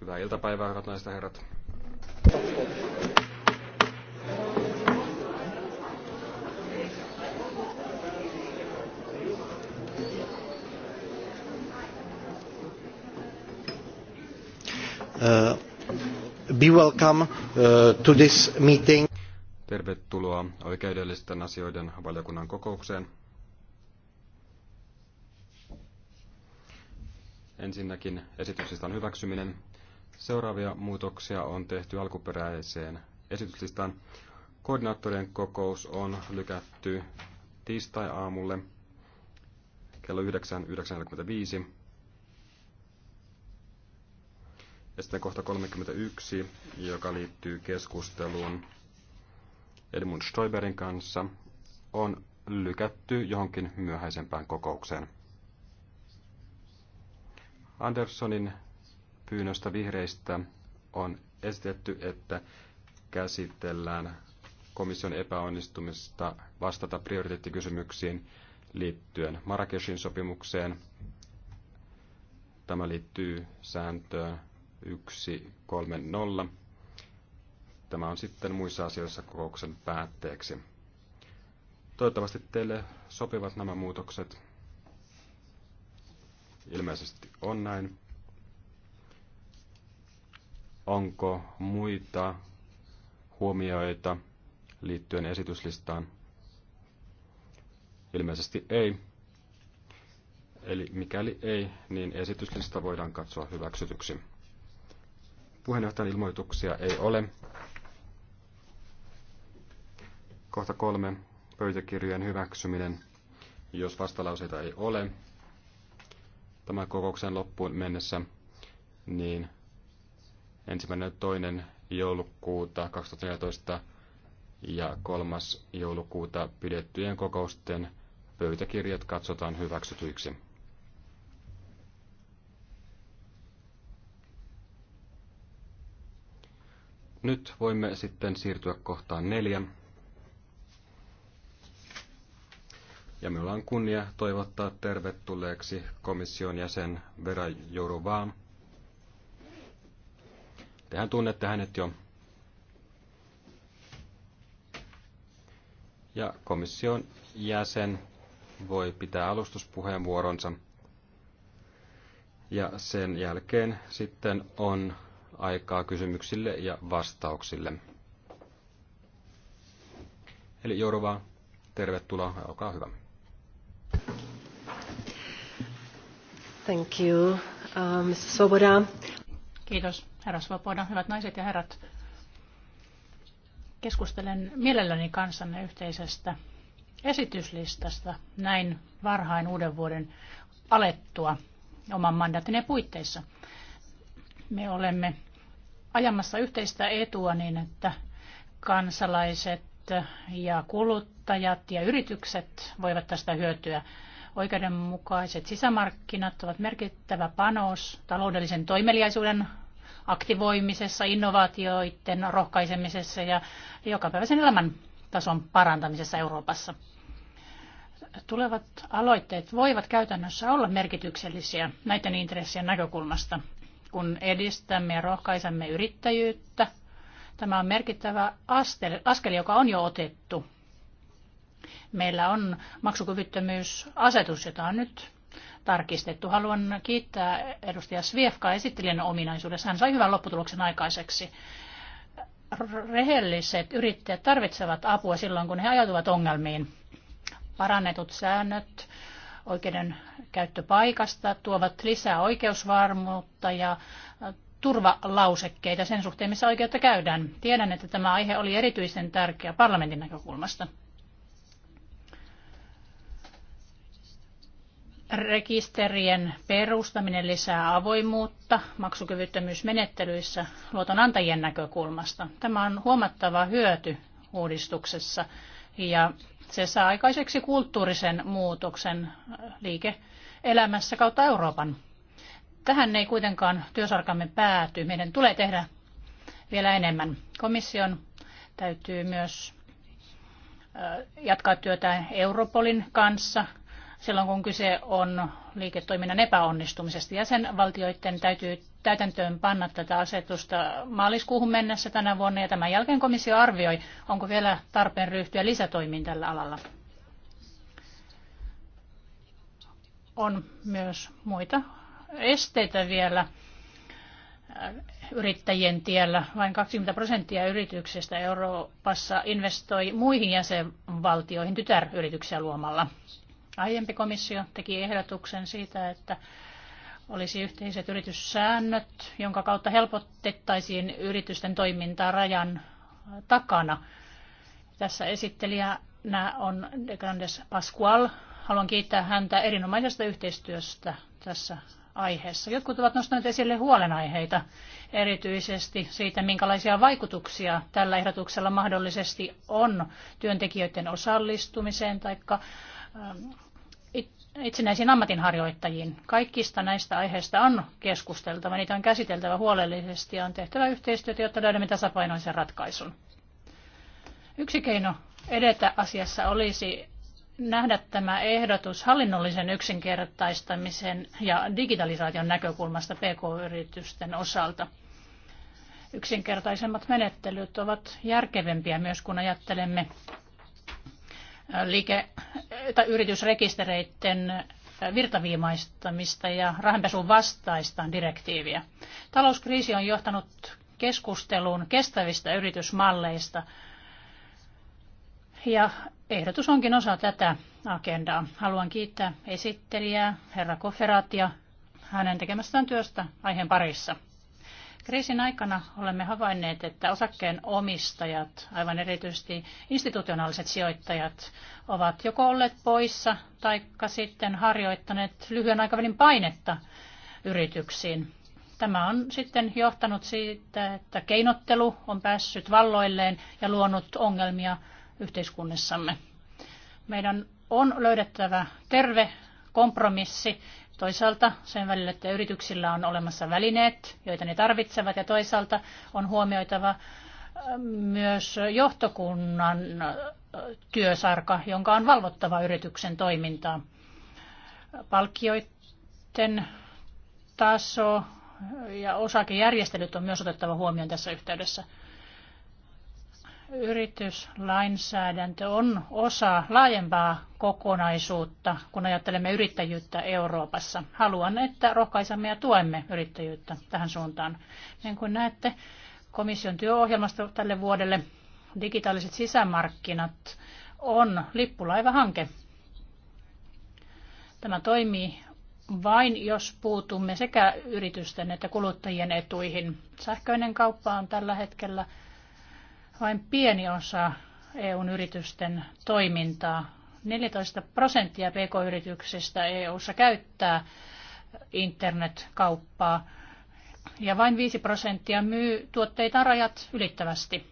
Hyvää iltapäivää, hyvät naiset ja herrat. Uh, be welcome uh, to this meeting. Tervetuloa oikeudellisten asioiden valiokunnan kokoukseen. Ensinnäkin esityslistan hyväksyminen. Seuraavia muutoksia on tehty alkuperäiseen esityslistaan. Koordinaattorien kokous on lykätty tiistai-aamulle kello 9.45. Ja sitten kohta 31, joka liittyy keskusteluun Edmund Stoiberin kanssa, on lykätty johonkin myöhäisempään kokoukseen. Anderssonin pyynnöstä vihreistä on esitetty, että käsitellään komission epäonnistumista vastata prioriteettikysymyksiin liittyen Marrakeshin sopimukseen. Tämä liittyy sääntöön 130. Tämä on sitten muissa asioissa kokouksen päätteeksi. Toivottavasti teille sopivat nämä muutokset. Ilmeisesti on näin. Onko muita huomioita liittyen esityslistaan? Ilmeisesti ei. Eli mikäli ei, niin esityslista voidaan katsoa hyväksytyksi. Puheenjohtajan ilmoituksia ei ole. Kohta kolme. Pöytäkirjojen hyväksyminen. Jos vastalauseita ei ole, tämän kokouksen loppuun mennessä, niin ensimmäinen toinen joulukuuta 2014 ja kolmas joulukuuta pidettyjen kokousten pöytäkirjat katsotaan hyväksytyiksi. Nyt voimme sitten siirtyä kohtaan neljä. Ja minulla on kunnia toivottaa tervetulleeksi komission jäsen Vera Jourovaa. Tehän tunnette hänet jo. Ja komission jäsen voi pitää alustuspuheenvuoronsa. Ja sen jälkeen sitten on aikaa kysymyksille ja vastauksille. Eli Jorova, tervetuloa ja olkaa hyvä. Thank you, uh, Svoboda. Kiitos, herra Svoboda. Hyvät naiset ja herrat. Keskustelen mielelläni kanssanne yhteisestä esityslistasta näin varhain uuden vuoden alettua oman mandaattinne puitteissa. Me olemme ajamassa yhteistä etua niin, että kansalaiset ja kuluttajat ja yritykset voivat tästä hyötyä. Oikeudenmukaiset sisämarkkinat ovat merkittävä panos taloudellisen toimeliaisuuden aktivoimisessa, innovaatioiden rohkaisemisessa ja jokapäiväisen elämän tason parantamisessa Euroopassa. Tulevat aloitteet voivat käytännössä olla merkityksellisiä näiden intressien näkökulmasta, kun edistämme ja rohkaisemme yrittäjyyttä. Tämä on merkittävä askel, askel joka on jo otettu Meillä on maksukyvyttömyysasetus, jota on nyt tarkistettu. Haluan kiittää edustaja Sviefka esittelijän ominaisuudessa. Hän sai hyvän lopputuloksen aikaiseksi. Rehelliset yrittäjät tarvitsevat apua silloin, kun he ajautuvat ongelmiin. Parannetut säännöt oikeuden käyttöpaikasta tuovat lisää oikeusvarmuutta ja turvalausekkeita sen suhteen, missä oikeutta käydään. Tiedän, että tämä aihe oli erityisen tärkeä parlamentin näkökulmasta. Rekisterien perustaminen lisää avoimuutta maksukyvyttömyysmenettelyissä luotonantajien näkökulmasta. Tämä on huomattava hyöty uudistuksessa ja se saa aikaiseksi kulttuurisen muutoksen äh, liike-elämässä kautta Euroopan. Tähän ei kuitenkaan työsarkamme pääty. Meidän tulee tehdä vielä enemmän. Komission täytyy myös äh, jatkaa työtä Europolin kanssa – silloin, kun kyse on liiketoiminnan epäonnistumisesta. Jäsenvaltioiden täytyy täytäntöön panna tätä asetusta maaliskuuhun mennessä tänä vuonna ja tämän jälkeen komissio arvioi, onko vielä tarpeen ryhtyä lisätoimiin tällä alalla. On myös muita esteitä vielä äh, yrittäjien tiellä. Vain 20 prosenttia yrityksistä Euroopassa investoi muihin jäsenvaltioihin tytäryrityksiä luomalla. Aiempi komissio teki ehdotuksen siitä, että olisi yhteiset yrityssäännöt, jonka kautta helpotettaisiin yritysten toimintaa rajan takana. Tässä esittelijänä on De Grandes Pascual. Haluan kiittää häntä erinomaisesta yhteistyöstä tässä aiheessa. Jotkut ovat nostaneet esille huolenaiheita, erityisesti siitä, minkälaisia vaikutuksia tällä ehdotuksella mahdollisesti on työntekijöiden osallistumiseen tai Ähm, itsenäisiin ammatinharjoittajiin. Kaikista näistä aiheista on keskusteltava, niitä on käsiteltävä huolellisesti ja on tehtävä yhteistyötä, jotta löydämme tasapainoisen ratkaisun. Yksi keino edetä asiassa olisi nähdä tämä ehdotus hallinnollisen yksinkertaistamisen ja digitalisaation näkökulmasta pk-yritysten osalta. Yksinkertaisemmat menettelyt ovat järkevämpiä myös, kun ajattelemme liike- tai yritysrekistereiden virtaviimaistamista ja rahanpesun vastaista direktiiviä. Talouskriisi on johtanut keskusteluun kestävistä yritysmalleista ja ehdotus onkin osa tätä agendaa. Haluan kiittää esittelijää, herra Kofferatia, hänen tekemästään työstä aiheen parissa. Kriisin aikana olemme havainneet, että osakkeen omistajat, aivan erityisesti institutionaaliset sijoittajat, ovat joko olleet poissa tai sitten harjoittaneet lyhyen aikavälin painetta yrityksiin. Tämä on sitten johtanut siitä, että keinottelu on päässyt valloilleen ja luonut ongelmia yhteiskunnassamme. Meidän on löydettävä terve kompromissi Toisaalta sen välillä, että yrityksillä on olemassa välineet, joita ne tarvitsevat, ja toisaalta on huomioitava äh, myös johtokunnan äh, työsarka, jonka on valvottava yrityksen toimintaa. Palkkioiden taso ja osakejärjestelyt on myös otettava huomioon tässä yhteydessä yrityslainsäädäntö on osa laajempaa kokonaisuutta, kun ajattelemme yrittäjyyttä Euroopassa. Haluan, että rohkaisemme ja tuemme yrittäjyyttä tähän suuntaan. Niin kuin näette, komission työohjelmasta tälle vuodelle digitaaliset sisämarkkinat on lippulaivahanke. Tämä toimii vain jos puutumme sekä yritysten että kuluttajien etuihin. Sähköinen kauppa on tällä hetkellä vain pieni osa EUn yritysten toimintaa. 14 prosenttia pk-yrityksistä EUssa käyttää internetkauppaa ja vain 5 prosenttia myy tuotteitaan rajat ylittävästi.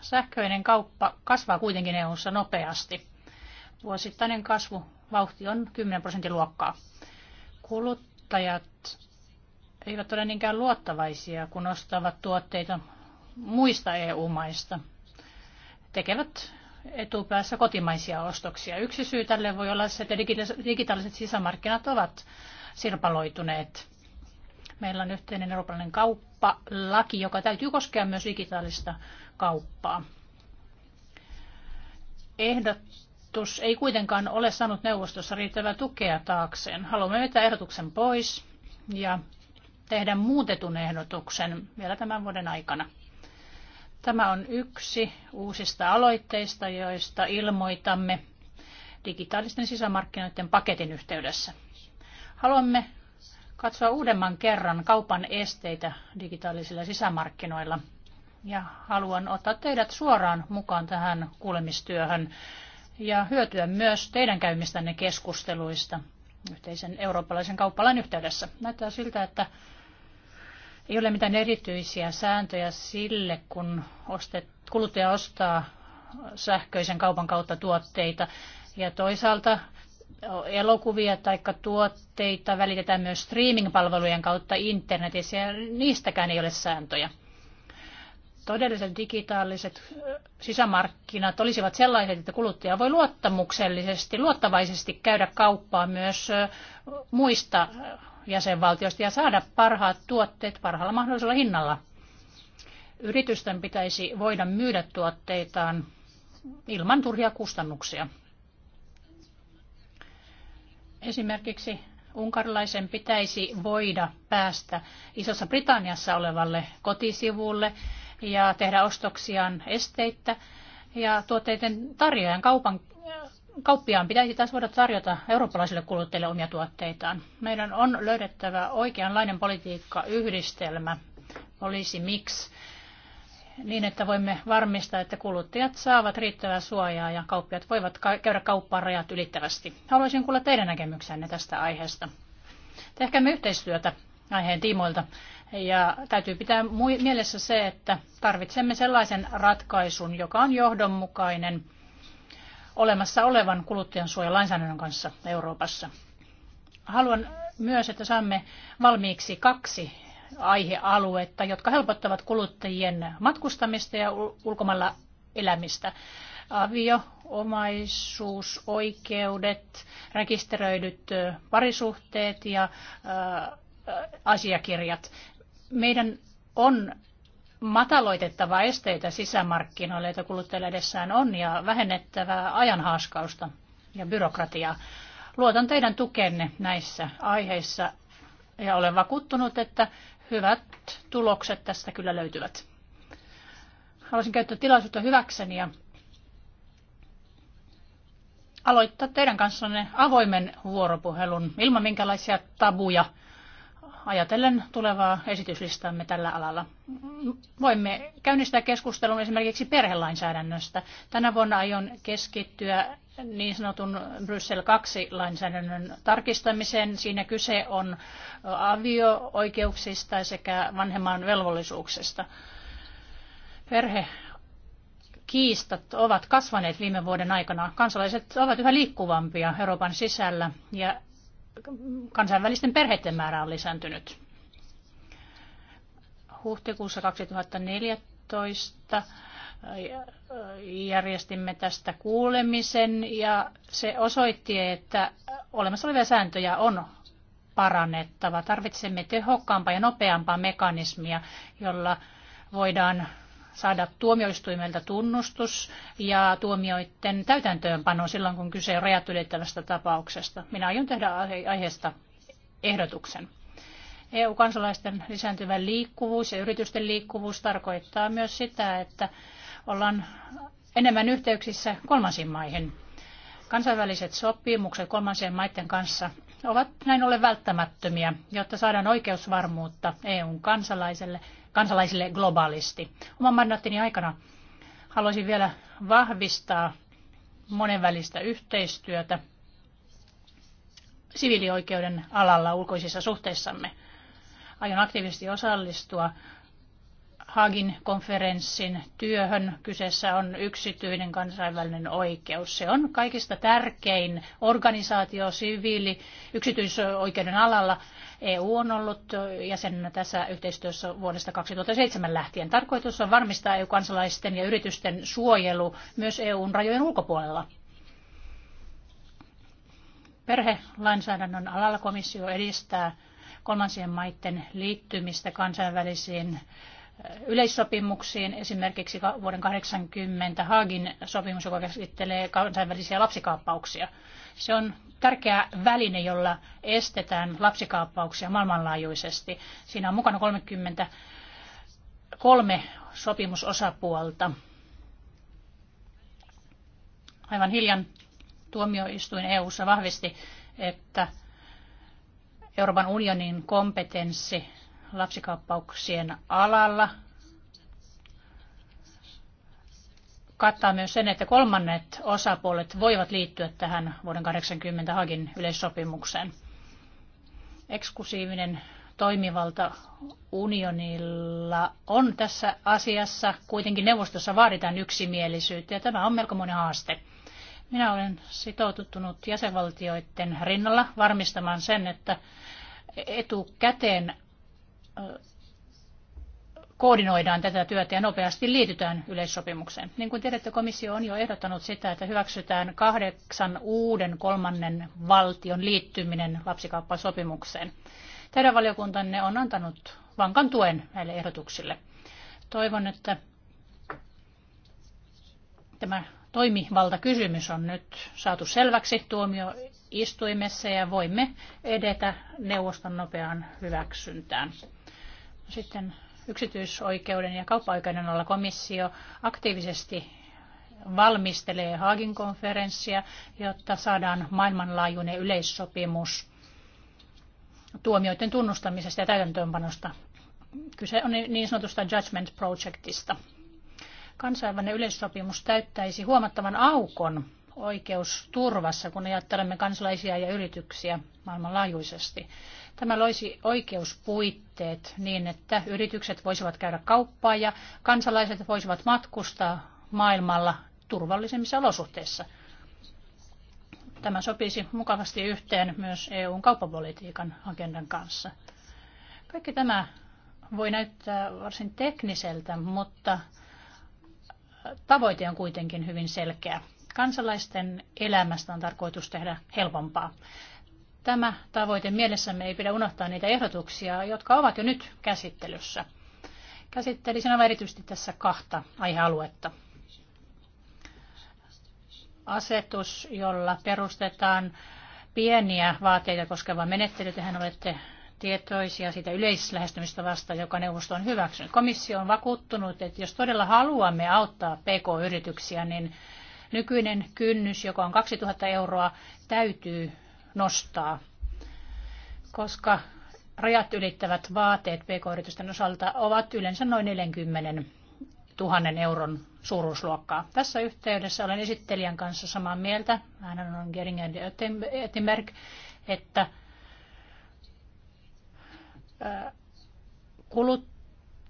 Sähköinen kauppa kasvaa kuitenkin EUssa nopeasti. Vuosittainen kasvuvauhti on 10 prosentin luokkaa. Kuluttajat eivät ole niinkään luottavaisia, kun ostavat tuotteita muista EU-maista tekevät etupäässä kotimaisia ostoksia. Yksi syy tälle voi olla se, että digitaaliset sisämarkkinat ovat sirpaloituneet. Meillä on yhteinen eurooppalainen kauppalaki, joka täytyy koskea myös digitaalista kauppaa. Ehdotus ei kuitenkaan ole saanut neuvostossa riittävää tukea taakseen. Haluamme vetää ehdotuksen pois ja tehdä muutetun ehdotuksen vielä tämän vuoden aikana. Tämä on yksi uusista aloitteista, joista ilmoitamme digitaalisten sisämarkkinoiden paketin yhteydessä. Haluamme katsoa uudemman kerran kaupan esteitä digitaalisilla sisämarkkinoilla. Ja haluan ottaa teidät suoraan mukaan tähän kuulemistyöhön ja hyötyä myös teidän käymistänne keskusteluista yhteisen eurooppalaisen kauppalain yhteydessä. Näyttää siltä, että ei ole mitään erityisiä sääntöjä sille, kun ostet, kuluttaja ostaa sähköisen kaupan kautta tuotteita. Ja toisaalta elokuvia tai tuotteita välitetään myös streaming-palvelujen kautta internetissä ja niistäkään ei ole sääntöjä. Todelliset digitaaliset sisämarkkinat olisivat sellaiset, että kuluttaja voi luottamuksellisesti, luottavaisesti käydä kauppaa myös muista jäsenvaltiosta ja saada parhaat tuotteet parhaalla mahdollisella hinnalla. Yritysten pitäisi voida myydä tuotteitaan ilman turhia kustannuksia. Esimerkiksi unkarilaisen pitäisi voida päästä Isossa Britanniassa olevalle kotisivulle ja tehdä ostoksiaan esteittä. Ja tuotteiden tarjoajan kaupan kauppiaan pitäisi taas voida tarjota eurooppalaisille kuluttajille omia tuotteitaan. Meidän on löydettävä oikeanlainen politiikka-yhdistelmä, olisi miksi, niin että voimme varmistaa, että kuluttajat saavat riittävää suojaa ja kauppiat voivat käydä kauppaan rajat ylittävästi. Haluaisin kuulla teidän näkemyksenne tästä aiheesta. Tehkäämme yhteistyötä aiheen tiimoilta. Ja täytyy pitää mielessä se, että tarvitsemme sellaisen ratkaisun, joka on johdonmukainen – olemassa olevan kuluttajansuojalainsäädännön kanssa Euroopassa. Haluan myös, että saamme valmiiksi kaksi aihealuetta, jotka helpottavat kuluttajien matkustamista ja ulkomailla elämistä. Avio, omaisuus, oikeudet, rekisteröidyt parisuhteet ja asiakirjat. Meidän on mataloitettava esteitä sisämarkkinoille, joita kuluttajilla edessään on, ja vähennettävä ajanhaaskausta ja byrokratiaa. Luotan teidän tukenne näissä aiheissa ja olen vakuuttunut, että hyvät tulokset tästä kyllä löytyvät. Haluaisin käyttää tilaisuutta hyväkseni ja aloittaa teidän kanssanne avoimen vuoropuhelun ilman minkälaisia tabuja – ajatellen tulevaa esityslistamme tällä alalla. Voimme käynnistää keskustelun esimerkiksi perhelainsäädännöstä. Tänä vuonna aion keskittyä niin sanotun Bryssel 2-lainsäädännön tarkistamiseen. Siinä kyse on avio-oikeuksista sekä vanhemman velvollisuuksista. Perhe kiistat ovat kasvaneet viime vuoden aikana. Kansalaiset ovat yhä liikkuvampia Euroopan sisällä ja kansainvälisten perheiden määrä on lisääntynyt. Huhtikuussa 2014 äh, järjestimme tästä kuulemisen ja se osoitti, että olemassa olevia sääntöjä on parannettava. Tarvitsemme tehokkaampaa ja nopeampaa mekanismia, jolla voidaan saada tuomioistuimelta tunnustus ja tuomioiden täytäntöönpano silloin, kun kyse on rajat ylittävästä tapauksesta. Minä aion tehdä aiheesta ehdotuksen. EU-kansalaisten lisääntyvä liikkuvuus ja yritysten liikkuvuus tarkoittaa myös sitä, että ollaan enemmän yhteyksissä kolmansiin maihin. Kansainväliset sopimukset kolmansien maiden kanssa ovat näin ollen välttämättömiä, jotta saadaan oikeusvarmuutta EUn kansalaiselle kansalaisille globaalisti. Oman mandaattini aikana haluaisin vielä vahvistaa monenvälistä yhteistyötä siviilioikeuden alalla ulkoisissa suhteissamme. Aion aktiivisesti osallistua Haagin konferenssin työhön. Kyseessä on yksityinen kansainvälinen oikeus. Se on kaikista tärkein organisaatio siviili yksityisoikeuden alalla EU on ollut jäsenenä tässä yhteistyössä vuodesta 2007 lähtien. Tarkoitus on varmistaa EU-kansalaisten ja yritysten suojelu myös EUn rajojen ulkopuolella. Perhelainsäädännön alalla komissio edistää kolmansien maiden liittymistä kansainvälisiin yleissopimuksiin, esimerkiksi vuoden 80 Haagin sopimus, joka käsittelee kansainvälisiä lapsikaappauksia. Se on tärkeä väline, jolla estetään lapsikaappauksia maailmanlaajuisesti. Siinä on mukana 33 sopimusosapuolta. Aivan hiljan tuomioistuin EU:ssa vahvisti, että Euroopan unionin kompetenssi lapsikaappauksien alalla kattaa myös sen, että kolmannet osapuolet voivat liittyä tähän vuoden 80 Hagin yleissopimukseen. Eksklusiivinen toimivalta unionilla on tässä asiassa. Kuitenkin neuvostossa vaaditaan yksimielisyyttä ja tämä on melkoinen haaste. Minä olen sitoututtunut jäsenvaltioiden rinnalla varmistamaan sen, että etukäteen koordinoidaan tätä työtä ja nopeasti liitytään yleissopimukseen. Niin kuin tiedätte, komissio on jo ehdottanut sitä, että hyväksytään kahdeksan uuden kolmannen valtion liittyminen lapsikauppasopimukseen. Teidän valiokuntanne on antanut vankan tuen näille ehdotuksille. Toivon, että tämä toimivaltakysymys on nyt saatu selväksi tuomioistuimessa ja voimme edetä neuvoston nopeaan hyväksyntään. Sitten yksityisoikeuden ja kauppa-oikeuden alla komissio aktiivisesti valmistelee Haagin konferenssia, jotta saadaan maailmanlaajuinen yleissopimus tuomioiden tunnustamisesta ja täytäntöönpanosta. Kyse on niin sanotusta Judgment Projectista. Kansainvälinen yleissopimus täyttäisi huomattavan aukon, oikeusturvassa, kun ajattelemme kansalaisia ja yrityksiä maailmanlaajuisesti. Tämä loisi oikeuspuitteet niin, että yritykset voisivat käydä kauppaa ja kansalaiset voisivat matkustaa maailmalla turvallisemmissa olosuhteissa. Tämä sopisi mukavasti yhteen myös EUn kauppapolitiikan agendan kanssa. Kaikki tämä voi näyttää varsin tekniseltä, mutta tavoite on kuitenkin hyvin selkeä. Kansalaisten elämästä on tarkoitus tehdä helpompaa. Tämä tavoite mielessämme ei pidä unohtaa niitä ehdotuksia, jotka ovat jo nyt käsittelyssä. Käsittelisin aivan erityisesti tässä kahta aihealuetta. Asetus, jolla perustetaan pieniä vaateita koskeva menettely. Tehän olette tietoisia siitä yleislähestymistä vasta, joka neuvosto on hyväksynyt. Komissio on vakuuttunut, että jos todella haluamme auttaa PK-yrityksiä, niin Nykyinen kynnys, joka on 2000 euroa, täytyy nostaa, koska rajat ylittävät vaateet pk-yritysten osalta ovat yleensä noin 40 000 euron suuruusluokkaa. Tässä yhteydessä olen esittelijän kanssa samaa mieltä, hän on Geringer Ettenberg, että kulut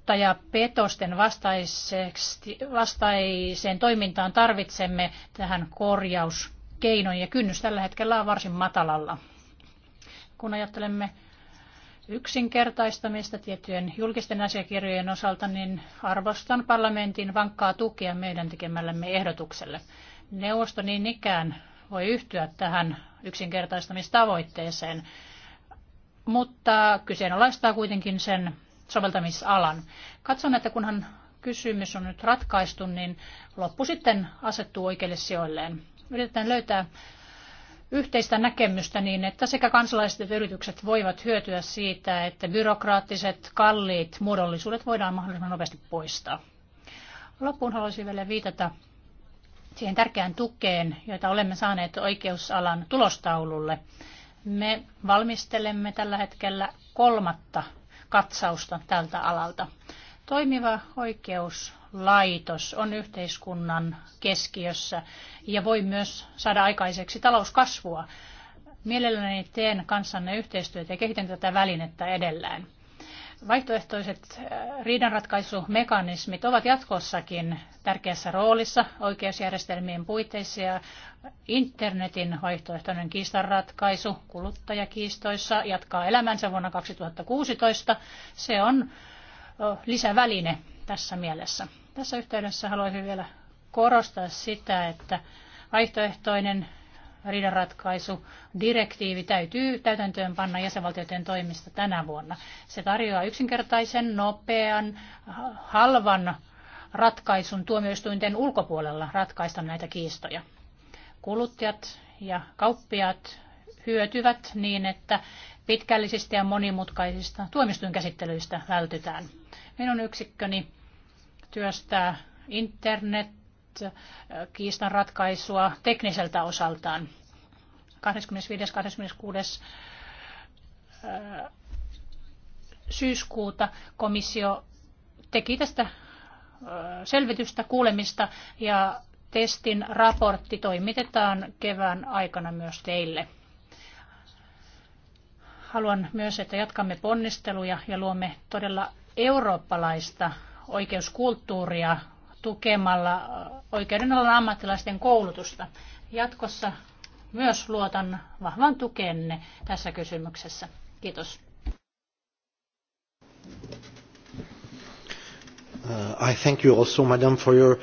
kuluttajapetosten vastaiseen toimintaan tarvitsemme tähän korjauskeinoja ja kynnys tällä hetkellä on varsin matalalla. Kun ajattelemme yksinkertaistamista tiettyjen julkisten asiakirjojen osalta, niin arvostan parlamentin vankkaa tukea meidän tekemällemme ehdotukselle. Neuvosto niin ikään voi yhtyä tähän yksinkertaistamistavoitteeseen, mutta kyseenalaistaa kuitenkin sen soveltamisalan. Katson, että kunhan kysymys on nyt ratkaistu, niin loppu sitten asettuu oikeille sijoilleen. Yritetään löytää yhteistä näkemystä niin, että sekä kansalaiset että yritykset voivat hyötyä siitä, että byrokraattiset, kalliit muodollisuudet voidaan mahdollisimman nopeasti poistaa. Loppuun haluaisin vielä viitata siihen tärkeään tukeen, jota olemme saaneet oikeusalan tulostaululle. Me valmistelemme tällä hetkellä kolmatta katsausta tältä alalta. Toimiva oikeuslaitos on yhteiskunnan keskiössä ja voi myös saada aikaiseksi talouskasvua. Mielelläni teen kanssanne yhteistyötä ja kehitän tätä välinettä edellään. Vaihtoehtoiset äh, riidanratkaisumekanismit ovat jatkossakin tärkeässä roolissa oikeusjärjestelmien puitteissa ja internetin vaihtoehtoinen kiistanratkaisu kuluttajakiistoissa jatkaa elämänsä vuonna 2016. Se on lisäväline tässä mielessä. Tässä yhteydessä haluaisin vielä korostaa sitä, että vaihtoehtoinen riidanratkaisu direktiivi täytyy täytäntöön panna jäsenvaltioiden toimista tänä vuonna. Se tarjoaa yksinkertaisen, nopean, halvan ratkaisun tuomioistuinten ulkopuolella ratkaista näitä kiistoja. Kuluttajat ja kauppiaat hyötyvät niin, että pitkällisistä ja monimutkaisista tuomistuinkäsittelyistä vältytään. Minun yksikköni työstää internet Äh, kiistan ratkaisua tekniseltä osaltaan. 25.–26. Äh, syyskuuta komissio teki tästä äh, selvitystä, kuulemista ja testin raportti toimitetaan kevään aikana myös teille. Haluan myös, että jatkamme ponnisteluja ja luomme todella eurooppalaista oikeuskulttuuria tukemalla oikeudenalan ammattilaisten koulutusta. Jatkossa myös luotan vahvan tukenne tässä kysymyksessä. Kiitos. Uh, I thank you also, madam, for your...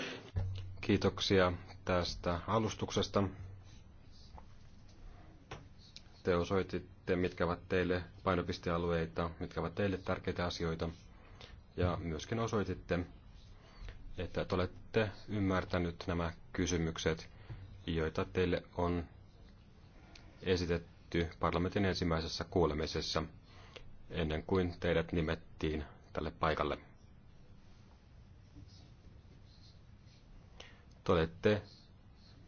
Kiitoksia tästä alustuksesta. Te osoititte, mitkä ovat teille painopistealueita, mitkä ovat teille tärkeitä asioita, ja myöskin osoititte, että te olette ymmärtänyt nämä kysymykset, joita teille on esitetty parlamentin ensimmäisessä kuulemisessa ennen kuin teidät nimettiin tälle paikalle. Te olette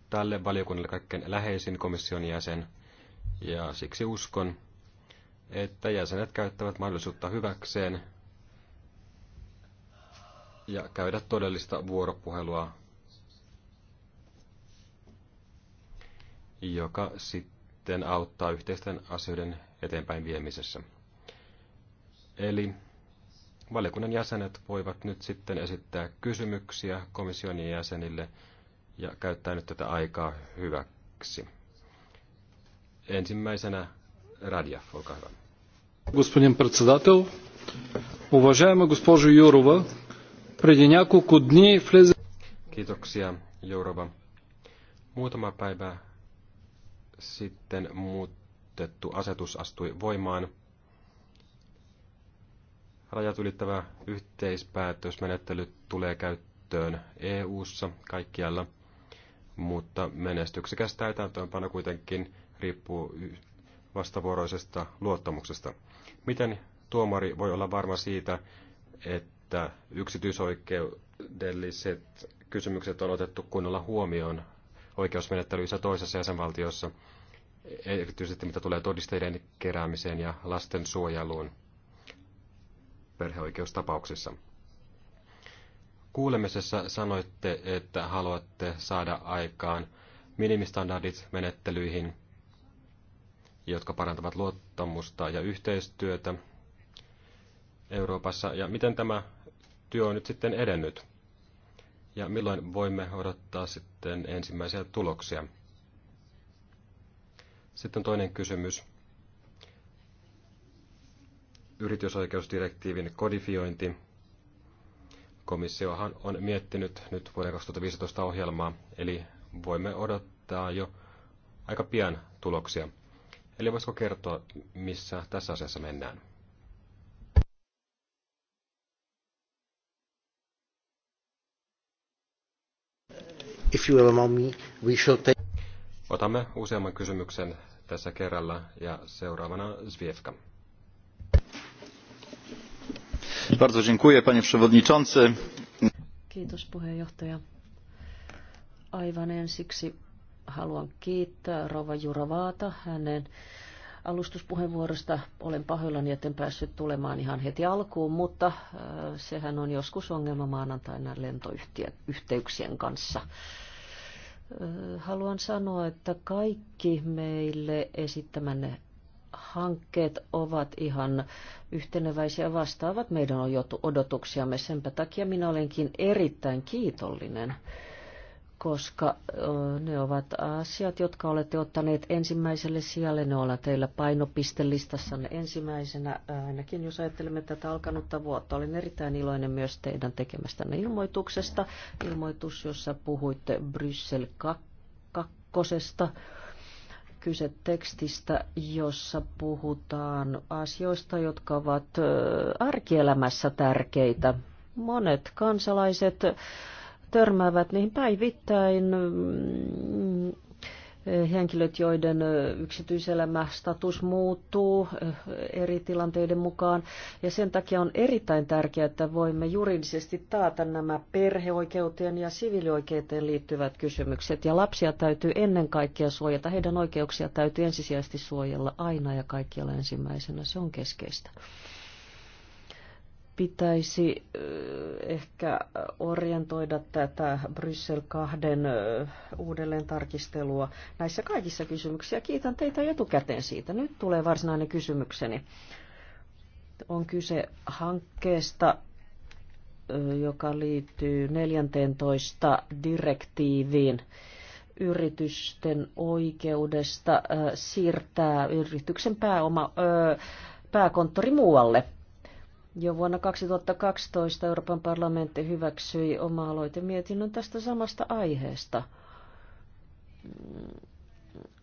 tälle valiokunnalle kaikkein läheisin komission jäsen, ja siksi uskon, että jäsenet käyttävät mahdollisuutta hyväkseen ja käydä todellista vuoropuhelua, joka sitten auttaa yhteisten asioiden eteenpäin viemisessä. Eli valiokunnan jäsenet voivat nyt sitten esittää kysymyksiä komission jäsenille ja käyttää nyt tätä aikaa hyväksi. Ensimmäisenä Radia, olkaa hyvä. Господин председател, уважаема госпожо Юрова, Преди няколко Kiitoksia, Jourova. Muutama päivä sitten muutettu asetus astui voimaan. Rajat ylittävä yhteispäätösmenettely tulee käyttöön EU-ssa kaikkialla, mutta menestyksekäs täytäntöönpano kuitenkin riippuu vastavuoroisesta luottamuksesta. Miten tuomari voi olla varma siitä, että että yksityisoikeudelliset kysymykset on otettu kunnolla huomioon oikeusmenettelyissä toisessa jäsenvaltiossa, erityisesti mitä tulee todisteiden keräämiseen ja lastensuojeluun perheoikeustapauksissa. Kuulemisessa sanoitte, että haluatte saada aikaan minimistandardit menettelyihin, jotka parantavat luottamusta ja yhteistyötä Euroopassa. Ja miten tämä työ on nyt sitten edennyt? Ja milloin voimme odottaa sitten ensimmäisiä tuloksia? Sitten toinen kysymys. Yritysoikeusdirektiivin kodifiointi. Komissiohan on miettinyt nyt vuoden 2015 ohjelmaa, eli voimme odottaa jo aika pian tuloksia. Eli voisiko kertoa, missä tässä asiassa mennään? if you allow me, we shall take... Otamme useamman kysymyksen tässä kerralla ja seuraavana Zviefka. Bardzo dziękuję, panie przewodniczący. Kiitos puheenjohtaja. Aivan ensiksi haluan kiittää Rova Juravaata hänen alustuspuheenvuorosta. Olen pahoillani, etten päässyt tulemaan ihan heti alkuun, mutta äh, sehän on joskus ongelma maanantaina lentoyhtiön yhteyksien kanssa. Haluan sanoa, että kaikki meille esittämänne hankkeet ovat ihan yhteneväisiä vastaavat meidän odotuksiamme. Senpä takia minä olenkin erittäin kiitollinen koska ne ovat asiat, jotka olette ottaneet ensimmäiselle sijalle. Ne ovat teillä painopistelistassanne ensimmäisenä, ainakin jos ajattelemme tätä alkanutta vuotta. olin erittäin iloinen myös teidän tekemästänne ilmoituksesta. Ilmoitus, jossa puhuitte Bryssel kakkosesta kyse tekstistä, jossa puhutaan asioista, jotka ovat arkielämässä tärkeitä. Monet kansalaiset törmäävät niihin päivittäin mm, henkilöt, joiden yksityiselämä status muuttuu eri tilanteiden mukaan. Ja sen takia on erittäin tärkeää, että voimme juridisesti taata nämä perheoikeuteen ja siviilioikeuteen liittyvät kysymykset. Ja lapsia täytyy ennen kaikkea suojata. Heidän oikeuksia täytyy ensisijaisesti suojella aina ja kaikkialla ensimmäisenä. Se on keskeistä pitäisi ehkä orientoida tätä Bryssel kahden uudelleen tarkistelua näissä kaikissa kysymyksissä. Kiitän teitä etukäteen siitä. Nyt tulee varsinainen kysymykseni. On kyse hankkeesta, joka liittyy 14 direktiiviin yritysten oikeudesta siirtää yrityksen pääoma, pääkonttori muualle – jo vuonna 2012 Euroopan parlamentti hyväksyi oma-aloitemietinnön tästä samasta aiheesta.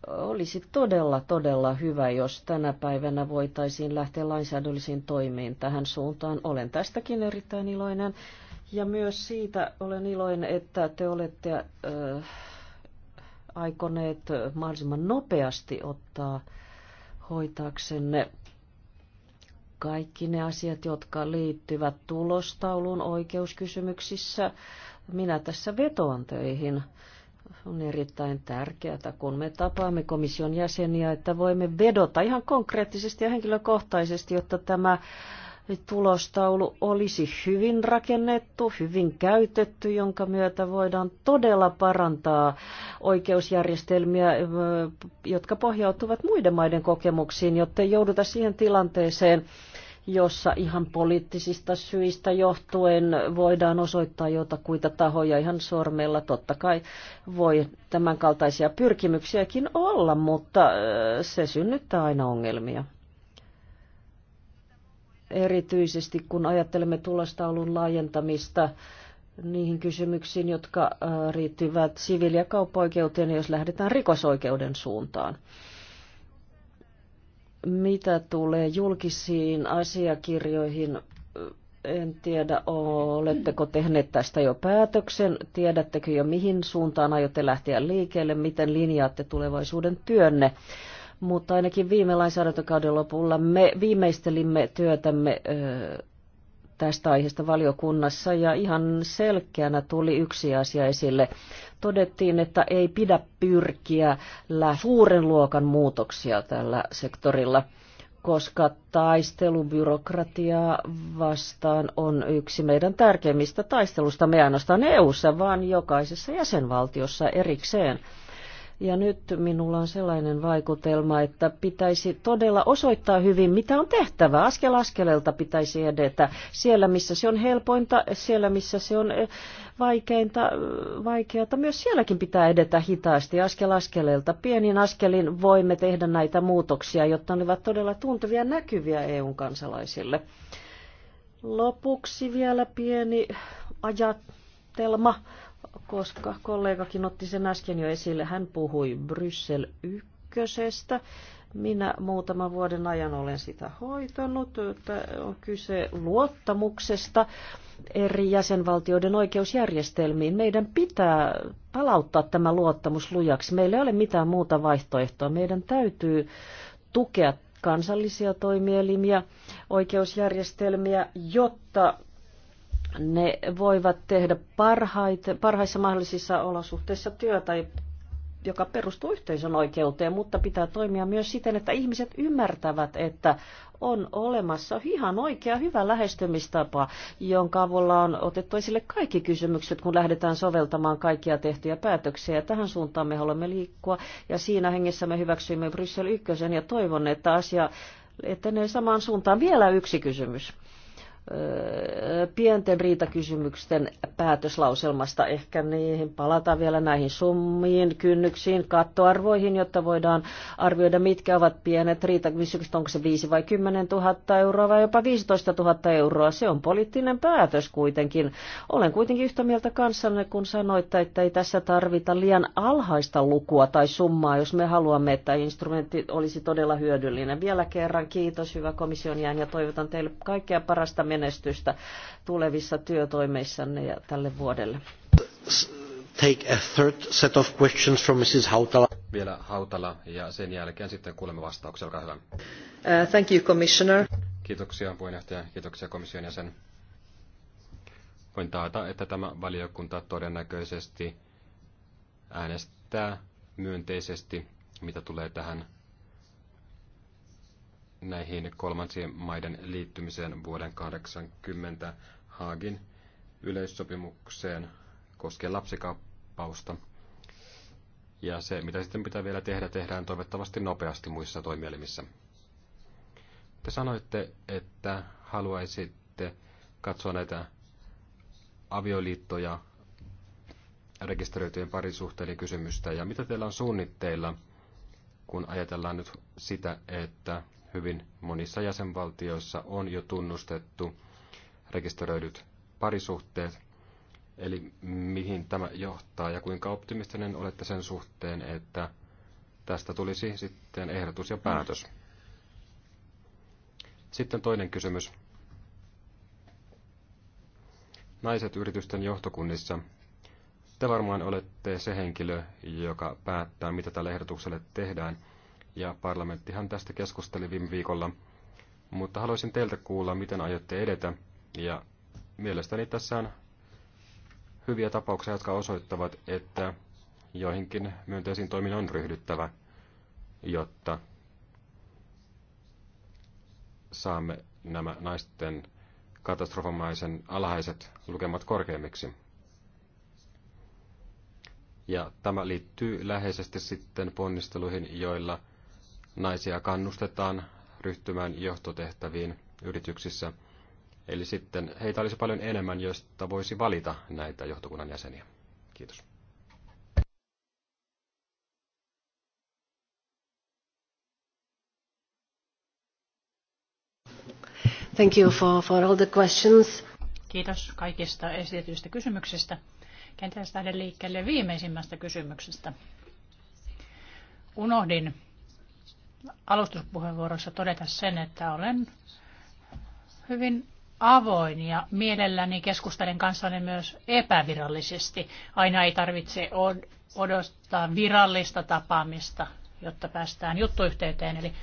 Olisi todella, todella hyvä, jos tänä päivänä voitaisiin lähteä lainsäädännöllisiin toimiin tähän suuntaan. Olen tästäkin erittäin iloinen. Ja myös siitä olen iloinen, että te olette äh, aikoneet mahdollisimman nopeasti ottaa hoitaaksenne kaikki ne asiat, jotka liittyvät tulostauluun oikeuskysymyksissä. Minä tässä vetoan töihin. On erittäin tärkeää, kun me tapaamme komission jäseniä, että voimme vedota ihan konkreettisesti ja henkilökohtaisesti, jotta tämä tulostaulu olisi hyvin rakennettu, hyvin käytetty, jonka myötä voidaan todella parantaa oikeusjärjestelmiä, jotka pohjautuvat muiden maiden kokemuksiin, jotta ei jouduta siihen tilanteeseen, jossa ihan poliittisista syistä johtuen voidaan osoittaa jotakuita tahoja ihan sormella. Totta kai voi tämänkaltaisia pyrkimyksiäkin olla, mutta se synnyttää aina ongelmia erityisesti kun ajattelemme tulostaulun laajentamista niihin kysymyksiin, jotka äh, riittyvät siviili- ja kauppoikeuteen, jos lähdetään rikosoikeuden suuntaan. Mitä tulee julkisiin asiakirjoihin, äh, en tiedä, oletteko tehneet tästä jo päätöksen, tiedättekö jo mihin suuntaan aiotte lähteä liikkeelle, miten linjaatte tulevaisuuden työnne mutta ainakin viime lainsäädäntökauden lopulla me viimeistelimme työtämme tästä aiheesta valiokunnassa ja ihan selkeänä tuli yksi asia esille. Todettiin, että ei pidä pyrkiä suuren luokan muutoksia tällä sektorilla, koska taistelubyrokratiaa vastaan on yksi meidän tärkeimmistä taistelusta, me ainoastaan EU-ssa, vaan jokaisessa jäsenvaltiossa erikseen. Ja nyt minulla on sellainen vaikutelma, että pitäisi todella osoittaa hyvin, mitä on tehtävä. Askel askeleelta pitäisi edetä. Siellä, missä se on helpointa, siellä, missä se on eh, vaikeinta, vaikeata, myös sielläkin pitää edetä hitaasti askel askeleelta. Pienin askelin voimme tehdä näitä muutoksia, jotta ne ovat todella tuntuvia näkyviä EUn kansalaisille. Lopuksi vielä pieni ajatelma koska kollegakin otti sen äsken jo esille. Hän puhui Bryssel ykkösestä. Minä muutaman vuoden ajan olen sitä hoitanut. On kyse luottamuksesta eri jäsenvaltioiden oikeusjärjestelmiin. Meidän pitää palauttaa tämä luottamus lujaksi. Meillä ei ole mitään muuta vaihtoehtoa. Meidän täytyy tukea kansallisia toimielimiä, oikeusjärjestelmiä, jotta ne voivat tehdä parhait, parhaissa mahdollisissa olosuhteissa työtä, joka perustuu yhteisön oikeuteen, mutta pitää toimia myös siten, että ihmiset ymmärtävät, että on olemassa ihan oikea hyvä lähestymistapa, jonka avulla on otettu esille kaikki kysymykset, kun lähdetään soveltamaan kaikkia tehtyjä päätöksiä. Tähän suuntaan me haluamme liikkua ja siinä hengessä me hyväksyimme Bryssel ykkösen ja toivon, että asia etenee samaan suuntaan. Vielä yksi kysymys pienten riitakysymysten päätöslauselmasta. Ehkä niihin palata vielä näihin summiin, kynnyksiin, kattoarvoihin, jotta voidaan arvioida, mitkä ovat pienet riitakysymykset. Onko se 5 vai 10 000 euroa vai jopa 15 000 euroa? Se on poliittinen päätös kuitenkin. Olen kuitenkin yhtä mieltä kanssanne, kun sanoitte, että ei tässä tarvita liian alhaista lukua tai summaa, jos me haluamme, että instrumentti olisi todella hyödyllinen. Vielä kerran kiitos, hyvä komission jään, ja toivotan teille kaikkea parasta menestystä tulevissa työtoimeissanne ja tälle vuodelle. Take a third set of questions from Mrs. Hautala. Vielä Hautala ja sen jälkeen sitten kuulemme vastauksia. Olkaa hyvä. Uh, thank you, Commissioner. Kiitoksia puheenjohtaja, kiitoksia komission jäsen. Voin taata, että tämä valiokunta todennäköisesti äänestää myönteisesti, mitä tulee tähän näihin kolmansien maiden liittymiseen vuoden 80 Haagin yleissopimukseen koskien lapsikaappausta. Ja se, mitä sitten pitää vielä tehdä, tehdään toivottavasti nopeasti muissa toimielimissä. Te sanoitte, että haluaisitte katsoa näitä avioliittoja rekisteröityjen parisuhteiden kysymystä. Ja mitä teillä on suunnitteilla, kun ajatellaan nyt sitä, että hyvin monissa jäsenvaltioissa on jo tunnustettu rekisteröidyt parisuhteet. Eli mihin tämä johtaa ja kuinka optimistinen olette sen suhteen, että tästä tulisi sitten ehdotus ja päätös. Sitten toinen kysymys. Naiset yritysten johtokunnissa. Te varmaan olette se henkilö, joka päättää, mitä tälle ehdotukselle tehdään – ja parlamenttihan tästä keskusteli viime viikolla. Mutta haluaisin teiltä kuulla, miten aiotte edetä, ja mielestäni tässä on hyviä tapauksia, jotka osoittavat, että joihinkin myönteisiin toimiin on ryhdyttävä, jotta saamme nämä naisten katastrofomaisen alhaiset lukemat korkeammiksi. Ja tämä liittyy läheisesti sitten ponnisteluihin, joilla – naisia kannustetaan ryhtymään johtotehtäviin yrityksissä. Eli sitten heitä olisi paljon enemmän, josta voisi valita näitä johtokunnan jäseniä. Kiitos. Thank you for, for all the questions. Kiitos kaikista esitetyistä kysymyksistä. Kenties lähden liikkeelle viimeisimmästä kysymyksestä. Unohdin alustuspuheenvuorossa todeta sen, että olen hyvin avoin ja mielelläni keskustelen kanssanne myös epävirallisesti. Aina ei tarvitse odottaa virallista tapaamista, jotta päästään juttuyhteyteen. Eli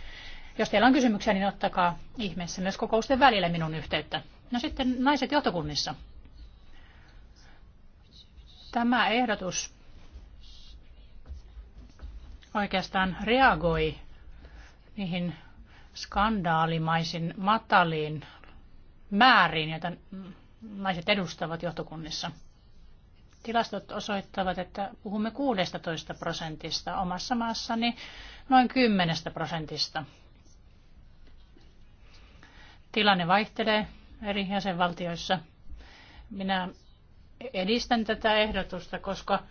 jos teillä on kysymyksiä, niin ottakaa ihmeessä myös kokousten välillä minun yhteyttä. No sitten naiset johtokunnissa. Tämä ehdotus oikeastaan reagoi niihin skandaalimaisin mataliin määriin, joita naiset edustavat johtokunnissa. Tilastot osoittavat, että puhumme 16 prosentista omassa maassani, noin 10 prosentista. Tilanne vaihtelee eri jäsenvaltioissa. Minä edistän tätä ehdotusta, koska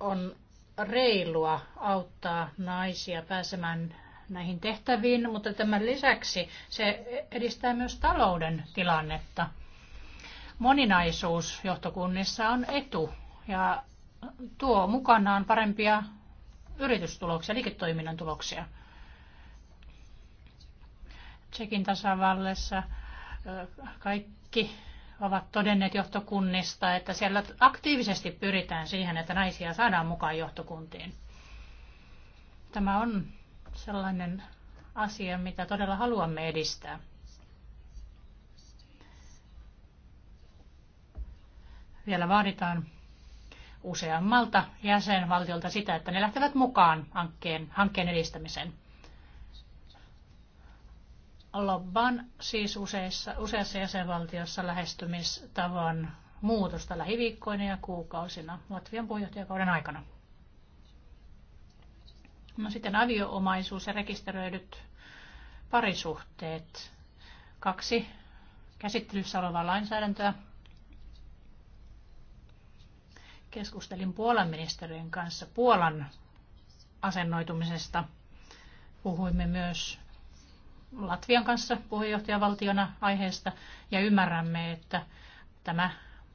on reilua auttaa naisia pääsemään näihin tehtäviin, mutta tämän lisäksi se edistää myös talouden tilannetta. Moninaisuus johtokunnissa on etu ja tuo mukanaan parempia yritystuloksia, liiketoiminnan tuloksia. Tsekin tasavallassa kaikki ovat todenneet johtokunnista, että siellä aktiivisesti pyritään siihen, että naisia saadaan mukaan johtokuntiin. Tämä on sellainen asia, mitä todella haluamme edistää. Vielä vaaditaan useammalta jäsenvaltiolta sitä, että ne lähtevät mukaan hankkeen, hankkeen edistämiseen lobban siis useissa, useassa jäsenvaltiossa lähestymistavan muutosta lähiviikkoina ja kuukausina Latvian puheenjohtajakauden aikana. No sitten avioomaisuus ja rekisteröidyt parisuhteet. Kaksi käsittelyssä olevaa lainsäädäntöä. Keskustelin Puolan ministeriön kanssa Puolan asennoitumisesta. Puhuimme myös Latvian kanssa puheenjohtajavaltiona aiheesta ja ymmärrämme, että tämä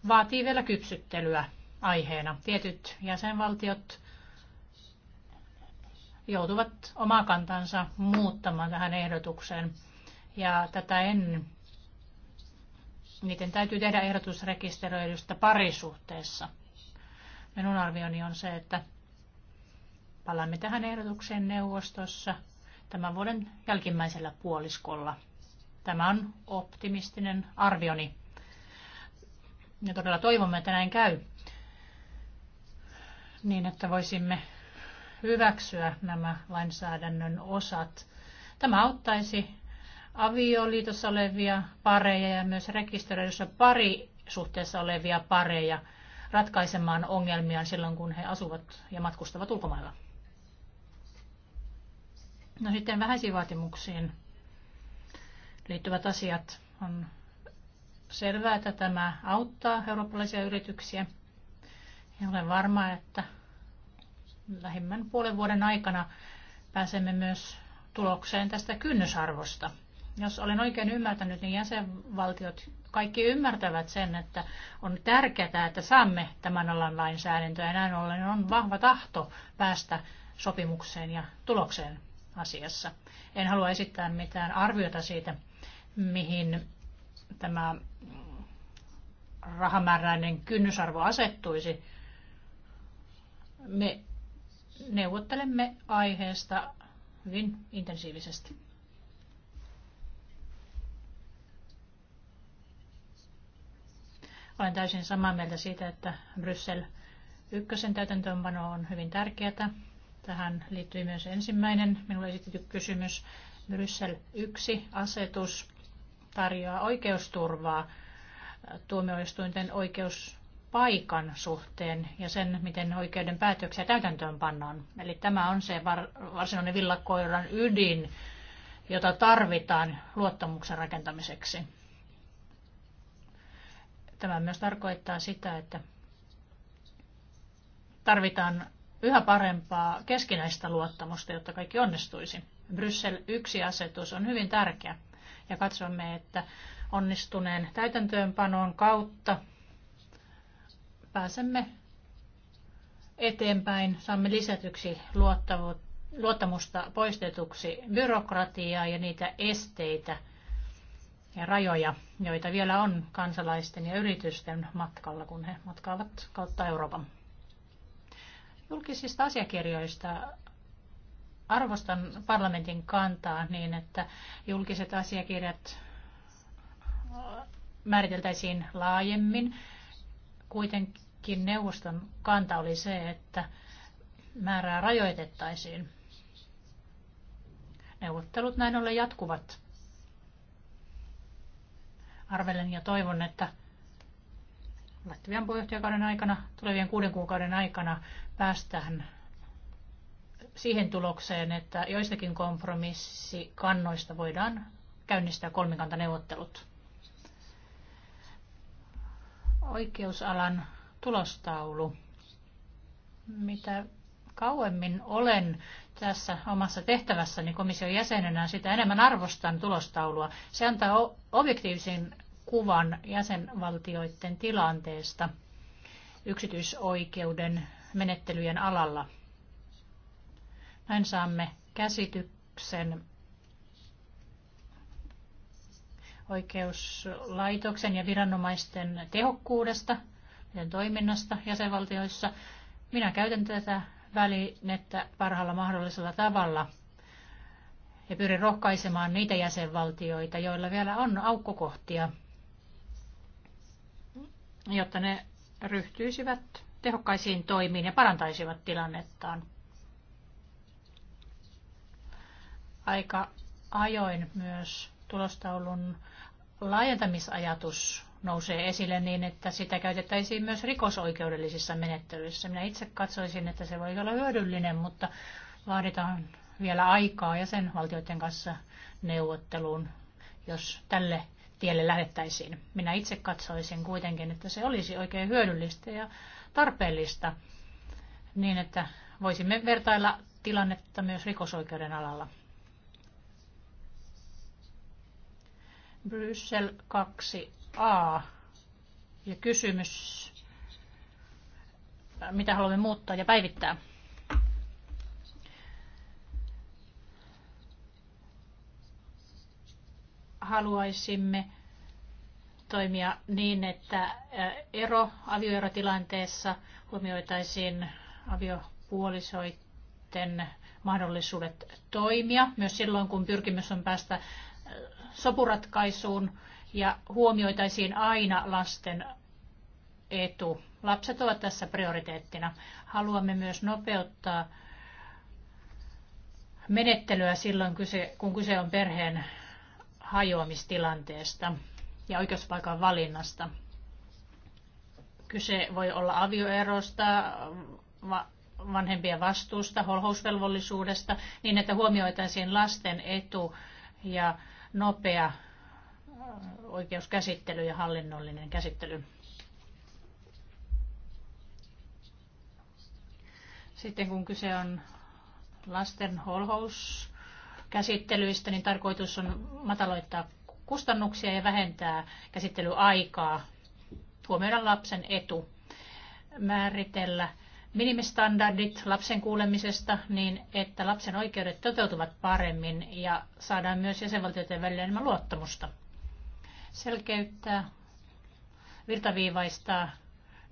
vaatii vielä kypsyttelyä aiheena. Tietyt jäsenvaltiot joutuvat omaa kantansa muuttamaan tähän ehdotukseen ja tätä en niiden täytyy tehdä ehdotus rekisteröidystä parisuhteessa. Minun arvioni on se, että palaamme tähän ehdotukseen neuvostossa – tämän vuoden jälkimmäisellä puoliskolla. Tämä on optimistinen arvioni. Ja todella toivomme, että näin käy, niin että voisimme hyväksyä nämä lainsäädännön osat. Tämä auttaisi avioliitossa olevia pareja ja myös rekisteröidyssä parisuhteessa olevia pareja ratkaisemaan ongelmia silloin, kun he asuvat ja matkustavat ulkomailla. No sitten vähäisiin vaatimuksiin liittyvät asiat on selvää, että tämä auttaa eurooppalaisia yrityksiä. Ja olen varma, että lähimmän puolen vuoden aikana pääsemme myös tulokseen tästä kynnysarvosta. Jos olen oikein ymmärtänyt, niin jäsenvaltiot kaikki ymmärtävät sen, että on tärkeää, että saamme tämän alan lainsäädäntöä ja näin ollen on vahva tahto päästä sopimukseen ja tulokseen asiassa. En halua esittää mitään arviota siitä, mihin tämä rahamääräinen kynnysarvo asettuisi. Me neuvottelemme aiheesta hyvin intensiivisesti. Olen täysin samaa mieltä siitä, että Bryssel ykkösen täytäntöönpano on hyvin tärkeää. Tähän liittyy myös ensimmäinen minulle esitetty kysymys. Bryssel 1-asetus tarjoaa oikeusturvaa tuomioistuinten oikeuspaikan suhteen ja sen, miten oikeuden päätöksiä täytäntöön pannaan. Eli tämä on se var, varsinainen villakoiran ydin, jota tarvitaan luottamuksen rakentamiseksi. Tämä myös tarkoittaa sitä, että tarvitaan yhä parempaa keskinäistä luottamusta, jotta kaikki onnistuisi. Bryssel 1-asetus on hyvin tärkeä ja katsomme, että onnistuneen täytäntöönpanon kautta pääsemme eteenpäin, saamme lisätyksi luottamusta poistetuksi byrokratiaa ja niitä esteitä ja rajoja, joita vielä on kansalaisten ja yritysten matkalla, kun he matkaavat kautta Euroopan julkisista asiakirjoista. Arvostan parlamentin kantaa niin, että julkiset asiakirjat äh, määriteltäisiin laajemmin. Kuitenkin neuvoston kanta oli se, että määrää rajoitettaisiin. Neuvottelut näin ollen jatkuvat. Arvelen ja toivon, että lähtevien puheenjohtajakauden aikana, tulevien kuuden kuukauden aikana päästään siihen tulokseen, että joistakin kompromissikannoista voidaan käynnistää kolmikantaneuvottelut. Oikeusalan tulostaulu. Mitä kauemmin olen tässä omassa tehtävässäni komission jäsenenä, sitä enemmän arvostan tulostaulua. Se antaa objektiivisen kuvan jäsenvaltioiden tilanteesta yksityisoikeuden menettelyjen alalla. Näin saamme käsityksen oikeuslaitoksen ja viranomaisten tehokkuudesta, ja toiminnasta jäsenvaltioissa. Minä käytän tätä välinettä parhaalla mahdollisella tavalla ja pyrin rohkaisemaan niitä jäsenvaltioita, joilla vielä on aukkokohtia jotta ne ryhtyisivät tehokkaisiin toimiin ja parantaisivat tilannettaan. Aika ajoin myös tulostaulun laajentamisajatus nousee esille niin, että sitä käytettäisiin myös rikosoikeudellisissa menettelyissä. Minä itse katsoisin, että se voi olla hyödyllinen, mutta vaaditaan vielä aikaa ja sen valtioiden kanssa neuvotteluun, jos tälle tielle lähettäisiin. Minä itse katsoisin kuitenkin, että se olisi oikein hyödyllistä ja tarpeellista niin, että voisimme vertailla tilannetta myös rikosoikeuden alalla. Bryssel 2a ja kysymys, mitä haluamme muuttaa ja päivittää. haluaisimme toimia niin, että ero avioerotilanteessa huomioitaisiin aviopuolisoiden mahdollisuudet toimia, myös silloin kun pyrkimys on päästä sopuratkaisuun ja huomioitaisiin aina lasten etu. Lapset ovat tässä prioriteettina. Haluamme myös nopeuttaa menettelyä silloin, kun kyse on perheen hajoamistilanteesta ja oikeuspaikan valinnasta. Kyse voi olla avioerosta, vanhempien vastuusta, holhousvelvollisuudesta, niin että huomioitaisiin lasten etu ja nopea oikeuskäsittely ja hallinnollinen käsittely. Sitten kun kyse on lasten holhous käsittelyistä, niin tarkoitus on mataloittaa kustannuksia ja vähentää käsittelyaikaa, huomioida lapsen etu, määritellä minimistandardit lapsen kuulemisesta niin, että lapsen oikeudet toteutuvat paremmin ja saadaan myös jäsenvaltioiden välillä enemmän luottamusta. Selkeyttää, virtaviivaistaa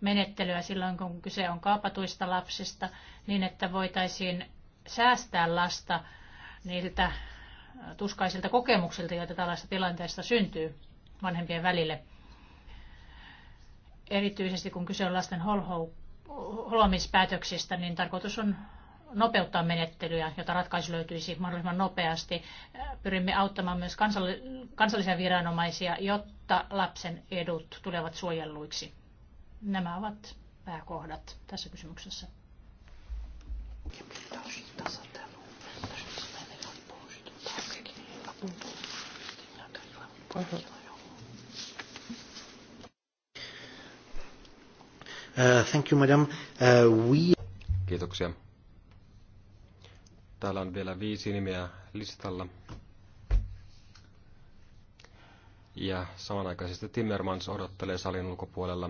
menettelyä silloin, kun kyse on kaapatuista lapsista, niin että voitaisiin säästää lasta niiltä äh, tuskaisilta kokemuksilta, joita tällaista tilanteesta syntyy vanhempien välille. Erityisesti kun kyse on lasten holomispäätöksistä, niin tarkoitus on nopeuttaa menettelyä, jota ratkaisu löytyisi mahdollisimman nopeasti. Äh, pyrimme auttamaan myös kansallisia viranomaisia, jotta lapsen edut tulevat suojelluiksi. Nämä ovat pääkohdat tässä kysymyksessä. Kiitos. Uh, thank you, madam. Uh, we... Kiitoksia. Täällä on vielä viisi nimeä listalla. Ja samanaikaisesti Timmermans odottelee salin ulkopuolella.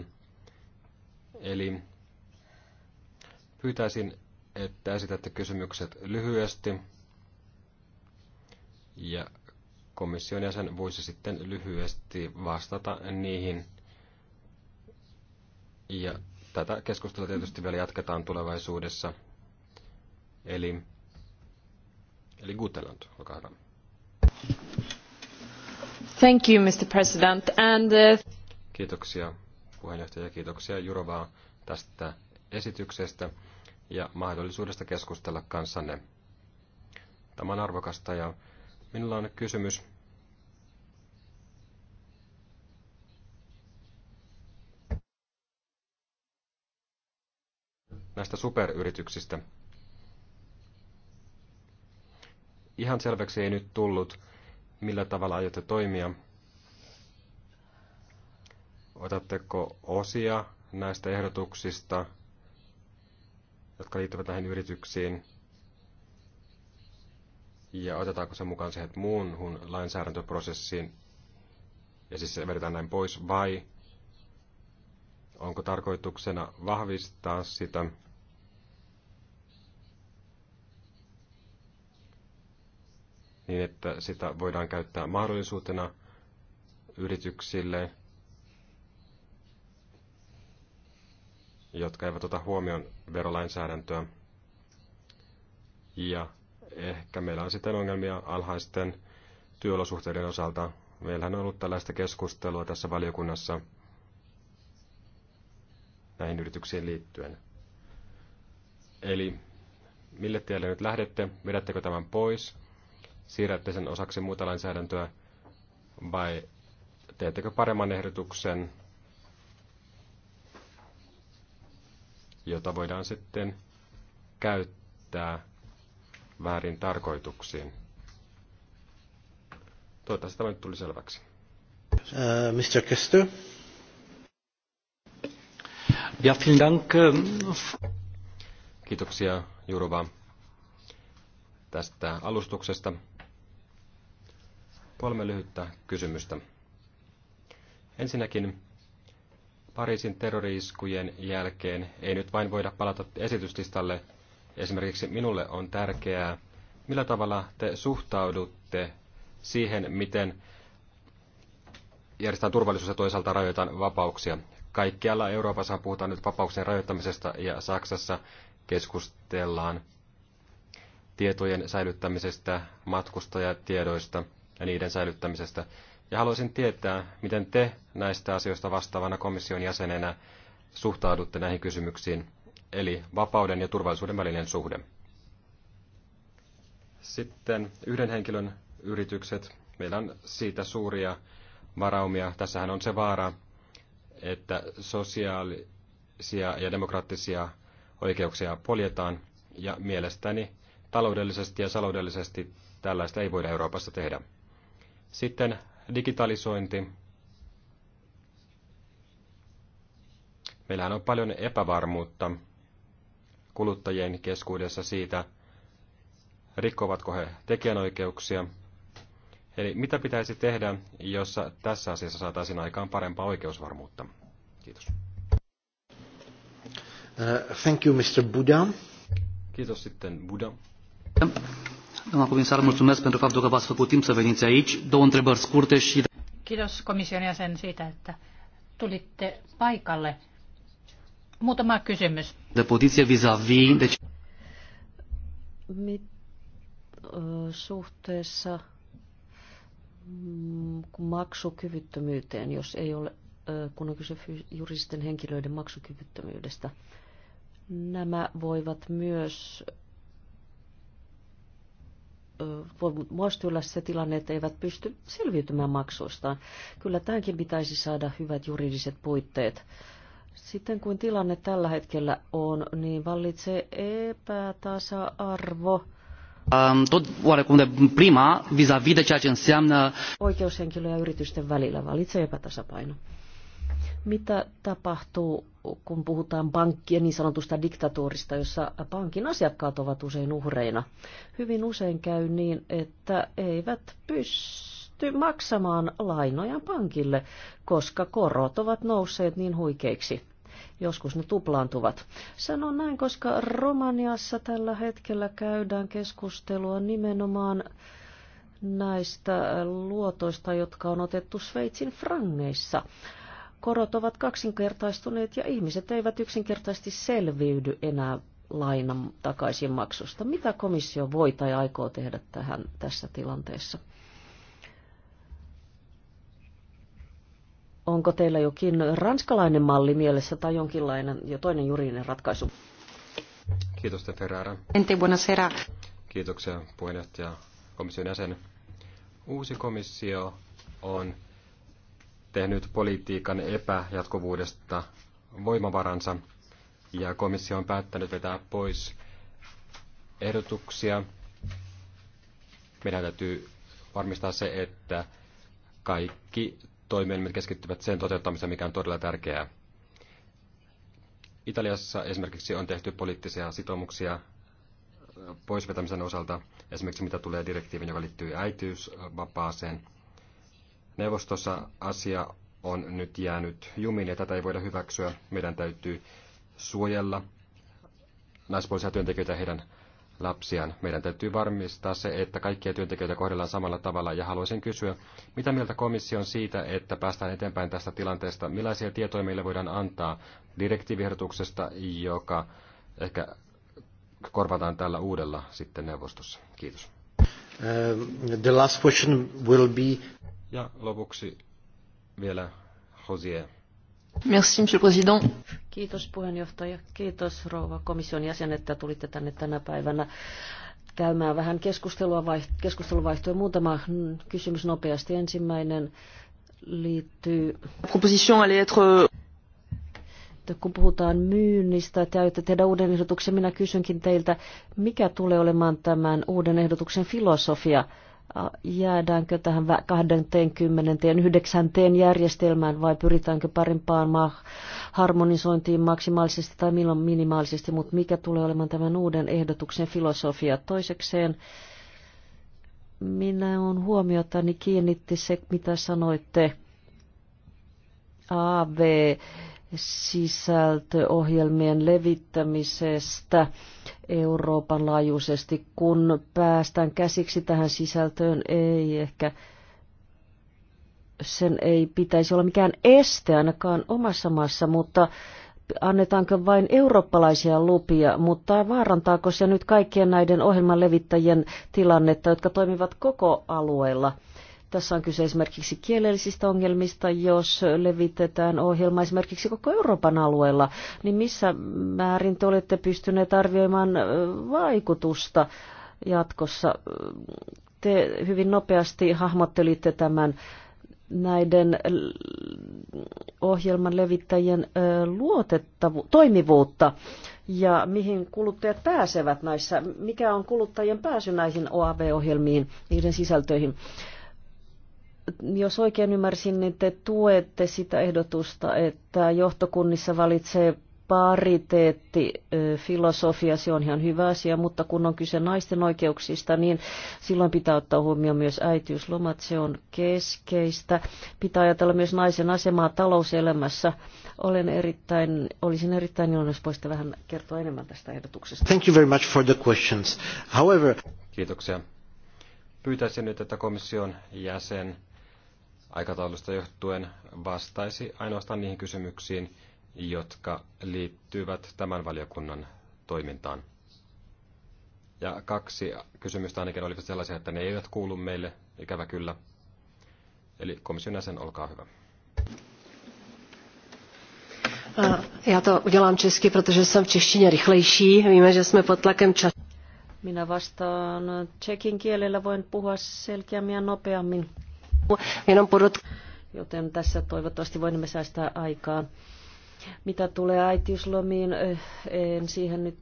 Eli pyytäisin, että esitätte kysymykset lyhyesti ja komission jäsen voisi sitten lyhyesti vastata niihin. Ja tätä keskustelua tietysti vielä jatketaan tulevaisuudessa. Eli, eli Guteland, olkaa hyvä. Thank you, Mr. President. And, uh... Kiitoksia puheenjohtaja ja kiitoksia Jurovaa tästä esityksestä ja mahdollisuudesta keskustella kanssanne. Tämä on arvokasta ja Minulla on kysymys. näistä superyrityksistä. Ihan selväksi ei nyt tullut, millä tavalla aiotte toimia. Otatteko osia näistä ehdotuksista, jotka liittyvät näihin yrityksiin? ja otetaanko se mukaan siihen hun lainsäädäntöprosessiin, ja siis se vedetään näin pois, vai onko tarkoituksena vahvistaa sitä niin, että sitä voidaan käyttää mahdollisuutena yrityksille, jotka eivät ota huomioon verolainsäädäntöä. Ja ehkä meillä on sitten ongelmia alhaisten työolosuhteiden osalta. Meillähän on ollut tällaista keskustelua tässä valiokunnassa näihin yrityksiin liittyen. Eli mille tielle nyt lähdette? Vedättekö tämän pois? Siirrätte sen osaksi muuta lainsäädäntöä? Vai teettekö paremman ehdotuksen, jota voidaan sitten käyttää väärin tarkoituksiin. Toivottavasti tämä nyt tuli selväksi. Uh, äh, Mr. Kester. Ja, vielen Dank. Ähm, Kiitoksia Jurova tästä alustuksesta. Kolme lyhyttä kysymystä. Ensinnäkin Pariisin terroriiskujen jälkeen ei nyt vain voida palata esityslistalle Esimerkiksi minulle on tärkeää, millä tavalla te suhtaudutte siihen, miten järjestetään turvallisuus ja toisaalta rajoitetaan vapauksia. Kaikkialla Euroopassa puhutaan nyt vapauksien rajoittamisesta ja Saksassa keskustellaan tietojen säilyttämisestä, matkustajatiedoista ja niiden säilyttämisestä. Ja haluaisin tietää, miten te näistä asioista vastaavana komission jäsenenä suhtaudutte näihin kysymyksiin eli vapauden ja turvallisuuden välinen suhde. Sitten yhden henkilön yritykset. Meillä on siitä suuria varaumia. Tässähän on se vaara, että sosiaalisia ja demokraattisia oikeuksia poljetaan, ja mielestäni taloudellisesti ja saloudellisesti tällaista ei voida Euroopassa tehdä. Sitten digitalisointi. Meillähän on paljon epävarmuutta kuluttajien keskuudessa siitä, rikkovatko he tekijänoikeuksia. Eli mitä pitäisi tehdä, jossa tässä asiassa saataisiin aikaan parempaa oikeusvarmuutta? Kiitos. Uh, thank you, Mr. Buddha. Kiitos sitten, Buddha. Doamna comisar, mulțumesc pentru faptul că v-ați făcut timp să veniți aici. Două întrebări scurte și... Kiitos komission jäsen siitä, että tulitte paikalle. Muutama kysymys de poziție vis-a-vis -vis de Mit, ö, suhteessa mm, maksukyvyttömyyteen, jos ei ole, kun on kyse juristen henkilöiden maksukyvyttömyydestä. Nämä voivat myös voi se tilanne, että eivät pysty selviytymään maksuistaan. Kyllä tämänkin pitäisi saada hyvät juridiset puitteet sitten kun tilanne tällä hetkellä on, niin vallitsee epätasa-arvo. Tot oarecum de prima vis-a-vis de ceea ce înseamnă... Oikeushenkilö ja yritysten välillä vallitsee epätasapaino. Mitä tapahtuu, kun puhutaan pankkien niin sanotusta diktatuurista, jossa pankin asiakkaat ovat usein uhreina? Hyvin usein käy niin, että eivät pysty pysty maksamaan lainoja pankille, koska korot ovat nousseet niin huikeiksi. Joskus ne tuplaantuvat. Sanon näin, koska Romaniassa tällä hetkellä käydään keskustelua nimenomaan näistä luotoista, jotka on otettu Sveitsin frangeissa. Korot ovat kaksinkertaistuneet ja ihmiset eivät yksinkertaisesti selviydy enää lainan takaisinmaksusta. Mitä komissio voi tai aikoo tehdä tähän, tässä tilanteessa? Onko teillä jokin ranskalainen malli mielessä tai jonkinlainen jo toinen juridinen ratkaisu? Kiitos, te Ferrara. Ente, buonasera. Kiitoksia, puheenjohtaja, komission jäsen. Uusi komissio on tehnyt politiikan epäjatkuvuudesta voimavaransa ja komissio on päättänyt vetää pois ehdotuksia. Meidän täytyy varmistaa se, että kaikki toimielimet keskittyvät sen toteuttamiseen, mikä on todella tärkeää. Italiassa esimerkiksi on tehty poliittisia sitoumuksia poisvetämisen osalta, esimerkiksi mitä tulee direktiivin, joka liittyy äitiysvapaaseen. Neuvostossa asia on nyt jäänyt jumiin ja tätä ei voida hyväksyä. Meidän täytyy suojella naispuolisia työntekijöitä heidän lapsiaan. Meidän täytyy varmistaa se, että kaikkia työntekijöitä kohdellaan samalla tavalla ja haluaisin kysyä, mitä mieltä komissio on siitä, että päästään eteenpäin tästä tilanteesta? Millaisia tietoja meille voidaan antaa direktiivihdotuksesta, joka ehkä korvataan tällä uudella sitten neuvostossa? Kiitos. Uh, the last question will be... Ja lopuksi vielä Josier. Merci, monsieur président. Kiitos puheenjohtaja. Kiitos rouva komission jäsen, että tulitte tänne tänä päivänä käymään vähän keskustelua vaiht- keskusteluvaihtoa. Muutama kysymys nopeasti. Ensimmäinen liittyy... Proposition allait être... Kun puhutaan myynnistä, täytyy tehdä uuden ehdotuksen. Minä kysynkin teiltä, mikä tulee olemaan tämän uuden ehdotuksen filosofia? jäädäänkö tähän 29. järjestelmään vai pyritäänkö parempaan harmonisointiin maksimaalisesti tai milloin minimaalisesti, mutta mikä tulee olemaan tämän uuden ehdotuksen filosofia. Toisekseen minä olen huomiotani kiinnitti se, mitä sanoitte AV sisältöohjelmien levittämisestä Euroopan laajuisesti. Kun päästään käsiksi tähän sisältöön, ei ehkä sen ei pitäisi olla mikään este ainakaan omassa maassa, mutta annetaanko vain eurooppalaisia lupia, mutta vaarantaako se nyt kaikkien näiden ohjelman levittäjien tilannetta, jotka toimivat koko alueella? Tässä on kyse esimerkiksi kielellisistä ongelmista, jos levitetään ohjelma esimerkiksi koko Euroopan alueella, niin missä määrin te olette pystyneet arvioimaan vaikutusta jatkossa? Te hyvin nopeasti hahmottelitte tämän näiden ohjelman levittäjien luotettavu- toimivuutta ja mihin kuluttajat pääsevät näissä, mikä on kuluttajien pääsy näihin OAV-ohjelmiin, niiden sisältöihin jos oikein ymmärsin, niin te tuette sitä ehdotusta, että johtokunnissa valitsee pariteetti, filosofia, se on ihan hyvä asia, mutta kun on kyse naisten oikeuksista, niin silloin pitää ottaa huomioon myös äitiyslomat, se on keskeistä. Pitää ajatella myös naisen asemaa talouselämässä. Olen erittäin, olisin erittäin iloinen, jos voisitte vähän kertoa enemmän tästä ehdotuksesta. Thank you very much for the questions. However... Kiitoksia. Pyytäisin nyt, että komission jäsen aikataulusta johtuen vastaisi ainoastaan niihin kysymyksiin, jotka liittyvät tämän valiokunnan toimintaan. Ja kaksi kysymystä ainakin olivat sellaisia, että ne eivät kuulu meille, ikävä kyllä. Eli komission jäsen, olkaa hyvä. Eh, Já to udělám česky, protože jsem v češtině rychlejší. Víme, že jsme pod tlakem času. Minä vastaan tsekin kielellä, voin puhua selkeämmin ja nopeammin. Joten tässä toivottavasti voimme säästää aikaa. Mitä tulee äitiyslomiin, eh, en siihen nyt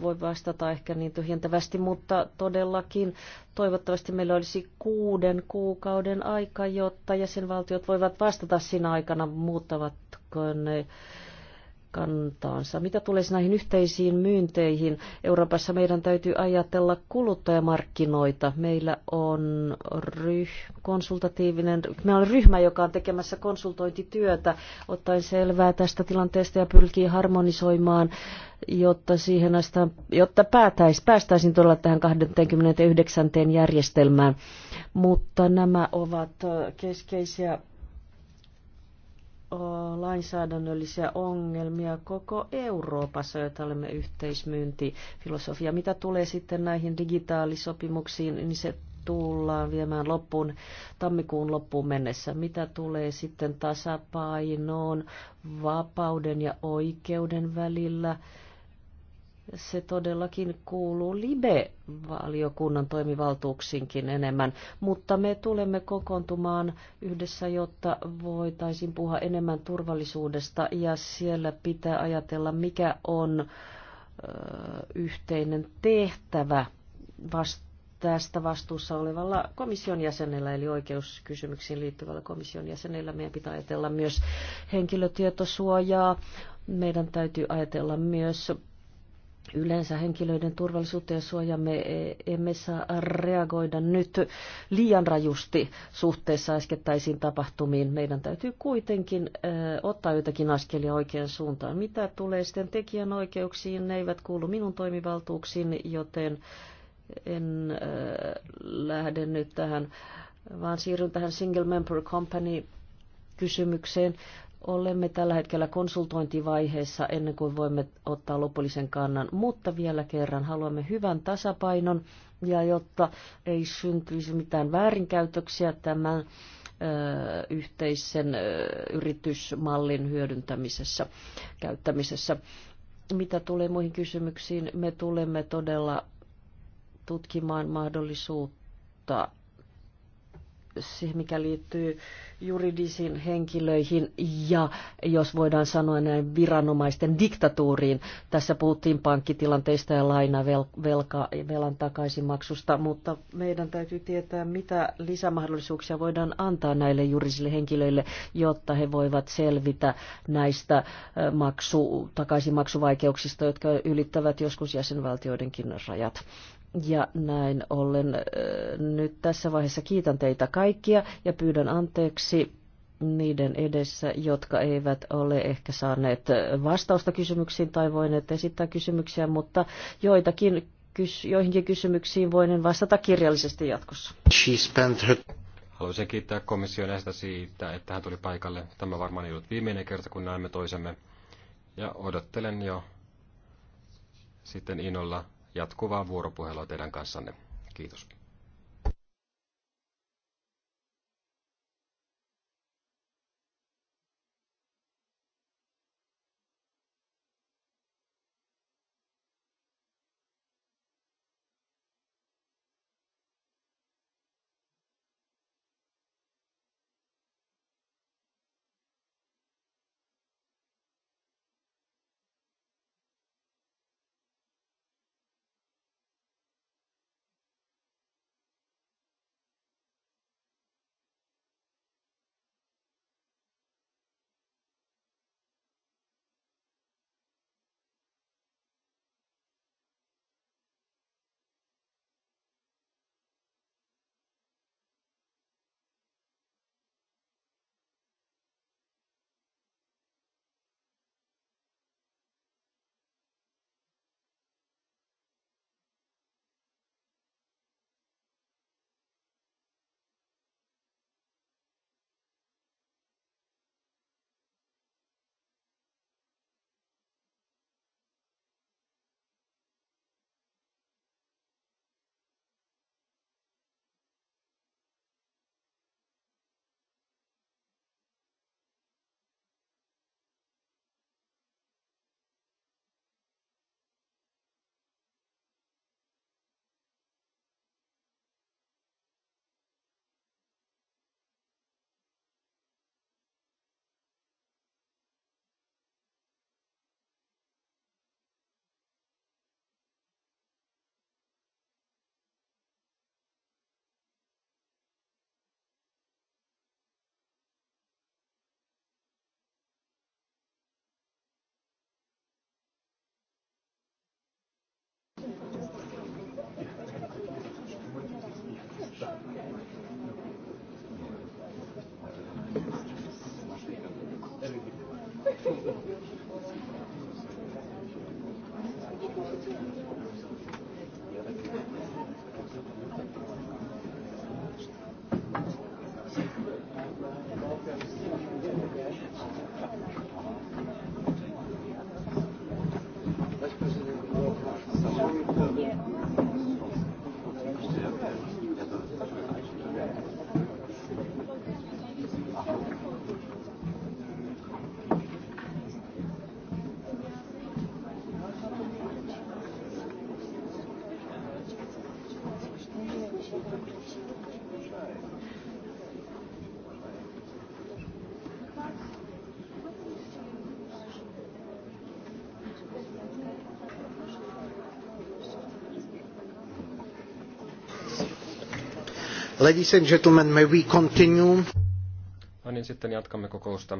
voi vastata ehkä niin tyhjentävästi, mutta todellakin toivottavasti meillä olisi kuuden kuukauden aika, jotta jäsenvaltiot voivat vastata siinä aikana, muuttavatko ne kantaansa. Mitä tulee näihin yhteisiin myynteihin, Euroopassa meidän täytyy ajatella kuluttajamarkkinoita. Meillä on ryh, konsultatiivinen, meillä on ryhmä, joka on tekemässä konsultointityötä, ottaen selvää tästä tilanteesta ja pyrkii harmonisoimaan jotta, siihen asti, jotta päätäis, päästäisiin todella tähän 29. järjestelmään. Mutta nämä ovat keskeisiä lainsäädännöllisiä ongelmia koko Euroopassa, joita olemme yhteismyyntifilosofia. Mitä tulee sitten näihin digitaalisopimuksiin, niin se tullaan viemään loppuun tammikuun loppuun mennessä. Mitä tulee sitten tasapainoon vapauden ja oikeuden välillä? se todellakin kuuluu LIBE-valiokunnan toimivaltuuksinkin enemmän, mutta me tulemme kokoontumaan yhdessä, jotta voitaisiin puhua enemmän turvallisuudesta ja siellä pitää ajatella, mikä on yhteinen tehtävä vast- tästä vastuussa olevalla komission jäsenellä, eli oikeuskysymyksiin liittyvällä komission jäsenellä. Meidän pitää ajatella myös henkilötietosuojaa. Meidän täytyy ajatella myös yleensä henkilöiden turvallisuutta ja suojamme e, emme saa reagoida nyt liian rajusti suhteessa äskettäisiin tapahtumiin. Meidän täytyy kuitenkin e, ottaa jotakin askelia oikeaan suuntaan. Mitä tulee sitten tekijänoikeuksiin, ne eivät kuulu minun toimivaltuuksiin, joten en e, lähde nyt tähän, vaan siirryn tähän Single Member Company kysymykseen. Olemme tällä hetkellä konsultointivaiheessa ennen kuin voimme ottaa lopullisen kannan, mutta vielä kerran haluamme hyvän tasapainon ja jotta ei syntyisi mitään väärinkäytöksiä tämän yhteisen yritysmallin hyödyntämisessä, käyttämisessä. Mitä tulee muihin kysymyksiin, me tulemme todella tutkimaan mahdollisuutta siihen, mikä liittyy juridisiin henkilöihin ja, jos voidaan sanoa näin, viranomaisten diktatuuriin. Tässä puhuttiin pankkitilanteista ja lainavelka, velan takaisinmaksusta, mutta meidän täytyy tietää, mitä lisämahdollisuuksia voidaan antaa näille juridisille henkilöille, jotta he voivat selvitä näistä maksu, takaisinmaksuvaikeuksista, jotka ylittävät joskus jäsenvaltioidenkin rajat. Ja näin ollen äh, nyt tässä vaiheessa kiitän teitä kaikkia ja pyydän anteeksi niiden edessä, jotka eivät ole ehkä saaneet äh, vastausta kysymyksiin tai voineet esittää kysymyksiä, mutta joitakin, joihinkin kysymyksiin voinen vastata kirjallisesti jatkossa. Haluaisin kiittää komission näistä siitä, että hän tuli paikalle. Tämä varmaan ei ollut viimeinen kerta, kun näemme toisemme. Ja odottelen jo sitten innolla jatkuvaa vuoropuhelua teidän kanssanne. Kiitos. Ladies and gentlemen, may we continue? No niin, sitten jatkamme kokousta.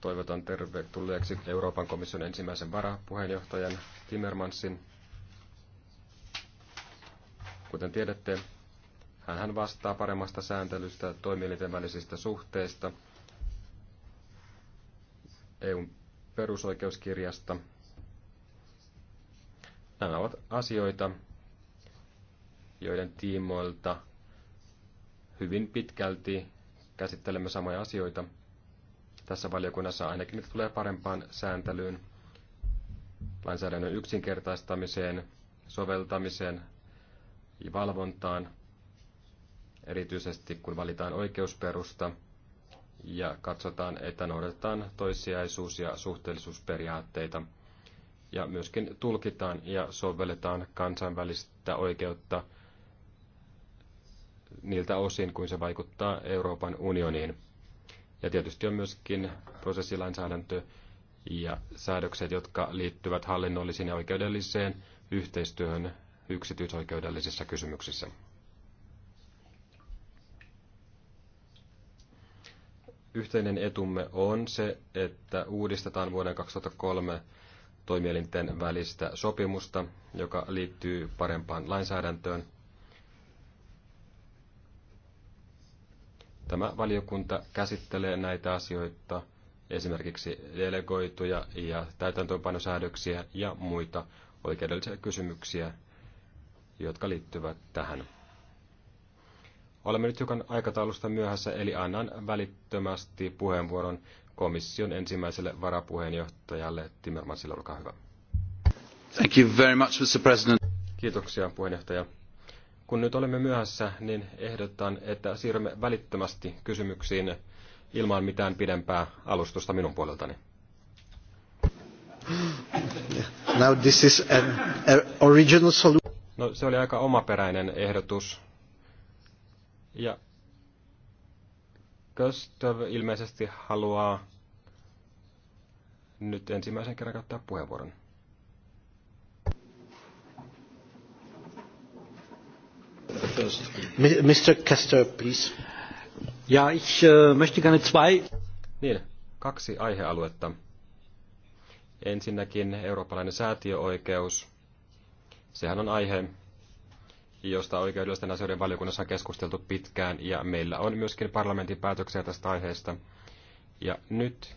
Toivotan tervetulleeksi Euroopan komission ensimmäisen varapuheenjohtajan Timmermansin. Kuten tiedätte, hän vastaa paremmasta sääntelystä toimielinten välisistä suhteista, EUn perusoikeuskirjasta. Nämä ovat asioita, joiden tiimoilta hyvin pitkälti käsittelemme samoja asioita. Tässä valiokunnassa ainakin nyt tulee parempaan sääntelyyn, lainsäädännön yksinkertaistamiseen, soveltamiseen ja valvontaan, erityisesti kun valitaan oikeusperusta ja katsotaan, että noudatetaan toissijaisuus- ja suhteellisuusperiaatteita ja myöskin tulkitaan ja sovelletaan kansainvälistä oikeutta niiltä osin, kuin se vaikuttaa Euroopan unioniin. Ja tietysti on myöskin prosessilainsäädäntö ja säädökset, jotka liittyvät hallinnollisiin ja oikeudelliseen yhteistyöhön yksityisoikeudellisissa kysymyksissä. Yhteinen etumme on se, että uudistetaan vuoden 2003 toimielinten välistä sopimusta, joka liittyy parempaan lainsäädäntöön – Tämä valiokunta käsittelee näitä asioita, esimerkiksi delegoituja ja täytäntöönpanosäädöksiä ja muita oikeudellisia kysymyksiä, jotka liittyvät tähän. Olemme nyt hiukan aikataulusta myöhässä, eli annan välittömästi puheenvuoron komission ensimmäiselle varapuheenjohtajalle Timmermansille, olkaa hyvä. Thank you very much, Mr. President. Kiitoksia puheenjohtaja. Kun nyt olemme myöhässä, niin ehdotan, että siirrymme välittömästi kysymyksiin ilman mitään pidempää alustusta minun puoleltani. Now this is an, an original solution. No, se oli aika omaperäinen ehdotus. Ja Köstöv ilmeisesti haluaa nyt ensimmäisen kerran käyttää puheenvuoron. Mr. Kester, please. Ja ich äh, möchte gerne zwei... Niin, kaksi aihealuetta. Ensinnäkin eurooppalainen säätiöoikeus. Sehän on aihe, josta oikeudellisten asioiden valiokunnassa on keskusteltu pitkään, ja meillä on myöskin parlamentin päätöksiä tästä aiheesta. Ja nyt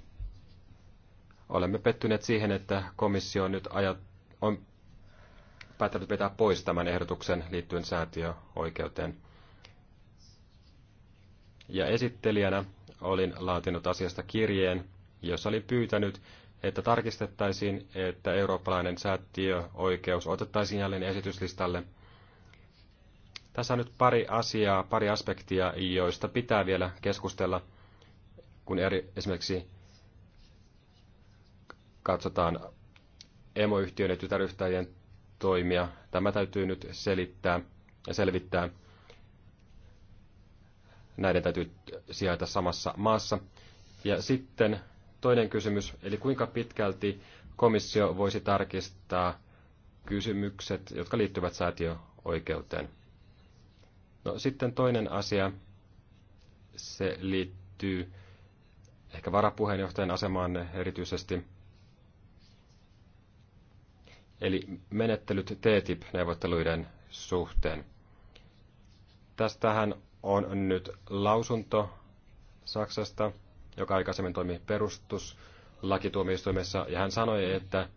olemme pettyneet siihen, että komissio nyt ajat, on päättänyt vetää pois tämän ehdotuksen liittyen säätiöoikeuteen. Ja esittelijänä olin laatinut asiasta kirjeen, jossa olin pyytänyt, että tarkistettaisiin, että eurooppalainen säätiöoikeus otettaisiin jälleen esityslistalle. Tässä on nyt pari asiaa, pari aspektia, joista pitää vielä keskustella, kun eri, esimerkiksi katsotaan emoyhtiön ja tytäryhtäjien toimia. Tämä täytyy nyt selittää ja selvittää. Näiden täytyy sijaita samassa maassa. Ja sitten toinen kysymys, eli kuinka pitkälti komissio voisi tarkistaa kysymykset, jotka liittyvät säätiöoikeuteen. No, sitten toinen asia, se liittyy ehkä varapuheenjohtajan asemaan erityisesti eli menettelyt TTIP-neuvotteluiden suhteen. Tästähän on nyt lausunto Saksasta, joka aikaisemmin toimi perustuslakituomioistuimessa, ja hän sanoi, että,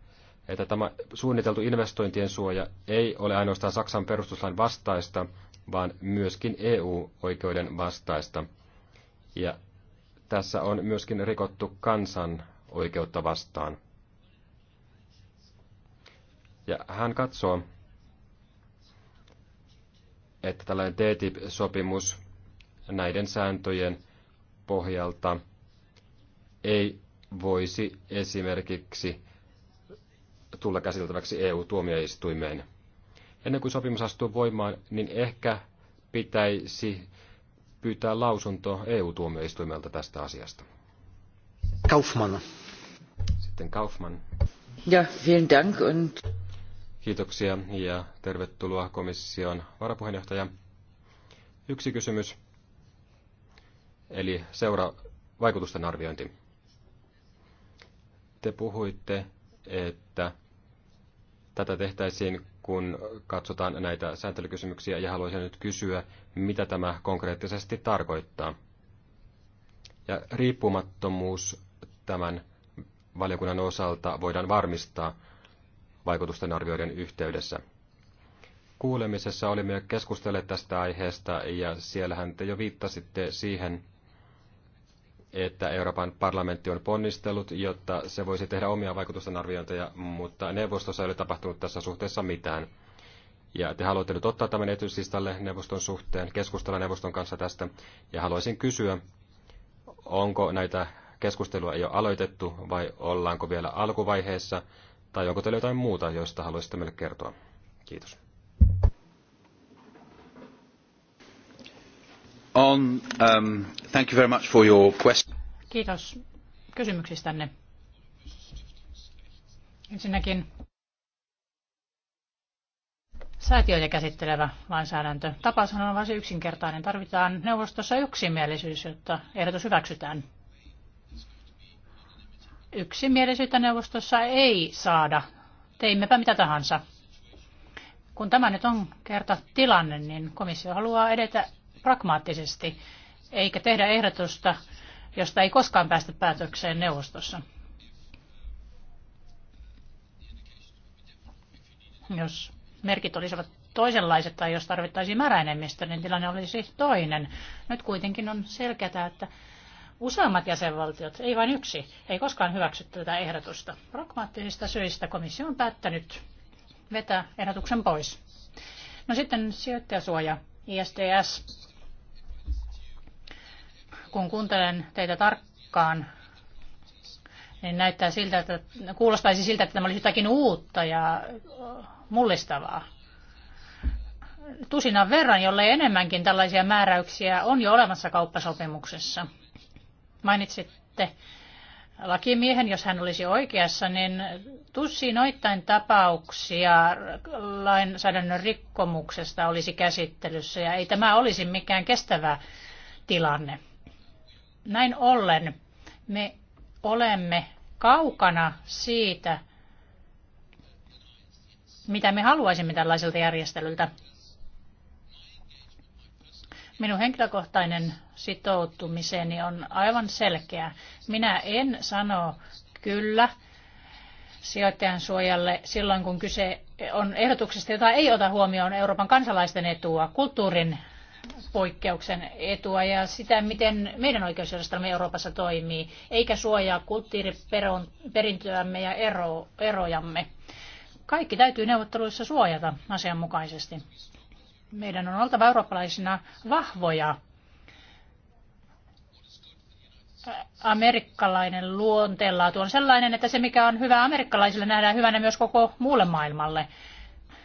että tämä suunniteltu investointien suoja ei ole ainoastaan Saksan perustuslain vastaista, vaan myöskin EU-oikeuden vastaista. Ja tässä on myöskin rikottu kansan oikeutta vastaan. Ja hän katsoo, että tällainen TTIP-sopimus näiden sääntöjen pohjalta ei voisi esimerkiksi tulla käsiteltäväksi EU-tuomioistuimeen. Ennen kuin sopimus astuu voimaan, niin ehkä pitäisi pyytää lausunto EU-tuomioistuimelta tästä asiasta. Kaufmann. Sitten Kaufmann. Ja, vielen Dank und... Kiitoksia ja tervetuloa komission varapuheenjohtaja. Yksi kysymys, eli seura vaikutusten arviointi. Te puhuitte, että tätä tehtäisiin, kun katsotaan näitä sääntelykysymyksiä, ja haluaisin nyt kysyä, mitä tämä konkreettisesti tarkoittaa. Ja riippumattomuus tämän valiokunnan osalta voidaan varmistaa, vaikutusten arvioiden yhteydessä. Kuulemisessa olimme jo keskustelleet tästä aiheesta ja siellähän te jo viittasitte siihen, että Euroopan parlamentti on ponnistellut, jotta se voisi tehdä omia vaikutusten arviointeja, mutta neuvostossa ei ole tapahtunut tässä suhteessa mitään. Ja te haluatte nyt ottaa tämän etysistalle neuvoston suhteen, keskustella neuvoston kanssa tästä. Ja haluaisin kysyä, onko näitä keskustelua jo aloitettu vai ollaanko vielä alkuvaiheessa tai onko teillä jotain muuta, josta haluaisitte meille kertoa? Kiitos. On, um, thank you very much for your question. Kiitos kysymyksistänne. Ensinnäkin säätiöitä käsittelevä lainsäädäntö. Tapaushan on varsin yksinkertainen. Tarvitaan neuvostossa yksimielisyys, jotta ehdotus hyväksytään yksimielisyyttä neuvostossa ei saada. Teimmepä mitä tahansa. Kun tämä nyt on kerta tilanne, niin komissio haluaa edetä pragmaattisesti, eikä tehdä ehdotusta, josta ei koskaan päästä päätökseen neuvostossa. Jos merkit olisivat toisenlaiset tai jos tarvittaisiin määräenemmistö, niin tilanne olisi toinen. Nyt kuitenkin on selkeää, että Useammat jäsenvaltiot, ei vain yksi, ei koskaan hyväksy tätä ehdotusta. Pragmaattisista syistä komissio on päättänyt vetää ehdotuksen pois. No sitten sijoittajasuoja, ISDS. Kun kuuntelen teitä tarkkaan, niin näyttää siltä, että kuulostaisi siltä, että tämä olisi jotakin uutta ja mullistavaa. Tusinan verran, jolle enemmänkin tällaisia määräyksiä on jo olemassa kauppasopimuksessa. Mainitsitte lakimiehen, jos hän olisi oikeassa, niin noittain tapauksia lainsäädännön rikkomuksesta olisi käsittelyssä ja ei tämä olisi mikään kestävä tilanne. Näin ollen me olemme kaukana siitä, mitä me haluaisimme tällaiselta järjestelyltä. Minun henkilökohtainen sitoutumiseni niin on aivan selkeä. Minä en sano kyllä sijoittajan suojalle silloin, kun kyse on ehdotuksesta, jota ei ota huomioon Euroopan kansalaisten etua, kulttuurin poikkeuksen etua ja sitä, miten meidän oikeusjärjestelmä Euroopassa toimii, eikä suojaa kulttuuriperintöämme ja ero, erojamme. Kaikki täytyy neuvotteluissa suojata asianmukaisesti. Meidän on oltava eurooppalaisina vahvoja amerikkalainen luonteenlaatu on sellainen, että se mikä on hyvä amerikkalaisille nähdään hyvänä myös koko muulle maailmalle.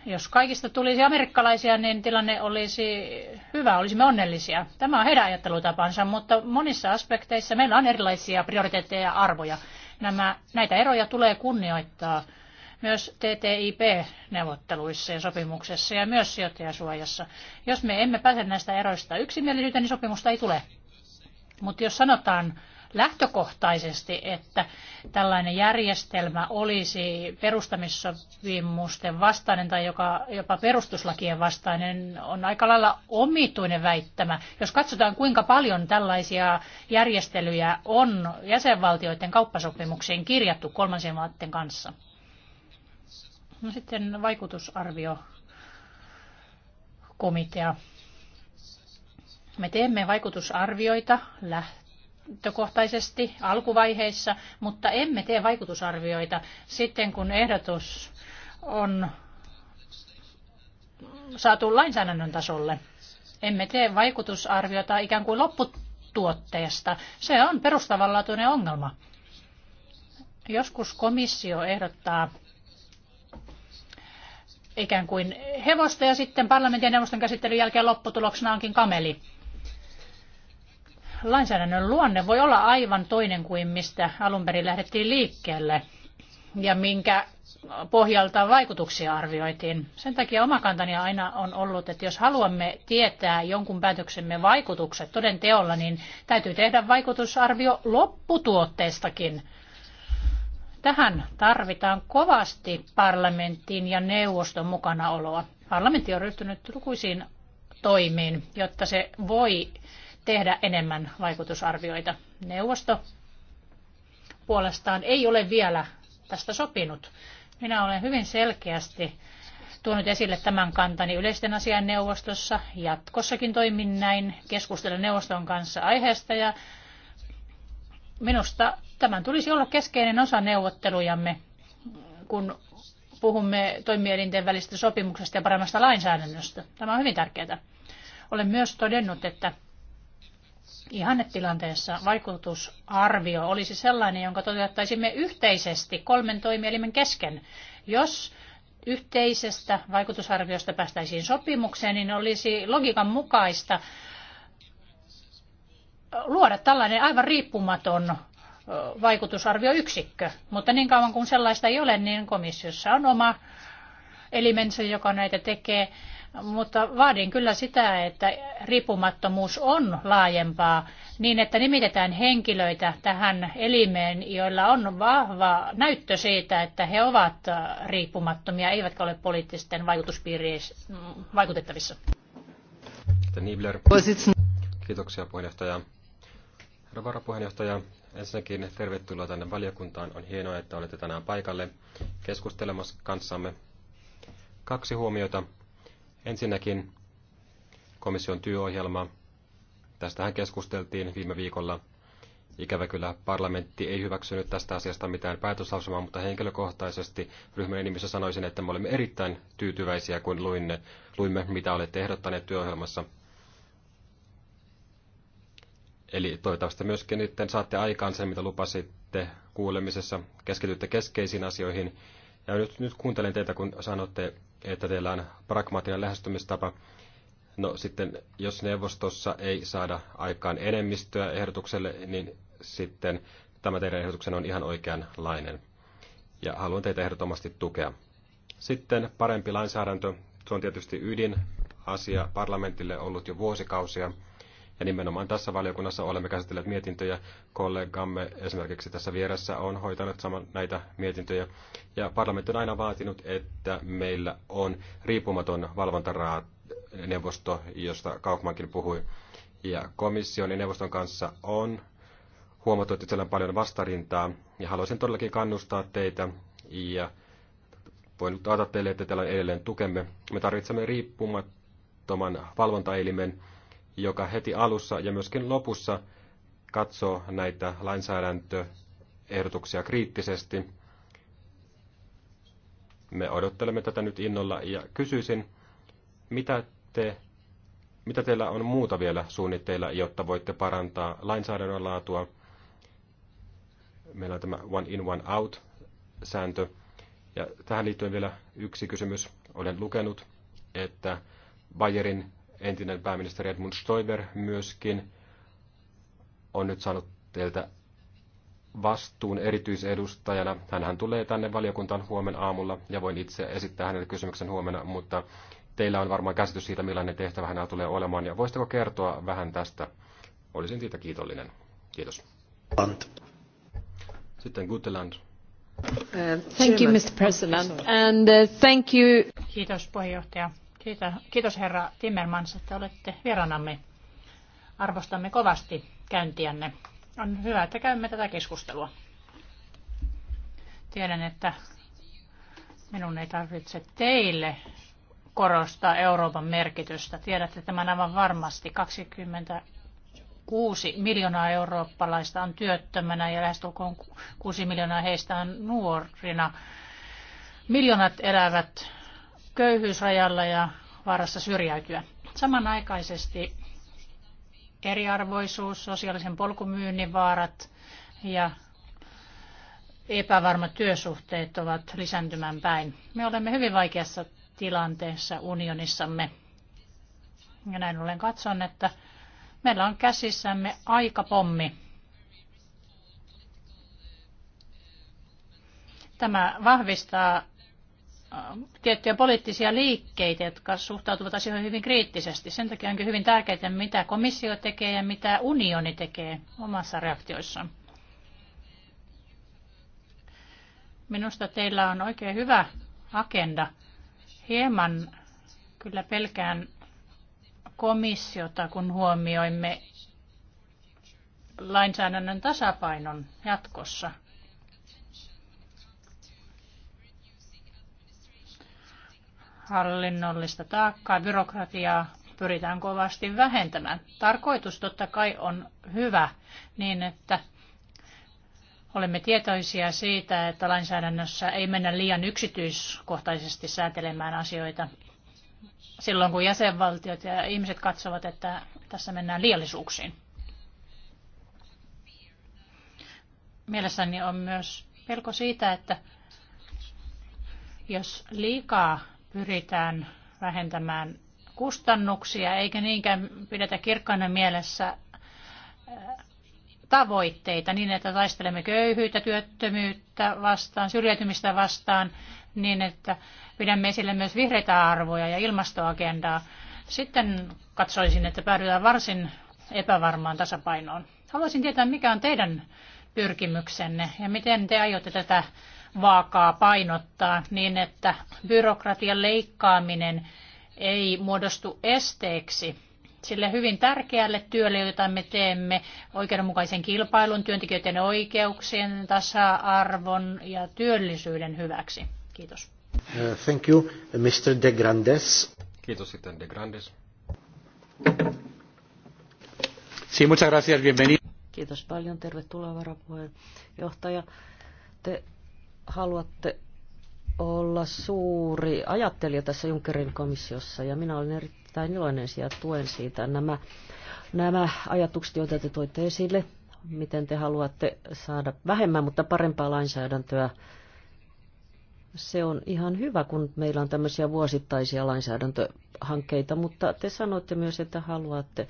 Jos kaikista tulisi amerikkalaisia, niin tilanne olisi hyvä, olisimme onnellisia. Tämä on heidän ajattelutapansa, mutta monissa aspekteissa meillä on erilaisia prioriteetteja ja arvoja. Nämä, näitä eroja tulee kunnioittaa myös TTIP-neuvotteluissa ja sopimuksessa ja myös sijoittajasuojassa. Jos me emme pääse näistä eroista yksimielisyyteen, niin sopimusta ei tule. Mutta jos sanotaan lähtökohtaisesti, että tällainen järjestelmä olisi perustamissopimusten vastainen tai joka, jopa perustuslakien vastainen, on aika lailla omituinen väittämä. Jos katsotaan, kuinka paljon tällaisia järjestelyjä on jäsenvaltioiden kauppasopimuksiin kirjattu kolmansien maiden kanssa. No sitten vaikutusarvio komitea. Me teemme vaikutusarvioita lähtökohtaisesti alkuvaiheissa, mutta emme tee vaikutusarvioita sitten, kun ehdotus on saatu lainsäädännön tasolle. Emme tee vaikutusarviota ikään kuin lopputuotteesta. Se on perustavanlaatuinen ongelma. Joskus komissio ehdottaa ikään kuin hevosta ja sitten parlamentin ja neuvoston käsittelyn jälkeen lopputuloksena onkin kameli lainsäädännön luonne voi olla aivan toinen kuin mistä alun perin lähdettiin liikkeelle ja minkä pohjalta vaikutuksia arvioitiin. Sen takia oma kantani aina on ollut, että jos haluamme tietää jonkun päätöksemme vaikutukset toden teolla, niin täytyy tehdä vaikutusarvio lopputuotteestakin. Tähän tarvitaan kovasti parlamenttiin ja neuvoston mukanaoloa. Parlamentti on ryhtynyt lukuisiin toimiin, jotta se voi tehdä enemmän vaikutusarvioita. Neuvosto puolestaan ei ole vielä tästä sopinut. Minä olen hyvin selkeästi tuonut esille tämän kantani yleisten asian neuvostossa. Jatkossakin toimin näin, keskustelen neuvoston kanssa aiheesta ja minusta tämän tulisi olla keskeinen osa neuvottelujamme, kun puhumme toimielinten välistä sopimuksesta ja paremmasta lainsäädännöstä. Tämä on hyvin tärkeää. Olen myös todennut, että ihannetilanteessa vaikutusarvio olisi sellainen, jonka toteuttaisimme yhteisesti kolmen toimielimen kesken. Jos yhteisestä vaikutusarviosta päästäisiin sopimukseen, niin olisi logiikan mukaista luoda tällainen aivan riippumaton vaikutusarvioyksikkö. Mutta niin kauan kuin sellaista ei ole, niin komissiossa on oma elimensä, joka näitä tekee mutta vaadin kyllä sitä, että riippumattomuus on laajempaa niin, että nimitetään henkilöitä tähän elimeen, joilla on vahva näyttö siitä, että he ovat riippumattomia, eivätkä ole poliittisten vaikutuspiirien vaikutettavissa. Kiitoksia puheenjohtaja. Herra varapuheenjohtaja, ensinnäkin tervetuloa tänne valiokuntaan. On hienoa, että olette tänään paikalle keskustelemassa kanssamme. Kaksi huomiota Ensinnäkin komission työohjelma. Tästähän keskusteltiin viime viikolla. Ikävä kyllä parlamentti ei hyväksynyt tästä asiasta mitään päätöslausumaa, mutta henkilökohtaisesti ryhmän nimissä sanoisin, että me olemme erittäin tyytyväisiä, kun luimme, luimme mitä olette ehdottaneet työohjelmassa. Eli toivottavasti myöskin nyt saatte aikaan sen, mitä lupasitte kuulemisessa. Keskitytte keskeisiin asioihin ja nyt, nyt kuuntelen teitä, kun sanotte, että teillä on pragmaattinen lähestymistapa. No sitten, jos neuvostossa ei saada aikaan enemmistöä ehdotukselle, niin sitten tämä teidän ehdotuksen on ihan oikeanlainen. Ja haluan teitä ehdottomasti tukea. Sitten parempi lainsäädäntö. Se on tietysti ydin asia parlamentille ollut jo vuosikausia. Ja nimenomaan tässä valiokunnassa olemme käsitelleet mietintöjä. Kollegamme esimerkiksi tässä vieressä on hoitanut saman näitä mietintöjä. Ja parlamentti on aina vaatinut, että meillä on riippumaton valvontaneuvosto, josta Kaufmankin puhui. Ja komission ja neuvoston kanssa on huomattu, että siellä on paljon vastarintaa. Ja haluaisin todellakin kannustaa teitä ja voin taata teille, että teillä on edelleen tukemme. Me tarvitsemme riippumattoman valvontaelimen, joka heti alussa ja myöskin lopussa katsoo näitä lainsäädäntöehdotuksia kriittisesti. Me odottelemme tätä nyt innolla ja kysyisin, mitä, te, mitä teillä on muuta vielä suunnitteilla, jotta voitte parantaa lainsäädännön laatua. Meillä on tämä one in, one out sääntö. Ja tähän liittyen vielä yksi kysymys. Olen lukenut, että Bayerin entinen pääministeri Edmund Stoiber myöskin on nyt saanut teiltä vastuun erityisedustajana. Hänhän tulee tänne valiokuntaan huomenna aamulla ja voin itse esittää hänelle kysymyksen huomenna, mutta teillä on varmaan käsitys siitä, millainen tehtävä hänellä tulee olemaan. Ja voisitteko kertoa vähän tästä? Olisin siitä kiitollinen. Kiitos. Ant. Sitten Guteland. Uh, thank you, Mr. President, and uh, thank you. Kiitos puheenjohtaja. Kiitos herra Timmermans, että olette vieraanamme. Arvostamme kovasti käyntiänne. On hyvä, että käymme tätä keskustelua. Tiedän, että minun ei tarvitse teille korostaa Euroopan merkitystä. Tiedätte tämän aivan varmasti. 26 miljoonaa eurooppalaista on työttömänä ja lähestulkoon 6 miljoonaa heistä on nuorina. Miljoonat elävät köyhyysrajalla ja vaarassa syrjäytyä. Samanaikaisesti eriarvoisuus, sosiaalisen polkumyynnin vaarat ja epävarmat työsuhteet ovat lisääntymään päin. Me olemme hyvin vaikeassa tilanteessa unionissamme. Ja näin ollen katson, että meillä on käsissämme aikapommi. Tämä vahvistaa tiettyjä poliittisia liikkeitä, jotka suhtautuvat asioihin hyvin kriittisesti. Sen takia onkin hyvin tärkeää, mitä komissio tekee ja mitä unioni tekee omassa reaktioissaan. Minusta teillä on oikein hyvä agenda. Hieman kyllä pelkään komissiota, kun huomioimme lainsäädännön tasapainon jatkossa – hallinnollista taakkaa, byrokratiaa pyritään kovasti vähentämään. Tarkoitus totta kai on hyvä niin, että olemme tietoisia siitä, että lainsäädännössä ei mennä liian yksityiskohtaisesti säätelemään asioita silloin, kun jäsenvaltiot ja ihmiset katsovat, että tässä mennään liiallisuuksiin. Mielessäni on myös pelko siitä, että jos liikaa pyritään vähentämään kustannuksia, eikä niinkään pidetä kirkkaana mielessä tavoitteita niin, että taistelemme köyhyyttä, työttömyyttä vastaan, syrjäytymistä vastaan, niin että pidämme esille myös vihreitä arvoja ja ilmastoagendaa. Sitten katsoisin, että päädytään varsin epävarmaan tasapainoon. Haluaisin tietää, mikä on teidän pyrkimyksenne ja miten te aiotte tätä vaakaa painottaa niin, että byrokratian leikkaaminen ei muodostu esteeksi sille hyvin tärkeälle työlle, jota me teemme oikeudenmukaisen kilpailun, työntekijöiden oikeuksien, tasa-arvon ja työllisyyden hyväksi. Kiitos. Uh, thank you, Mr. De Grandes. Kiitos sitten De Grandes. Sí, muchas gracias, bienvenido. Kiitos paljon, tervetuloa varapuheenjohtaja. Te haluatte olla suuri ajattelija tässä Junckerin komissiossa ja minä olen erittäin iloinen ja tuen siitä nämä, nämä ajatukset, joita te toitte esille, miten te haluatte saada vähemmän, mutta parempaa lainsäädäntöä se on ihan hyvä, kun meillä on tämmöisiä vuosittaisia lainsäädäntöhankkeita, mutta te sanoitte myös, että haluatte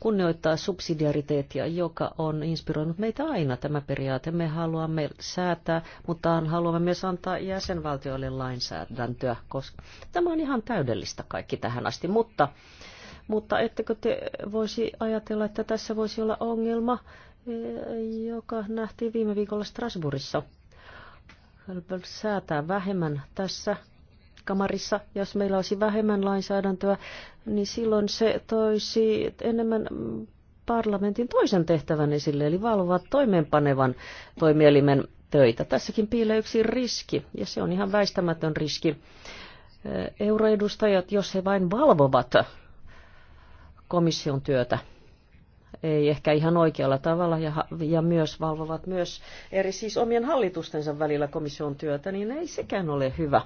kunnioittaa subsidiariteettia, joka on inspiroinut meitä aina tämä periaate. Me haluamme säätää, mutta haluamme myös antaa jäsenvaltioille lainsäädäntöä, koska tämä on ihan täydellistä kaikki tähän asti, mutta mutta ettekö te voisi ajatella, että tässä voisi olla ongelma, e, joka nähtiin viime viikolla Strasbourgissa? säätää vähemmän tässä kamarissa. Jos meillä olisi vähemmän lainsäädäntöä, niin silloin se toisi enemmän parlamentin toisen tehtävän esille, eli valvoa toimeenpanevan toimielimen töitä. Tässäkin piilee yksi riski, ja se on ihan väistämätön riski. Euroedustajat, jos he vain valvovat komission työtä, ei ehkä ihan oikealla tavalla ja, ja myös valvovat myös eri siis omien hallitustensa välillä komission työtä, niin ei sekään ole hyvä.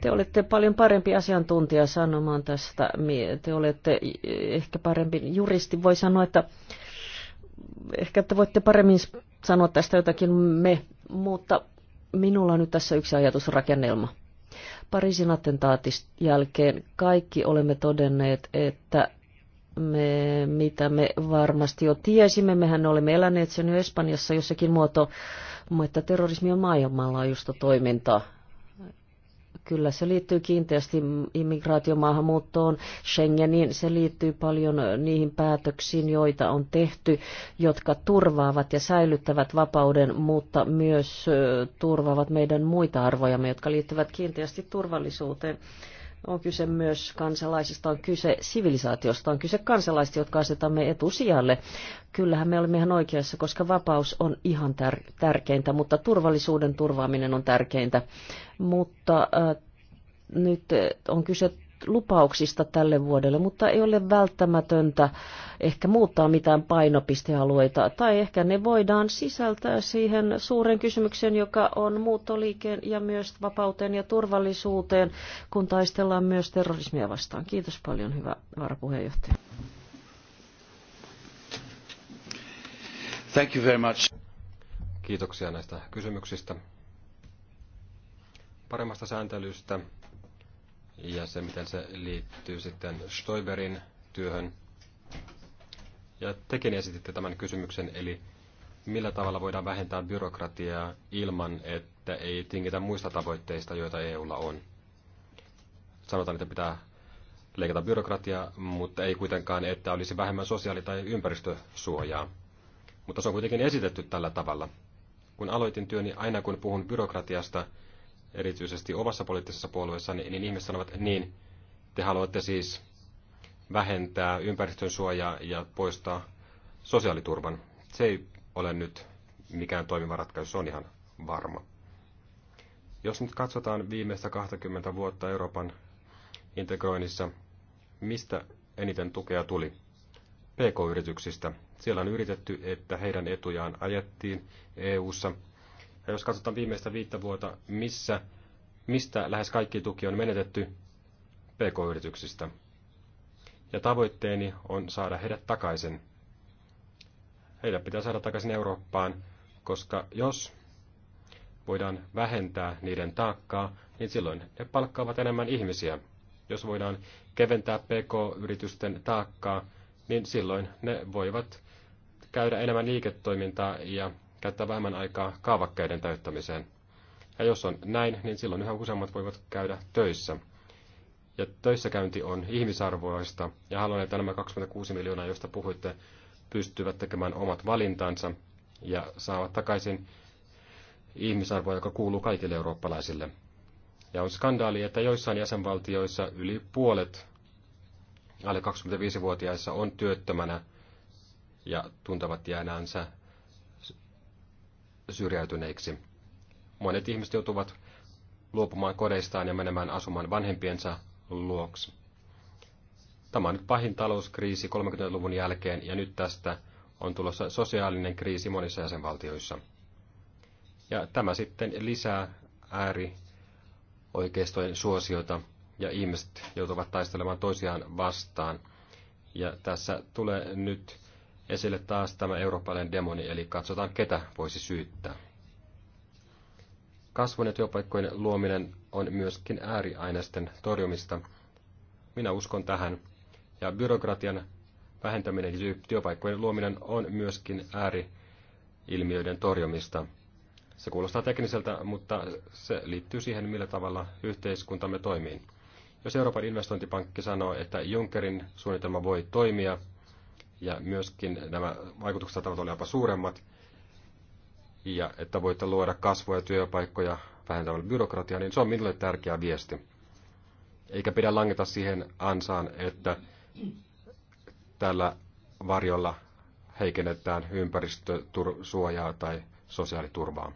Te olette paljon parempi asiantuntija sanomaan tästä. Te olette eh, ehkä parempi juristi. Voi sanoa, että ehkä te voitte paremmin sanoa tästä jotakin me, mutta minulla on nyt tässä yksi ajatusrakennelma. Pariisin attentaatin jälkeen kaikki olemme todenneet, että me, mitä me varmasti jo tiesimme. Mehän olemme eläneet sen jo Espanjassa jossakin muoto, mutta terrorismi on maailmanlaajuista toimintaa. Kyllä, se liittyy kiinteästi immigraatiomaahanmuuttoon, Schengeniin. Se liittyy paljon niihin päätöksiin, joita on tehty, jotka turvaavat ja säilyttävät vapauden, mutta myös turvaavat meidän muita arvojamme, jotka liittyvät kiinteästi turvallisuuteen on kyse myös kansalaisista, on kyse sivilisaatiosta, on kyse kansalaisista, jotka asetamme etusijalle. Kyllähän me olemme ihan oikeassa, koska vapaus on ihan tär- tärkeintä, mutta turvallisuuden turvaaminen on tärkeintä. Mutta äh, nyt äh, on kyse lupauksista tälle vuodelle, mutta ei ole välttämätöntä ehkä muuttaa mitään painopistealueita, tai ehkä ne voidaan sisältää siihen suuren kysymykseen, joka on muuttoliikeen ja myös vapauteen ja turvallisuuteen, kun taistellaan myös terrorismia vastaan. Kiitos paljon, hyvä varapuheenjohtaja. Thank you very much. Kiitoksia näistä kysymyksistä. Paremmasta sääntelystä ja se, miten se liittyy sitten Stoiberin työhön. Ja tekin esititte tämän kysymyksen, eli millä tavalla voidaan vähentää byrokratiaa ilman, että ei tingitä muista tavoitteista, joita EUlla on. Sanotaan, että pitää leikata byrokratiaa, mutta ei kuitenkaan, että olisi vähemmän sosiaali- tai ympäristösuojaa. Mutta se on kuitenkin esitetty tällä tavalla. Kun aloitin työni, aina kun puhun byrokratiasta, erityisesti omassa poliittisessa puolueessa, niin, niin ihmiset sanovat, niin te haluatte siis vähentää ympäristön suojaa ja poistaa sosiaaliturvan. Se ei ole nyt mikään toimiva ratkaisu, se on ihan varma. Jos nyt katsotaan viimeistä 20 vuotta Euroopan integroinnissa, mistä eniten tukea tuli? PK-yrityksistä. Siellä on yritetty, että heidän etujaan ajettiin EU-ssa – ja jos katsotaan viimeistä viittä vuotta, missä, mistä lähes kaikki tuki on menetetty pk-yrityksistä. Ja tavoitteeni on saada heidät takaisin. Heidät pitää saada takaisin Eurooppaan, koska jos voidaan vähentää niiden taakkaa, niin silloin ne palkkaavat enemmän ihmisiä. Jos voidaan keventää pk-yritysten taakkaa, niin silloin ne voivat käydä enemmän liiketoimintaa ja käyttää vähemmän aikaa kaavakkeiden täyttämiseen. Ja jos on näin, niin silloin yhä useammat voivat käydä töissä. Ja töissäkäynti on ihmisarvoista, ja haluan, että nämä 26 miljoonaa, joista puhuitte, pystyvät tekemään omat valintansa ja saavat takaisin ihmisarvoa, joka kuuluu kaikille eurooppalaisille. Ja on skandaali, että joissain jäsenvaltioissa yli puolet alle 25-vuotiaissa on työttömänä ja tuntavat jäänänsä syrjäytyneiksi. Monet ihmiset joutuvat luopumaan kodeistaan ja menemään asumaan vanhempiensa luoksi. Tämä on nyt pahin talouskriisi 30-luvun jälkeen ja nyt tästä on tulossa sosiaalinen kriisi monissa jäsenvaltioissa. Ja tämä sitten lisää ääri oikeistojen suosiota ja ihmiset joutuvat taistelemaan toisiaan vastaan. Ja tässä tulee nyt esille taas tämä eurooppalainen demoni, eli katsotaan ketä voisi syyttää. Kasvun ja työpaikkojen luominen on myöskin ääriainesten torjumista. Minä uskon tähän. Ja byrokratian vähentäminen ja työpaikkojen luominen on myöskin ääriilmiöiden torjumista. Se kuulostaa tekniseltä, mutta se liittyy siihen, millä tavalla yhteiskuntamme toimii. Jos Euroopan investointipankki sanoo, että Junckerin suunnitelma voi toimia, ja myöskin nämä vaikutukset saattavat olla jopa suuremmat, ja että voitte luoda kasvua ja työpaikkoja vähentämällä byrokratiaa, niin se on minulle tärkeä viesti. Eikä pidä langeta siihen ansaan, että tällä varjolla heikennetään ympäristösuojaa tai sosiaaliturvaa.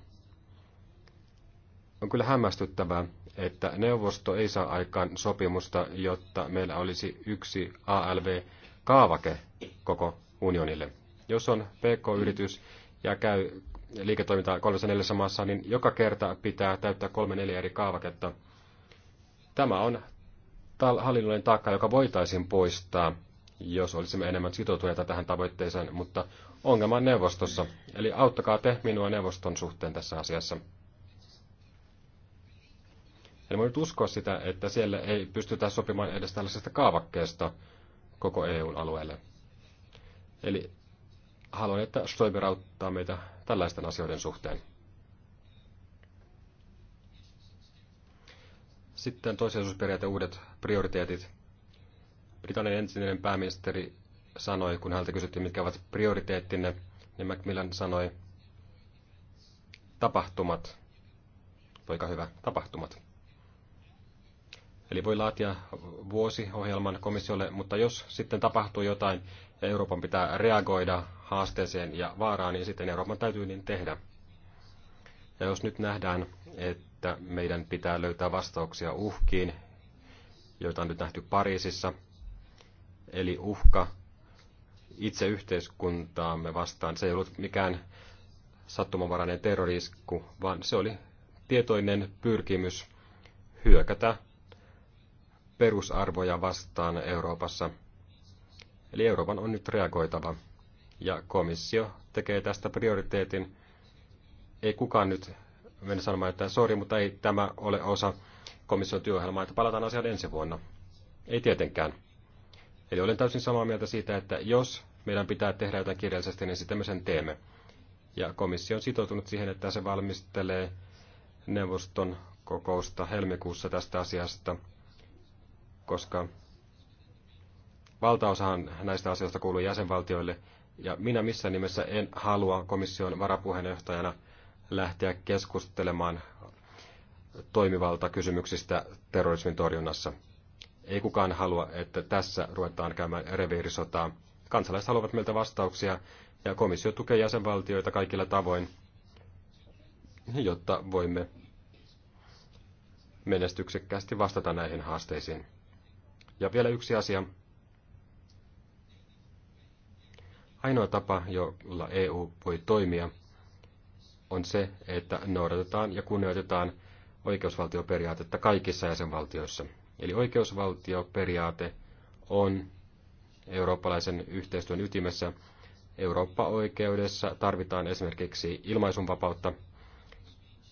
On kyllä hämmästyttävää, että neuvosto ei saa aikaan sopimusta, jotta meillä olisi yksi ALV kaavake koko unionille. Jos on PK-yritys ja käy liiketoimintaa kolmessa neljässä maassa, niin joka kerta pitää täyttää kolme neljä eri kaavaketta. Tämä on hallinnollinen taakka, joka voitaisiin poistaa, jos olisimme enemmän sitoutuneita tähän tavoitteeseen, mutta ongelma on neuvostossa. Eli auttakaa te minua neuvoston suhteen tässä asiassa. En voi nyt uskoa sitä, että siellä ei pystytä sopimaan edes tällaisesta kaavakkeesta, koko EUn alueelle. Eli haluan, että Stoiber auttaa meitä tällaisten asioiden suhteen. Sitten toisiasuusperiaate uudet prioriteetit. Britannian ensimmäinen pääministeri sanoi, kun häneltä kysyttiin, mitkä ovat prioriteettinne, niin Macmillan sanoi, tapahtumat. Poika hyvä, tapahtumat. Eli voi laatia vuosiohjelman komissiolle, mutta jos sitten tapahtuu jotain ja Euroopan pitää reagoida haasteeseen ja vaaraan, niin sitten Euroopan täytyy niin tehdä. Ja jos nyt nähdään, että meidän pitää löytää vastauksia uhkiin, joita on nyt nähty Pariisissa, eli uhka itse yhteiskuntaamme vastaan, se ei ollut mikään sattumanvarainen terrorisku, vaan se oli tietoinen pyrkimys hyökätä perusarvoja vastaan Euroopassa. Eli Euroopan on nyt reagoitava. Ja komissio tekee tästä prioriteetin. Ei kukaan nyt mennä sanomaan, että sori, mutta ei tämä ole osa komission työohjelmaa, että palataan asiaan ensi vuonna. Ei tietenkään. Eli olen täysin samaa mieltä siitä, että jos meidän pitää tehdä jotain kirjallisesti, niin sitten me sen teemme. Ja komissio on sitoutunut siihen, että se valmistelee neuvoston kokousta helmikuussa tästä asiasta – koska valtaosahan näistä asioista kuuluu jäsenvaltioille, ja minä missään nimessä en halua komission varapuheenjohtajana lähteä keskustelemaan kysymyksistä terrorismin torjunnassa. Ei kukaan halua, että tässä ruvetaan käymään reviirisotaa. Kansalaiset haluavat meiltä vastauksia, ja komissio tukee jäsenvaltioita kaikilla tavoin, jotta voimme menestyksekkäästi vastata näihin haasteisiin. Ja vielä yksi asia. Ainoa tapa, jolla EU voi toimia, on se, että noudatetaan ja kunnioitetaan oikeusvaltioperiaatetta kaikissa jäsenvaltioissa. Eli oikeusvaltioperiaate on eurooppalaisen yhteistyön ytimessä. Eurooppa-oikeudessa tarvitaan esimerkiksi ilmaisunvapautta.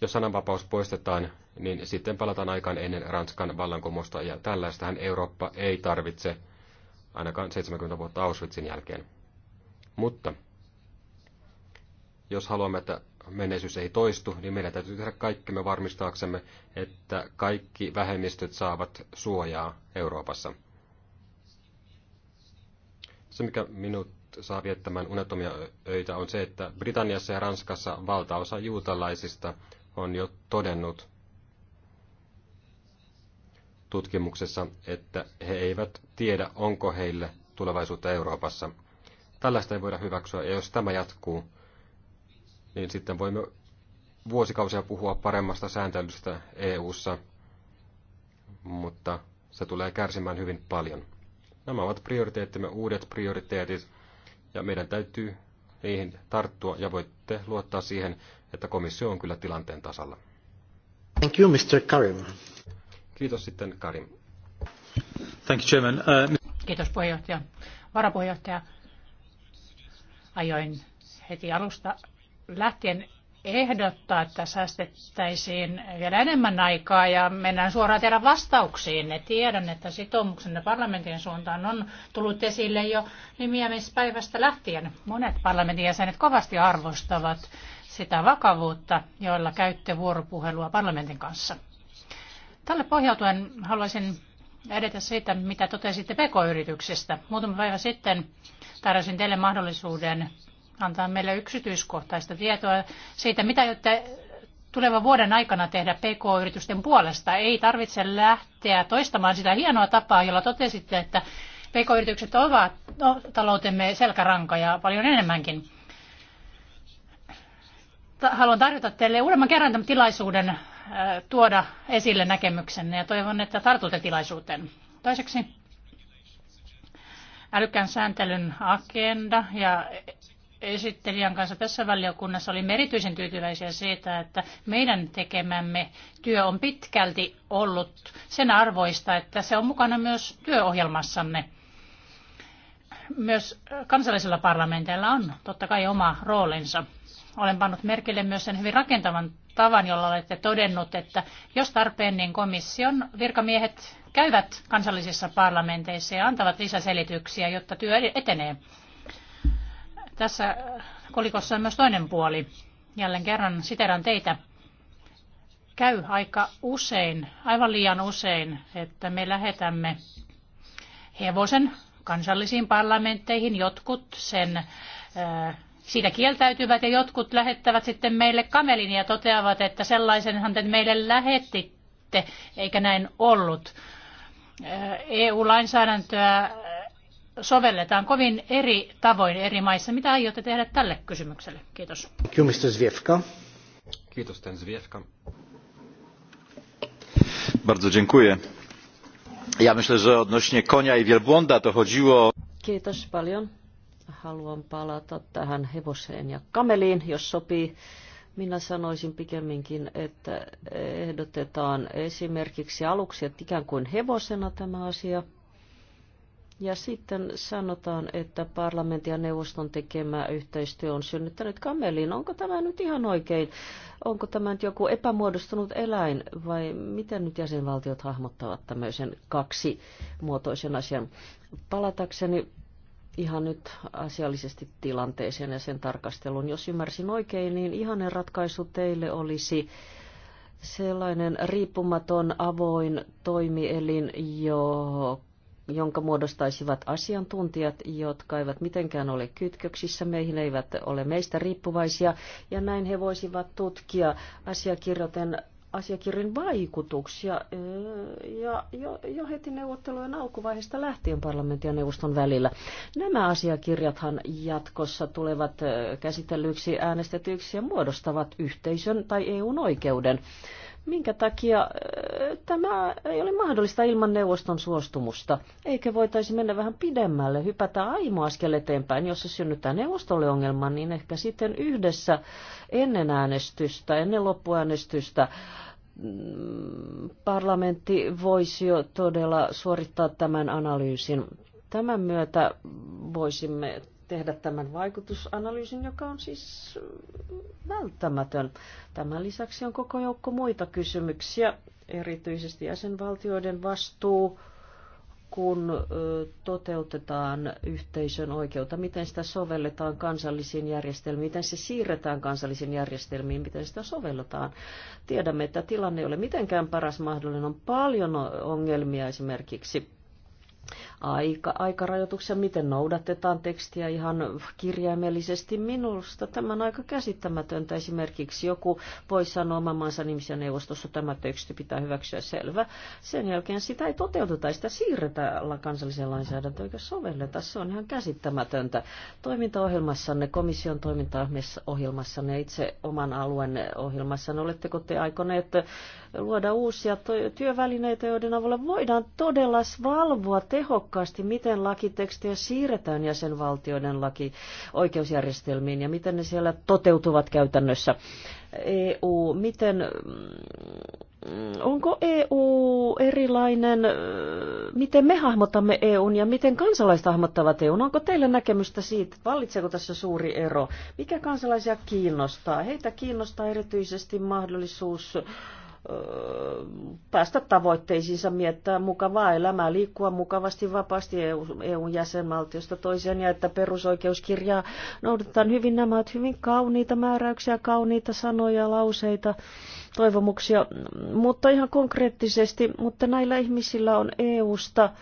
Jos sananvapaus poistetaan, niin sitten palataan aikaan ennen Ranskan vallankumousta, ja tällaistähän Eurooppa ei tarvitse ainakaan 70 vuotta Auschwitzin jälkeen. Mutta jos haluamme, että menneisyys ei toistu, niin meidän täytyy tehdä kaikkemme varmistaaksemme, että kaikki vähemmistöt saavat suojaa Euroopassa. Se, mikä minut saa viettämään unettomia öitä, on se, että Britanniassa ja Ranskassa valtaosa juutalaisista on jo todennut, tutkimuksessa, että he eivät tiedä, onko heille tulevaisuutta Euroopassa. Tällaista ei voida hyväksyä, ja jos tämä jatkuu, niin sitten voimme vuosikausia puhua paremmasta sääntelystä EU:ssa, mutta se tulee kärsimään hyvin paljon. Nämä ovat prioriteettimme uudet prioriteetit, ja meidän täytyy niihin tarttua, ja voitte luottaa siihen, että komissio on kyllä tilanteen tasalla. Thank you, Mr. Karim. Kiitos sitten Karim. Thank you, Chairman. Uh... Kiitos puheenjohtaja. Varapuheenjohtaja, ajoin heti alusta lähtien ehdottaa, että säästettäisiin vielä enemmän aikaa ja mennään suoraan teidän vastauksiin. Ne tiedän, että sitoumuksenne parlamentin suuntaan on tullut esille jo nimiämispäivästä lähtien. Monet parlamentin jäsenet kovasti arvostavat sitä vakavuutta, joilla käytte vuoropuhelua parlamentin kanssa. Tälle pohjautuen haluaisin edetä siitä, mitä totesitte PK-yrityksestä. Muutama päivä sitten tarjosin teille mahdollisuuden antaa meille yksityiskohtaista tietoa siitä, mitä jotte tulevan vuoden aikana tehdä PK-yritysten puolesta. Ei tarvitse lähteä toistamaan sitä hienoa tapaa, jolla totesitte, että PK-yritykset ovat no, taloutemme selkäranka ja paljon enemmänkin. Haluan tarjota teille uudemman kerran tämän tilaisuuden Äh, tuoda esille näkemyksenne ja toivon, että tartutte tilaisuuteen. Toiseksi älykkään sääntelyn agenda ja esittelijän kanssa tässä valiokunnassa olimme erityisen tyytyväisiä siitä, että meidän tekemämme työ on pitkälti ollut sen arvoista, että se on mukana myös työohjelmassanne. Myös kansallisilla parlamenteilla on totta kai oma roolinsa. Olen pannut merkille myös sen hyvin rakentavan tavan, jolla olette todennut, että jos tarpeen, niin komission virkamiehet käyvät kansallisissa parlamenteissa ja antavat lisäselityksiä, jotta työ etenee. Tässä kolikossa on myös toinen puoli. Jälleen kerran siteran teitä. Käy aika usein, aivan liian usein, että me lähetämme hevosen kansallisiin parlamentteihin, jotkut sen siitä kieltäytyvät ja jotkut lähettävät sitten meille kamelin ja toteavat, että sellaisenhan te meille lähetitte, eikä näin ollut. EU-lainsäädäntöä sovelletaan kovin eri tavoin eri maissa. Mitä aiotte tehdä tälle kysymykselle? Kiitos. Kiitos, Zviefka. Kiitos, ten Zviefka. Bardzo dziękuję. Ja myślę, że odnośnie konia i wielbłąda to chodziło... Kiitos paljon Haluan palata tähän hevoseen ja kameliin, jos sopii. Minä sanoisin pikemminkin, että ehdotetaan esimerkiksi aluksi, että ikään kuin hevosena tämä asia. Ja sitten sanotaan, että parlamentin ja neuvoston tekemä yhteistyö on synnyttänyt kameliin. Onko tämä nyt ihan oikein? Onko tämä nyt joku epämuodostunut eläin vai miten nyt jäsenvaltiot hahmottavat tämmöisen kaksi muotoisen asian? Palatakseni ihan nyt asiallisesti tilanteeseen ja sen tarkasteluun. Jos ymmärsin oikein, niin ihanen ratkaisu teille olisi sellainen riippumaton avoin toimielin, jo, jonka muodostaisivat asiantuntijat, jotka eivät mitenkään ole kytköksissä meihin, eivät ole meistä riippuvaisia, ja näin he voisivat tutkia asiakirjoiten asiakirjan vaikutuksia ja jo, jo heti neuvottelujen alkuvaiheesta lähtien parlamentin ja neuvoston välillä. Nämä asiakirjathan jatkossa tulevat käsitellyiksi, äänestetyiksi ja muodostavat yhteisön tai EUn oikeuden. Minkä takia äh, tämä ei ole mahdollista ilman neuvoston suostumusta? Eikö voitaisi mennä vähän pidemmälle, hypätä aimo askel eteenpäin, jos se synnyttää neuvostolle ongelman, niin ehkä sitten yhdessä ennen äänestystä, ennen loppuäänestystä, mm, parlamentti voisi jo todella suorittaa tämän analyysin. Tämän myötä voisimme tehdä tämän vaikutusanalyysin, joka on siis äh, välttämätön. Tämän lisäksi on koko joukko muita kysymyksiä, erityisesti jäsenvaltioiden vastuu, kun äh, toteutetaan yhteisön oikeutta, miten sitä sovelletaan kansallisiin järjestelmiin, miten se siirretään kansallisiin järjestelmiin, miten sitä sovelletaan. Tiedämme, että tilanne ei ole mitenkään paras mahdollinen, on paljon ongelmia esimerkiksi aika, aikarajoituksia, miten noudatetaan tekstiä ihan kirjaimellisesti. Minusta tämä on aika käsittämätöntä. Esimerkiksi joku voi sanoa oman maansa nimisiä neuvostossa, tämä teksti pitää hyväksyä selvä. Sen jälkeen sitä ei toteuteta, sitä siirretään kansalliseen lainsäädäntöön, eikä sovelleta. Se on ihan käsittämätöntä. Toimintaohjelmassanne, komission toimintaohjelmassanne, itse oman alueen ohjelmassanne, oletteko te aikoneet luoda uusia työvälineitä, joiden avulla voidaan todella valvoa tehokkaasti tehokkaasti, miten lakitekstejä siirretään jäsenvaltioiden laki oikeusjärjestelmiin ja miten ne siellä toteutuvat käytännössä. EU, miten, mm, onko EU erilainen, mm, miten me hahmotamme EUn ja miten kansalaiset hahmottavat EUn? Onko teillä näkemystä siitä, vallitseeko tässä suuri ero? Mikä kansalaisia kiinnostaa? Heitä kiinnostaa erityisesti mahdollisuus äh, päästä tavoitteisiinsa, miettää niin mukavaa elämää, liikkua mukavasti, vapaasti EUn e jäsenvaltiosta toiseen ja että perusoikeuskirjaa noudatetaan hyvin. Nämä ovat hyvin kauniita määräyksiä, kauniita sanoja, lauseita, toivomuksia, mutta ihan konkreettisesti, mutta näillä ihmisillä on EUsta sta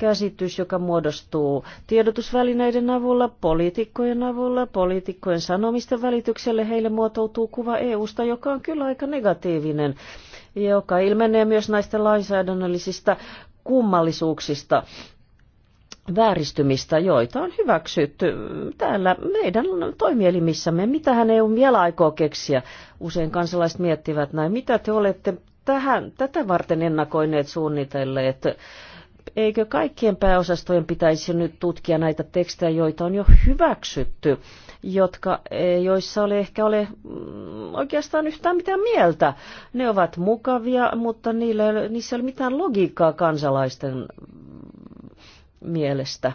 käsitys, joka muodostuu tiedotusvälineiden avulla, poliitikkojen avulla, poliitikkojen sanomisten välitykselle. Heille muotoutuu kuva EUsta, joka on kyllä aika negatiivinen, joka ilmenee myös näistä lainsäädännöllisistä kummallisuuksista vääristymistä, joita on hyväksytty täällä meidän toimielimissämme. Mitä hän EU vielä aikoo keksiä? Usein kansalaiset miettivät näin, mitä te olette tähän, tätä varten ennakoineet, suunnitelleet. Että eikö kaikkien pääosastojen pitäisi nyt tutkia näitä tekstejä, joita on jo hyväksytty, jotka, e, joissa ole ehkä ole mm, oikeastaan yhtään mitään mieltä. Ne ovat mukavia, mutta niillä ei ole, niissä ei ole mitään logiikkaa kansalaisten mm, mielestä.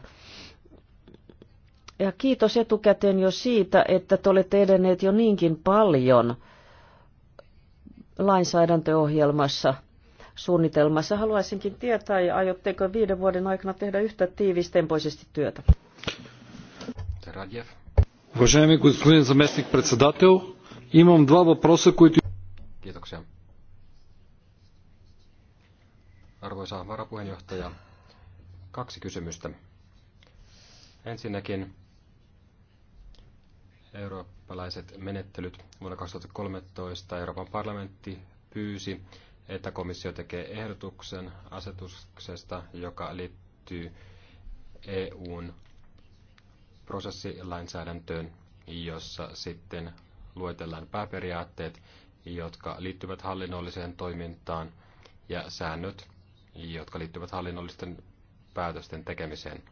Ja kiitos etukäteen jo siitä, että te olette edenneet jo niinkin paljon lainsäädäntöohjelmassa – suunnitelmassa. Haluaisinkin tietää, ja aiotteko viiden vuoden aikana tehdä yhtä tiivistempoisesti työtä? Kiitoksia. Arvoisa varapuheenjohtaja, kaksi kysymystä. Ensinnäkin eurooppalaiset menettelyt. Vuonna 2013 Euroopan parlamentti pyysi, että komissio tekee ehdotuksen asetuksesta, joka liittyy EUn prosessilainsäädäntöön, jossa sitten luetellaan pääperiaatteet, jotka liittyvät hallinnolliseen toimintaan ja säännöt, jotka liittyvät hallinnollisten päätösten tekemiseen.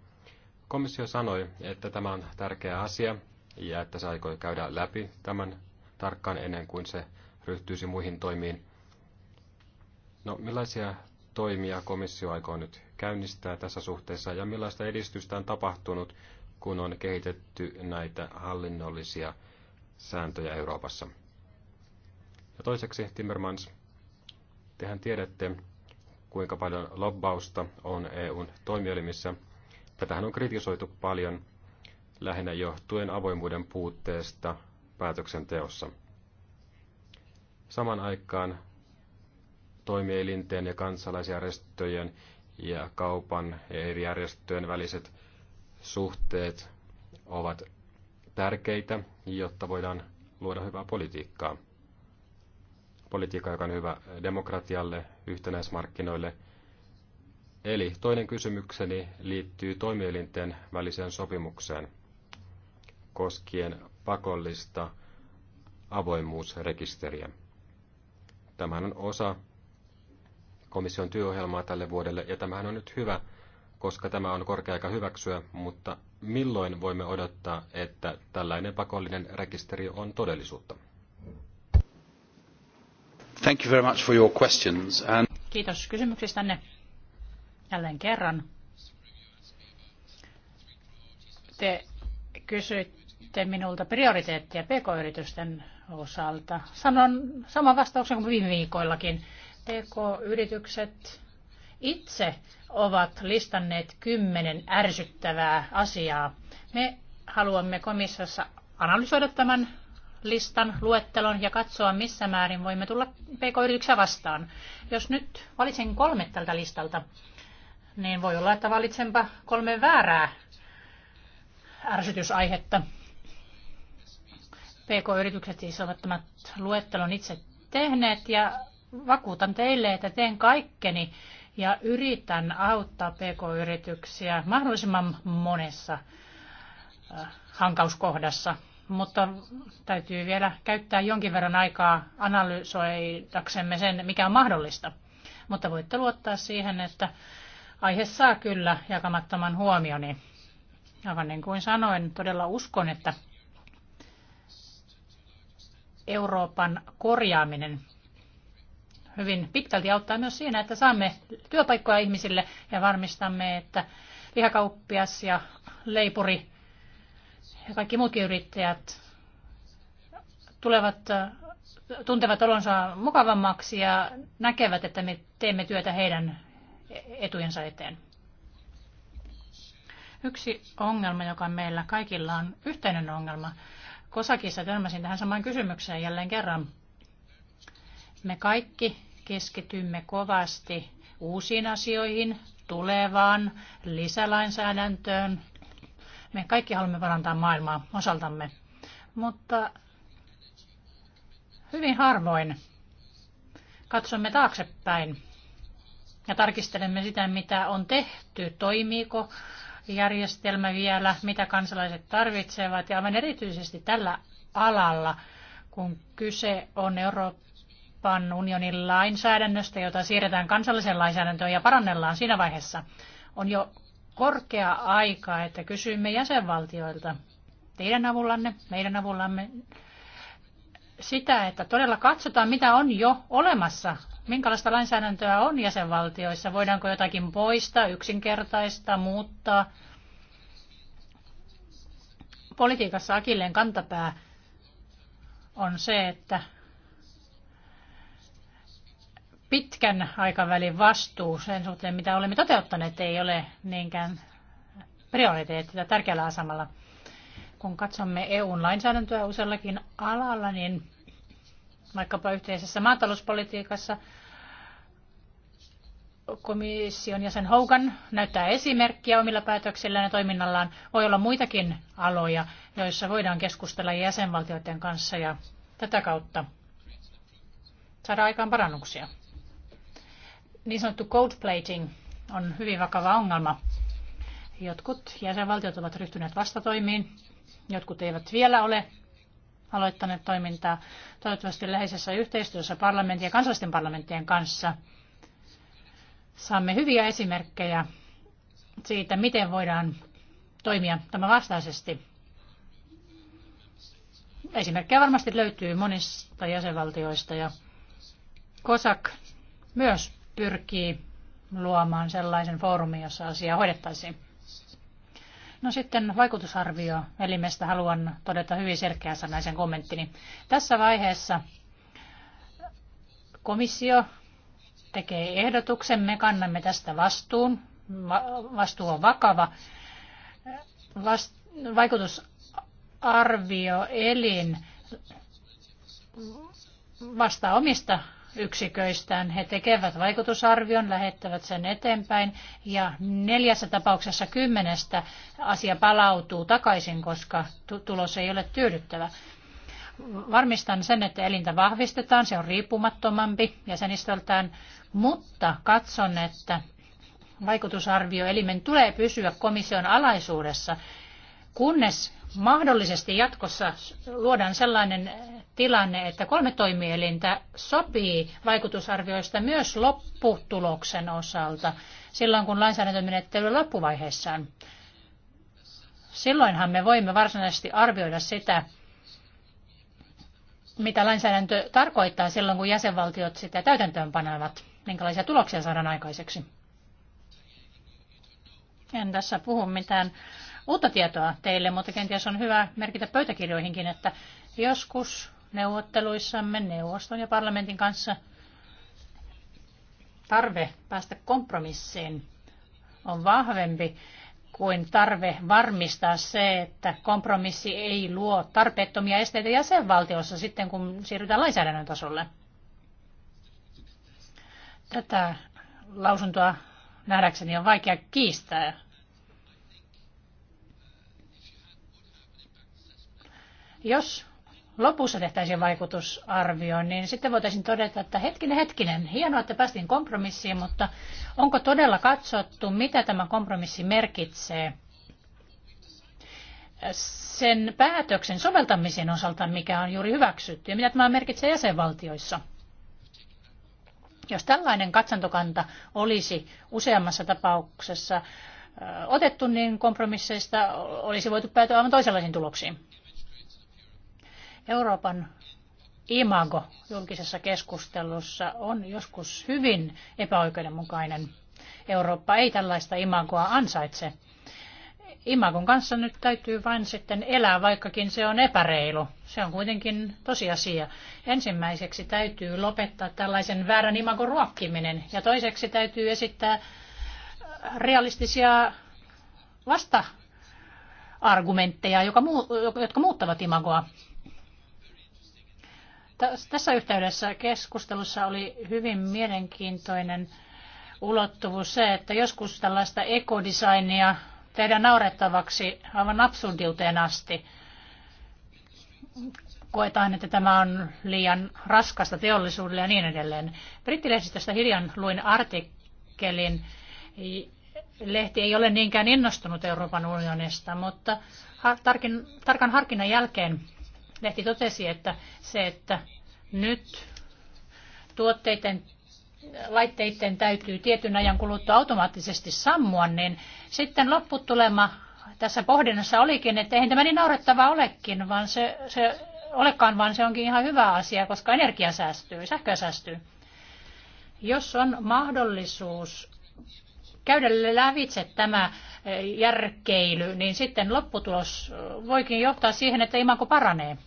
Komissio sanoi, että tämä on tärkeä asia ja että se aikoi käydä läpi tämän tarkkaan ennen kuin se ryhtyisi muihin toimiin. No millaisia toimia komissio aikoo nyt käynnistää tässä suhteessa ja millaista edistystä on tapahtunut, kun on kehitetty näitä hallinnollisia sääntöjä Euroopassa? Ja toiseksi, Timmermans, tehän tiedätte, kuinka paljon lobbausta on EUn toimielimissä. Tätähän on kritisoitu paljon, lähinnä johtuen avoimuuden puutteesta päätöksenteossa. Saman aikaan toimielinten ja kansalaisjärjestöjen ja kaupan ja eri järjestöjen väliset suhteet ovat tärkeitä, jotta voidaan luoda hyvää politiikkaa. politiikka joka on hyvä demokratialle, yhtenäismarkkinoille. Eli toinen kysymykseni liittyy toimielinten väliseen sopimukseen koskien pakollista avoimuusrekisteriä. Tämähän on osa komission työohjelmaa tälle vuodelle, ja tämähän on nyt hyvä, koska tämä on korkea aika hyväksyä, mutta milloin voimme odottaa, että tällainen pakollinen rekisteri on todellisuutta? Thank you very much for your questions. And... Kiitos kysymyksistänne jälleen kerran. Te kysyitte minulta prioriteettia pk-yritysten osalta. Sanon saman vastauksen kuin viime viikoillakin. PK-yritykset itse ovat listanneet kymmenen ärsyttävää asiaa. Me haluamme komissiossa analysoida tämän listan, luettelon ja katsoa, missä määrin voimme tulla pk-yrityksiä vastaan. Jos nyt valitsen kolme tältä listalta, niin voi olla, että valitsenpa kolme väärää ärsytysaihetta. PK-yritykset siis ovat tämän luettelon itse tehneet ja vakuutan teille, että teen kaikkeni ja yritän auttaa pk-yrityksiä mahdollisimman monessa äh, hankauskohdassa. Mutta täytyy vielä käyttää jonkin verran aikaa analysoidaksemme sen, mikä on mahdollista. Mutta voitte luottaa siihen, että aihe saa kyllä jakamattoman huomioni. Aivan niin kuin sanoin, todella uskon, että Euroopan korjaaminen hyvin pitkälti auttaa myös siinä, että saamme työpaikkoja ihmisille ja varmistamme, että lihakauppias ja leipuri ja kaikki muutkin yrittäjät tulevat, tuntevat olonsa mukavammaksi ja näkevät, että me teemme työtä heidän etujensa eteen. Yksi ongelma, joka meillä kaikilla on yhteinen ongelma. Kosakissa törmäsin tähän samaan kysymykseen jälleen kerran. Me kaikki keskitymme kovasti uusiin asioihin, tulevaan, lisälainsäädäntöön. Me kaikki haluamme parantaa maailmaa osaltamme, mutta hyvin harvoin katsomme taaksepäin ja tarkistelemme sitä, mitä on tehty, toimiiko järjestelmä vielä, mitä kansalaiset tarvitsevat ja aivan erityisesti tällä alalla, kun kyse on Euroopan Euroopan unionin lainsäädännöstä, jota siirretään kansalliseen lainsäädäntöön ja parannellaan siinä vaiheessa. On jo korkea aika, että kysymme jäsenvaltioilta teidän avullanne, meidän avullamme sitä, että todella katsotaan, mitä on jo olemassa, minkälaista lainsäädäntöä on jäsenvaltioissa, voidaanko jotakin poistaa, yksinkertaista, muuttaa. Politiikassa akilleen kantapää on se, että pitkän aikavälin vastuu sen suhteen, mitä olemme toteuttaneet, ei ole niinkään prioriteettia tärkeällä asemalla. Kun katsomme EUn lainsäädäntöä useallakin alalla, niin vaikkapa yhteisessä maatalouspolitiikassa komission jäsen Hogan näyttää esimerkkiä omilla päätöksillään ja toiminnallaan. Voi olla muitakin aloja, joissa voidaan keskustella jäsenvaltioiden kanssa ja tätä kautta saada aikaan parannuksia. Niin sanottu codeplating plating on hyvin vakava ongelma. Jotkut jäsenvaltiot ovat ryhtyneet vastatoimiin, jotkut eivät vielä ole aloittaneet toimintaa. Toivottavasti läheisessä yhteistyössä parlamentin ja kansallisten parlamenttien kanssa saamme hyviä esimerkkejä siitä, miten voidaan toimia tämä vastaisesti. Esimerkkejä varmasti löytyy monista jäsenvaltioista ja COSAC myös pyrkii luomaan sellaisen foorumin, jossa asiaa hoidettaisiin. No sitten vaikutusarvio elimestä haluan todeta hyvin selkeä sanaisen kommenttini. Tässä vaiheessa komissio tekee ehdotuksen, me kannamme tästä vastuun. Vastuu on vakava. Vast, vaikutusarvio elin vastaa omista yksiköistään. He tekevät vaikutusarvion, lähettävät sen eteenpäin ja neljässä tapauksessa kymmenestä asia palautuu takaisin, koska tulos ei ole tyydyttävä. Varmistan sen, että elintä vahvistetaan, se on riippumattomampi jäsenistöltään, mutta katson, että vaikutusarvioelimen tulee pysyä komission alaisuudessa kunnes mahdollisesti jatkossa luodaan sellainen tilanne, että kolme toimielintä sopii vaikutusarvioista myös lopputuloksen osalta silloin, kun lainsäädäntömenettely loppuvaiheessaan. Silloinhan me voimme varsinaisesti arvioida sitä, mitä lainsäädäntö tarkoittaa silloin, kun jäsenvaltiot sitä täytäntöön panevat, minkälaisia tuloksia saadaan aikaiseksi. En tässä puhu mitään uutta tietoa teille, mutta kenties on hyvä merkitä pöytäkirjoihinkin, että joskus neuvotteluissamme neuvoston ja parlamentin kanssa tarve päästä kompromissiin on vahvempi kuin tarve varmistaa se, että kompromissi ei luo tarpeettomia esteitä jäsenvaltiossa sitten, kun siirrytään lainsäädännön tasolle. Tätä lausuntoa nähdäkseni on vaikea kiistää. Jos lopussa tehtäisiin vaikutusarvio, niin sitten voitaisiin todeta, että hetkinen, hetkinen, hienoa, että päästiin kompromissiin, mutta onko todella katsottu, mitä tämä kompromissi merkitsee sen päätöksen soveltamisen osalta, mikä on juuri hyväksytty ja mitä tämä merkitsee jäsenvaltioissa? Jos tällainen katsantokanta olisi useammassa tapauksessa otettu, niin kompromisseista olisi voitu päätyä aivan toisenlaisiin tuloksiin. Euroopan imago julkisessa keskustelussa on joskus hyvin epäoikeudenmukainen. Eurooppa ei tällaista imagoa ansaitse. Imagon kanssa nyt täytyy vain sitten elää, vaikkakin se on epäreilu. Se on kuitenkin tosiasia. Ensimmäiseksi täytyy lopettaa tällaisen väärän imagon ruokkiminen ja toiseksi täytyy esittää realistisia vasta-argumentteja, jotka muuttavat imagoa. Tässä yhteydessä keskustelussa oli hyvin mielenkiintoinen ulottuvuus se, että joskus tällaista ekodesignia tehdään naurettavaksi aivan absurdiuteen asti. Koetaan, että tämä on liian raskasta teollisuudelle ja niin edelleen. Brittilehdistöstä hiljan luin artikkelin. Lehti ei ole niinkään innostunut Euroopan unionista, mutta tarkin, tarkan harkinnan jälkeen Lehti totesi, että se, että nyt tuotteiden laitteiden täytyy tietyn ajan kuluttua automaattisesti sammua, niin sitten lopputulema tässä pohdinnassa olikin, että eihän tämä niin naurettavaa olekin, vaan se, se olekaan, vaan se onkin ihan hyvä asia, koska energia säästyy, sähkö säästyy. Jos on mahdollisuus käydä lävitse tämä eh, järkeily, niin sitten lopputulos eh, voikin johtaa siihen, että imako paranee.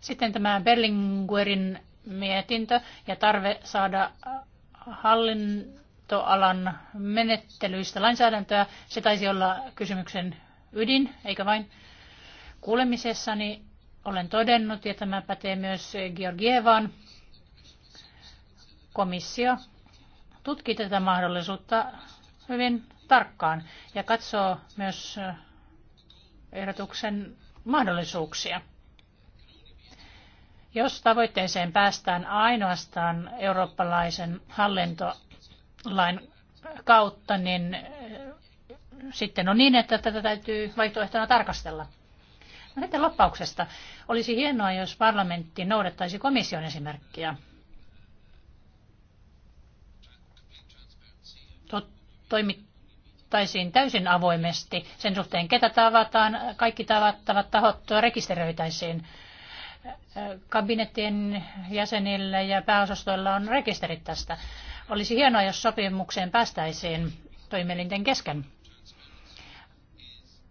Sitten tämä Berlinguerin mietintö ja tarve saada eh, hallintoalan menettelyistä lainsäädäntöä. Se taisi olla kysymyksen ydin, eikä vain kuulemisessani olen todennut, ja tämä pätee myös Georgievaan, komissio tutkii tätä mahdollisuutta hyvin tarkkaan ja katsoo myös eh, ehdotuksen mahdollisuuksia. Jos tavoitteeseen päästään ainoastaan eurooppalaisen hallintolain kautta, niin eh, sitten on niin, että tätä täytyy vaihtoehtona tarkastella. No loppauksesta. Olisi hienoa, jos parlamentti noudattaisi komission esimerkkiä. toimittaisiin täysin avoimesti sen suhteen, ketä tavataan, kaikki tavattavat tahot rekisteröitäisiin. Kabinettien jäsenille ja pääosastoilla on rekisterit tästä. Olisi hienoa, jos sopimukseen päästäisiin toimielinten kesken.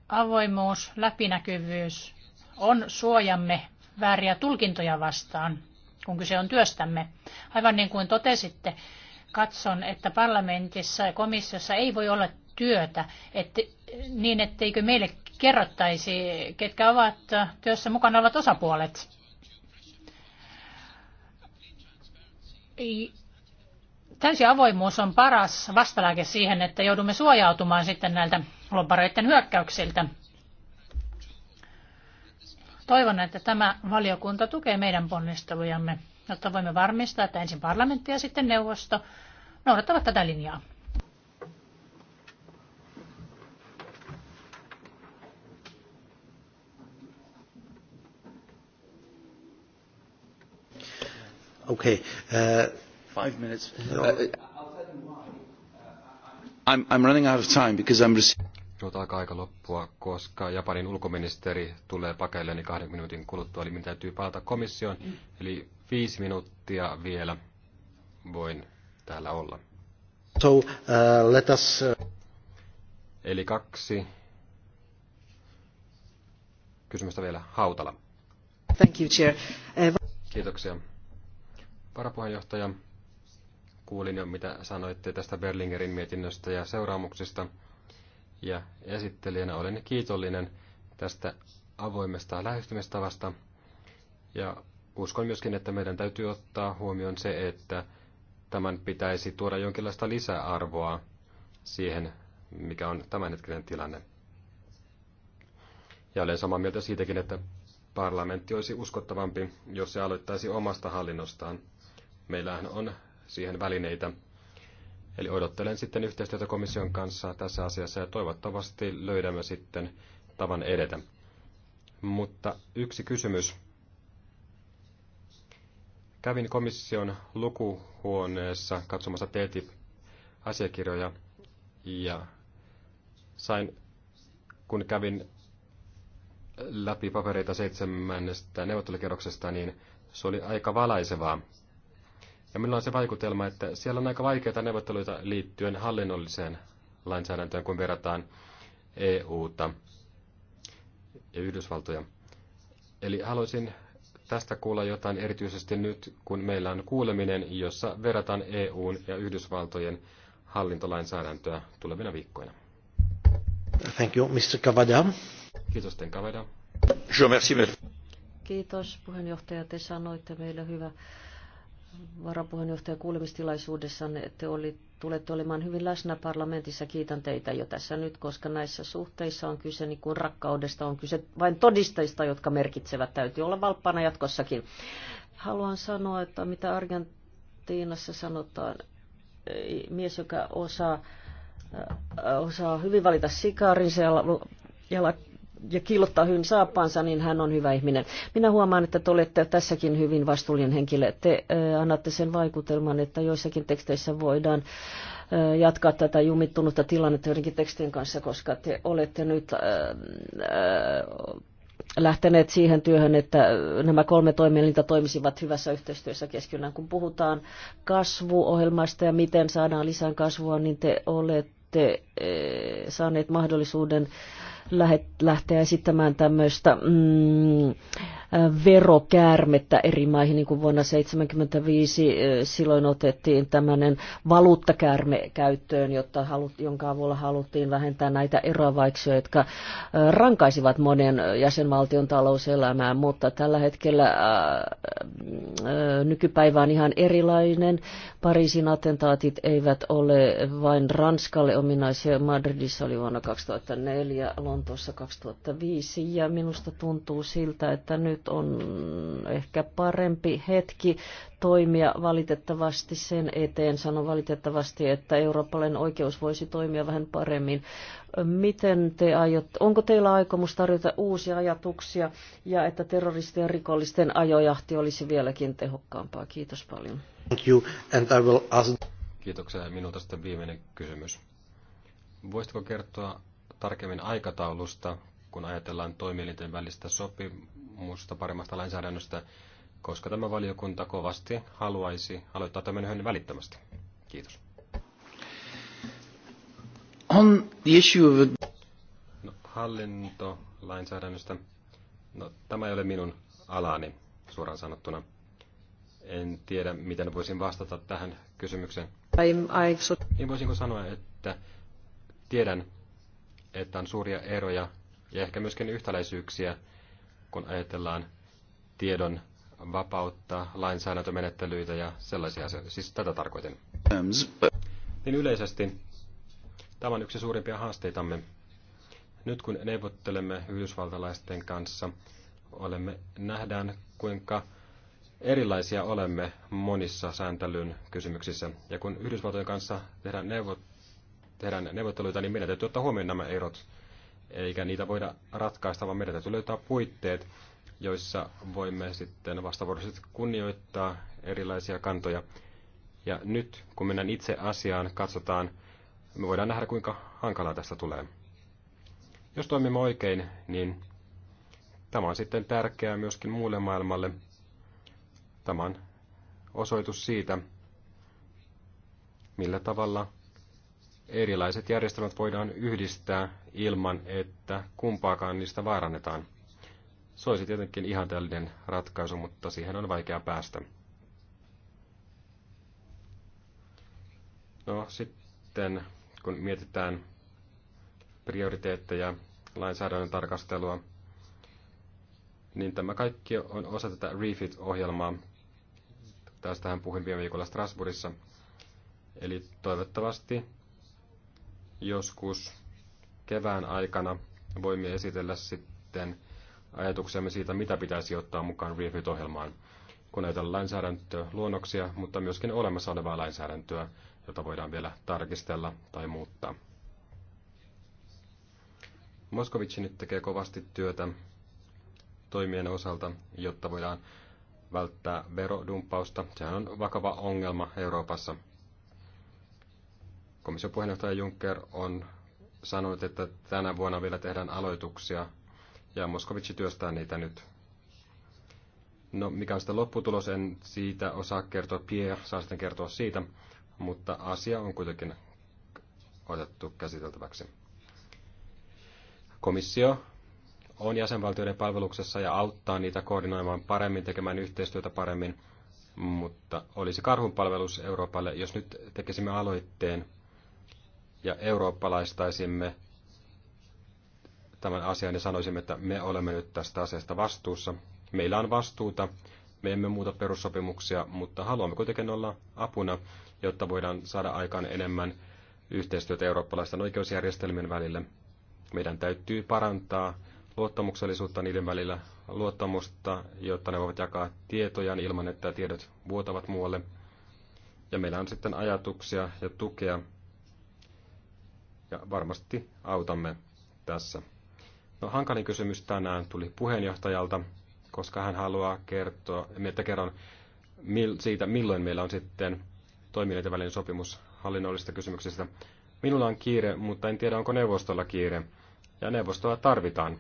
Avoimuus, läpinäkyvyys on suojamme vääriä tulkintoja vastaan, kun kyse on työstämme. Aivan niin kuin totesitte, katson, että parlamentissa ja komissiossa ei voi olla työtä, että, niin etteikö meille kerrottaisi, ketkä ovat työssä mukana olevat osapuolet. Täysi avoimuus on paras vastalääke siihen, että joudumme suojautumaan sitten näiltä lobbareiden hyökkäyksiltä. Toivon, että tämä valiokunta tukee meidän ponnistelujamme jotta voimme varmistaa, että ensin parlamentti ja sitten neuvosto noudattavat tätä linjaa. Okay. Uh, Five minutes. No. Uh, I'm, I'm running out of time because I'm receiving... Minulta alkaa aika loppua, koska Japanin ulkoministeri tulee niin 20 minuutin kuluttua, eli minun täytyy palata komissioon. Eli viisi minuuttia vielä voin täällä olla. So, uh, let us... Uh, eli kaksi kysymystä vielä. Hautala. Thank you, Chair. Uh... Kiitoksia. Varapuheenjohtaja, kuulin jo mitä sanoitte tästä Berlingerin mietinnöstä ja seuraamuksista – ja esittelijänä olen kiitollinen tästä avoimesta lähestymistavasta. Ja uskon myöskin, että meidän täytyy ottaa huomioon se, että tämän pitäisi tuoda jonkinlaista lisäarvoa siihen, mikä on tämänhetkinen tilanne. Ja olen samaa mieltä siitäkin, että parlamentti olisi uskottavampi, jos se aloittaisi omasta hallinnostaan. Meillähän on siihen välineitä, Eli odottelen sitten yhteistyötä komission kanssa tässä asiassa ja toivottavasti löydämme sitten tavan edetä. Mutta yksi kysymys. Kävin komission lukuhuoneessa katsomassa TTIP-asiakirjoja ja sain, kun kävin läpi papereita seitsemännestä neuvottelukerroksesta, niin se oli aika valaisevaa. Ja minulla on se vaikutelma, että siellä on aika vaikeita neuvotteluita liittyen hallinnolliseen lainsäädäntöön, kun verrataan EUta ja Yhdysvaltoja. Eli haluaisin tästä kuulla jotain erityisesti nyt, kun meillä on kuuleminen, jossa verrataan EUn ja Yhdysvaltojen hallintolainsäädäntöä tulevina viikkoina. Thank you, Mr. Kavada. Kiitos, Sten Kavada. Kiitos, puheenjohtaja. Te sanoitte meille hyvä varapuheenjohtajan kuulemistilaisuudessa te oli, tulette olemaan hyvin läsnä parlamentissa. Kiitän teitä jo tässä nyt, koska näissä suhteissa on kyse niin kuin rakkaudesta, on kyse vain todistajista, jotka merkitsevät. Täytyy olla valppana jatkossakin. Haluan sanoa, että mitä Argentiinassa sanotaan, mies, joka osaa, osaa hyvin valita sikaarin, se jala, jala, ja kiillottaa hyvin saappaansa, niin hän on hyvä ihminen. Minä huomaan, että te olette tässäkin hyvin vastuullinen henkilö. Te annatte sen vaikutelman, että joissakin teksteissä voidaan jatkaa tätä jumittunutta tilannetta joidenkin tekstien kanssa, koska te olette nyt lähteneet siihen työhön, että nämä kolme toimielintä toimisivat hyvässä yhteistyössä keskenään. Kun puhutaan kasvuohjelmasta ja miten saadaan lisää kasvua, niin te olette saaneet mahdollisuuden lähteä esittämään tämmöistä mm, verokäärmettä eri maihin, niin kuin vuonna 1975 eh, silloin otettiin tämmöinen valuuttakäärme käyttöön, jotta halut, jonka avulla haluttiin vähentää näitä eroavaiksuja, jotka eh, rankaisivat monen jäsenvaltion talouselämään, mutta tällä hetkellä nykypäivään eh, nykypäivä on ihan erilainen. Pariisin attentaatit eivät ole vain Ranskalle ominaisia. Madridissa oli vuonna 2004, Lontoossa 2005 ja minusta tuntuu siltä, että nyt on ehkä parempi hetki toimia valitettavasti sen eteen. Sanon valitettavasti, että eurooppalainen oikeus voisi toimia vähän paremmin. Miten te aiotte, onko teillä aikomus tarjota uusia ajatuksia ja että terroristien ja rikollisten ajojahti olisi vieläkin tehokkaampaa? Kiitos paljon. Thank you, and I will ask... Kiitoksia. Minulta sitten viimeinen kysymys. Voisitko kertoa tarkemmin aikataulusta, kun ajatellaan toimielinten välistä sopimusta paremmasta lainsäädännöstä, koska tämä valiokunta kovasti haluaisi aloittaa tämän yhden välittömästi. Kiitos. On the issue of... no, hallintolainsäädännöstä. No, tämä ei ole minun alani, suoraan sanottuna. En tiedä, miten voisin vastata tähän kysymykseen. I'm, I'm Niin voisinko sanoa, että tiedän, että on suuria eroja ja ehkä myöskin yhtäläisyyksiä, kun ajatellaan tiedon vapautta, lainsäädäntömenettelyitä ja sellaisia asioita. Siis tätä tarkoitin. Niin yleisesti tämä on yksi suurimpia haasteitamme. Nyt kun neuvottelemme yhdysvaltalaisten kanssa, olemme, nähdään kuinka erilaisia olemme monissa sääntelyn kysymyksissä. Ja kun Yhdysvaltojen kanssa tehdään neuvottelua, tehdään neuvotteluita, niin meidän täytyy ottaa huomioon nämä erot. Eikä niitä voida ratkaista, vaan meidän täytyy löytää puitteet, joissa voimme sitten vastavuoroisesti kunnioittaa erilaisia kantoja. Ja nyt, kun mennään itse asiaan, katsotaan, me voidaan nähdä, kuinka hankalaa tästä tulee. Jos toimimme oikein, niin tämä on sitten tärkeää myöskin muulle maailmalle. Tämä on osoitus siitä, millä tavalla erilaiset järjestelmät voidaan yhdistää ilman, että kumpaakaan niistä vaarannetaan. Se olisi tietenkin ihanteellinen ratkaisu, mutta siihen on vaikea päästä. No sitten, kun mietitään prioriteetteja, lainsäädännön tarkastelua, niin tämä kaikki on osa tätä Refit-ohjelmaa. Tästähän puhuin viime viikolla Strasbourgissa. Eli toivottavasti joskus kevään aikana voimme esitellä sitten ajatuksemme siitä, mitä pitäisi ottaa mukaan Refit-ohjelmaan, kun näitä lainsäädäntöluonnoksia, mutta myöskin olemassa olevaa lainsäädäntöä, jota voidaan vielä tarkistella tai muuttaa. Moskovitsi nyt tekee kovasti työtä toimien osalta, jotta voidaan välttää verodumppausta. Sehän on vakava ongelma Euroopassa – Komission puheenjohtaja Juncker on sanonut, että tänä vuonna vielä tehdään aloituksia ja Moskovitsi työstää niitä nyt. No, mikä on sitten lopputulos, en siitä osaa kertoa. Pierre saa sitten kertoa siitä, mutta asia on kuitenkin otettu käsiteltäväksi. Komissio on jäsenvaltioiden palveluksessa ja auttaa niitä koordinoimaan paremmin, tekemään yhteistyötä paremmin, mutta olisi karhunpalvelus Euroopalle, jos nyt tekisimme aloitteen – ja eurooppalaistaisimme tämän asian ja sanoisimme, että me olemme nyt tästä asiasta vastuussa. Meillä on vastuuta, me emme muuta perussopimuksia, mutta haluamme kuitenkin olla apuna, jotta voidaan saada aikaan enemmän yhteistyötä eurooppalaisten oikeusjärjestelmien välillä. Meidän täytyy parantaa luottamuksellisuutta niiden välillä, luottamusta, jotta ne voivat jakaa tietojaan ilman, että tiedot vuotavat muualle. Ja meillä on sitten ajatuksia ja tukea ja varmasti autamme tässä. No, hankalin kysymys tänään tuli puheenjohtajalta, koska hän haluaa kertoa, että kerron siitä, milloin meillä on sitten toimijoiden välinen sopimus hallinnollisista kysymyksistä. Minulla on kiire, mutta en tiedä, onko neuvostolla kiire. Ja neuvostoa tarvitaan.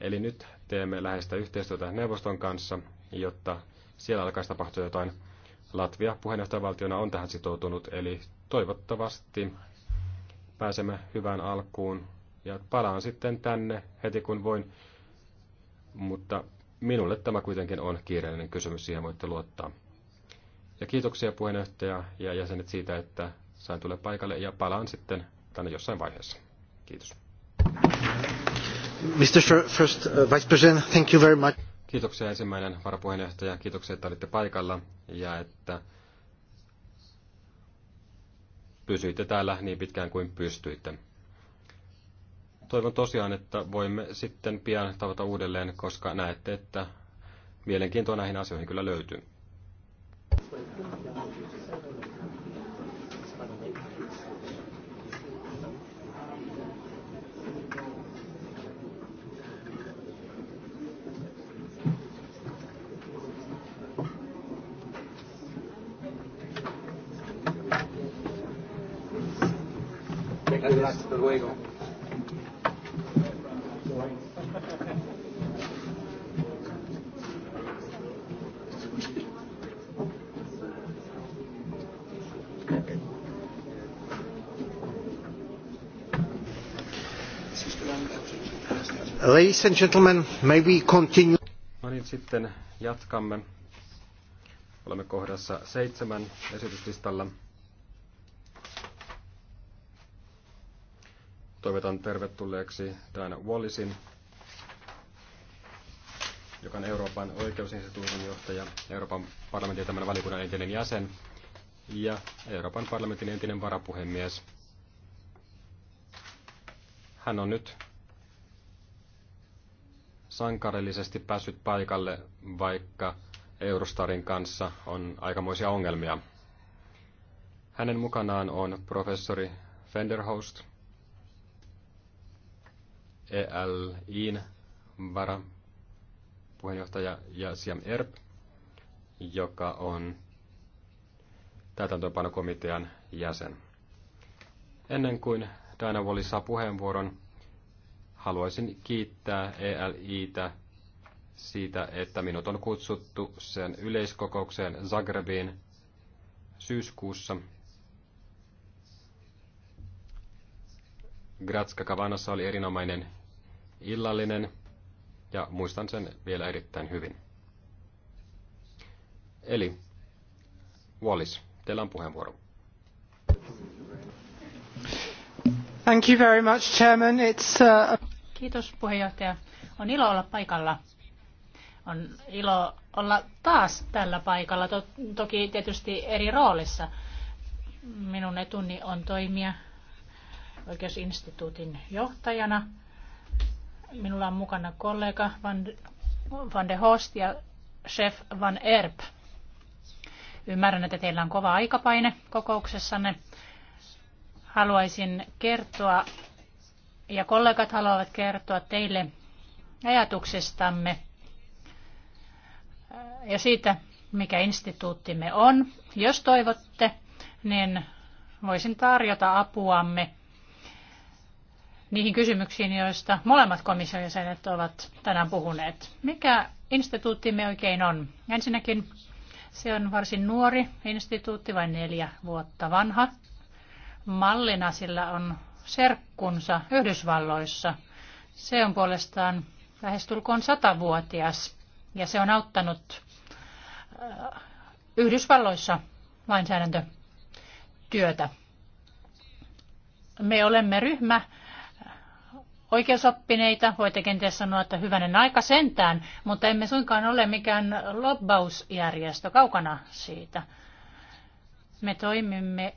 Eli nyt teemme läheistä yhteistyötä neuvoston kanssa, jotta siellä alkaisi tapahtua jotain. Latvia puheenjohtajavaltiona on tähän sitoutunut, eli toivottavasti pääsemme hyvään alkuun. Ja palaan sitten tänne heti kun voin. Mutta minulle tämä kuitenkin on kiireellinen kysymys, siihen voitte luottaa. Ja kiitoksia puheenjohtaja ja jäsenet siitä, että sain tulla paikalle ja palaan sitten tänne jossain vaiheessa. Kiitos. Mr. First uh, Vice President, thank you very much. Kiitoksia ensimmäinen varapuheenjohtaja, kiitoksia, että olitte paikalla ja että pysyitte täällä niin pitkään kuin pystyitte. Toivon tosiaan, että voimme sitten pian tavata uudelleen, koska näette, että mielenkiintoa näihin asioihin kyllä löytyy. Gracias. Hasta luego. Ladies and gentlemen, may we continue? No niin, sitten jatkamme. Olemme kohdassa seitsemän esityslistalla. Toivotan tervetulleeksi Diana Wallisin, joka on Euroopan oikeusinstituutin johtaja, Euroopan parlamentin tämän valikunnan entinen jäsen ja Euroopan parlamentin entinen varapuhemies. Hän on nyt sankarillisesti päässyt paikalle, vaikka Eurostarin kanssa on aikamoisia ongelmia. Hänen mukanaan on professori Fenderhost – ELIin puheenjohtaja, ja Siam Erb, joka on täytäntöönpanokomitean jäsen. Ennen kuin Diana Wallis saa puheenvuoron, haluaisin kiittää ELItä siitä, että minut on kutsuttu sen yleiskokoukseen Zagrebiin syyskuussa. Gratska Kavanassa oli erinomainen illallinen ja muistan sen vielä erittäin hyvin. Eli Wallis, teillä on puheenvuoro. Thank you very much, Chairman. It's, uh... Kiitos puheenjohtaja. On ilo olla paikalla. On ilo olla taas tällä paikalla, to- toki tietysti eri roolissa. Minun etuni on toimia oikeusinstituutin johtajana – Minulla on mukana kollega Van, Van de Host ja chef Van Erp. Ymmärrän, että teillä on kova aikapaine kokouksessanne. Haluaisin kertoa ja kollegat haluavat kertoa teille ajatuksestamme ja siitä, mikä instituuttimme on. Jos toivotte, niin voisin tarjota apuamme niihin kysymyksiin, joista molemmat komission jäsenet ovat tänään puhuneet. Mikä instituuttimme oikein on? Ensinnäkin se on varsin nuori instituutti, vain neljä vuotta vanha. Mallina sillä on serkkunsa Yhdysvalloissa. Se on puolestaan lähestulkoon satavuotias ja se on auttanut äh, Yhdysvalloissa lainsäädäntötyötä. Me olemme ryhmä, oikeusoppineita, voitte kenties sanoa, että hyvänen aika sentään, mutta emme suinkaan ole mikään lobbausjärjestö kaukana siitä. Me toimimme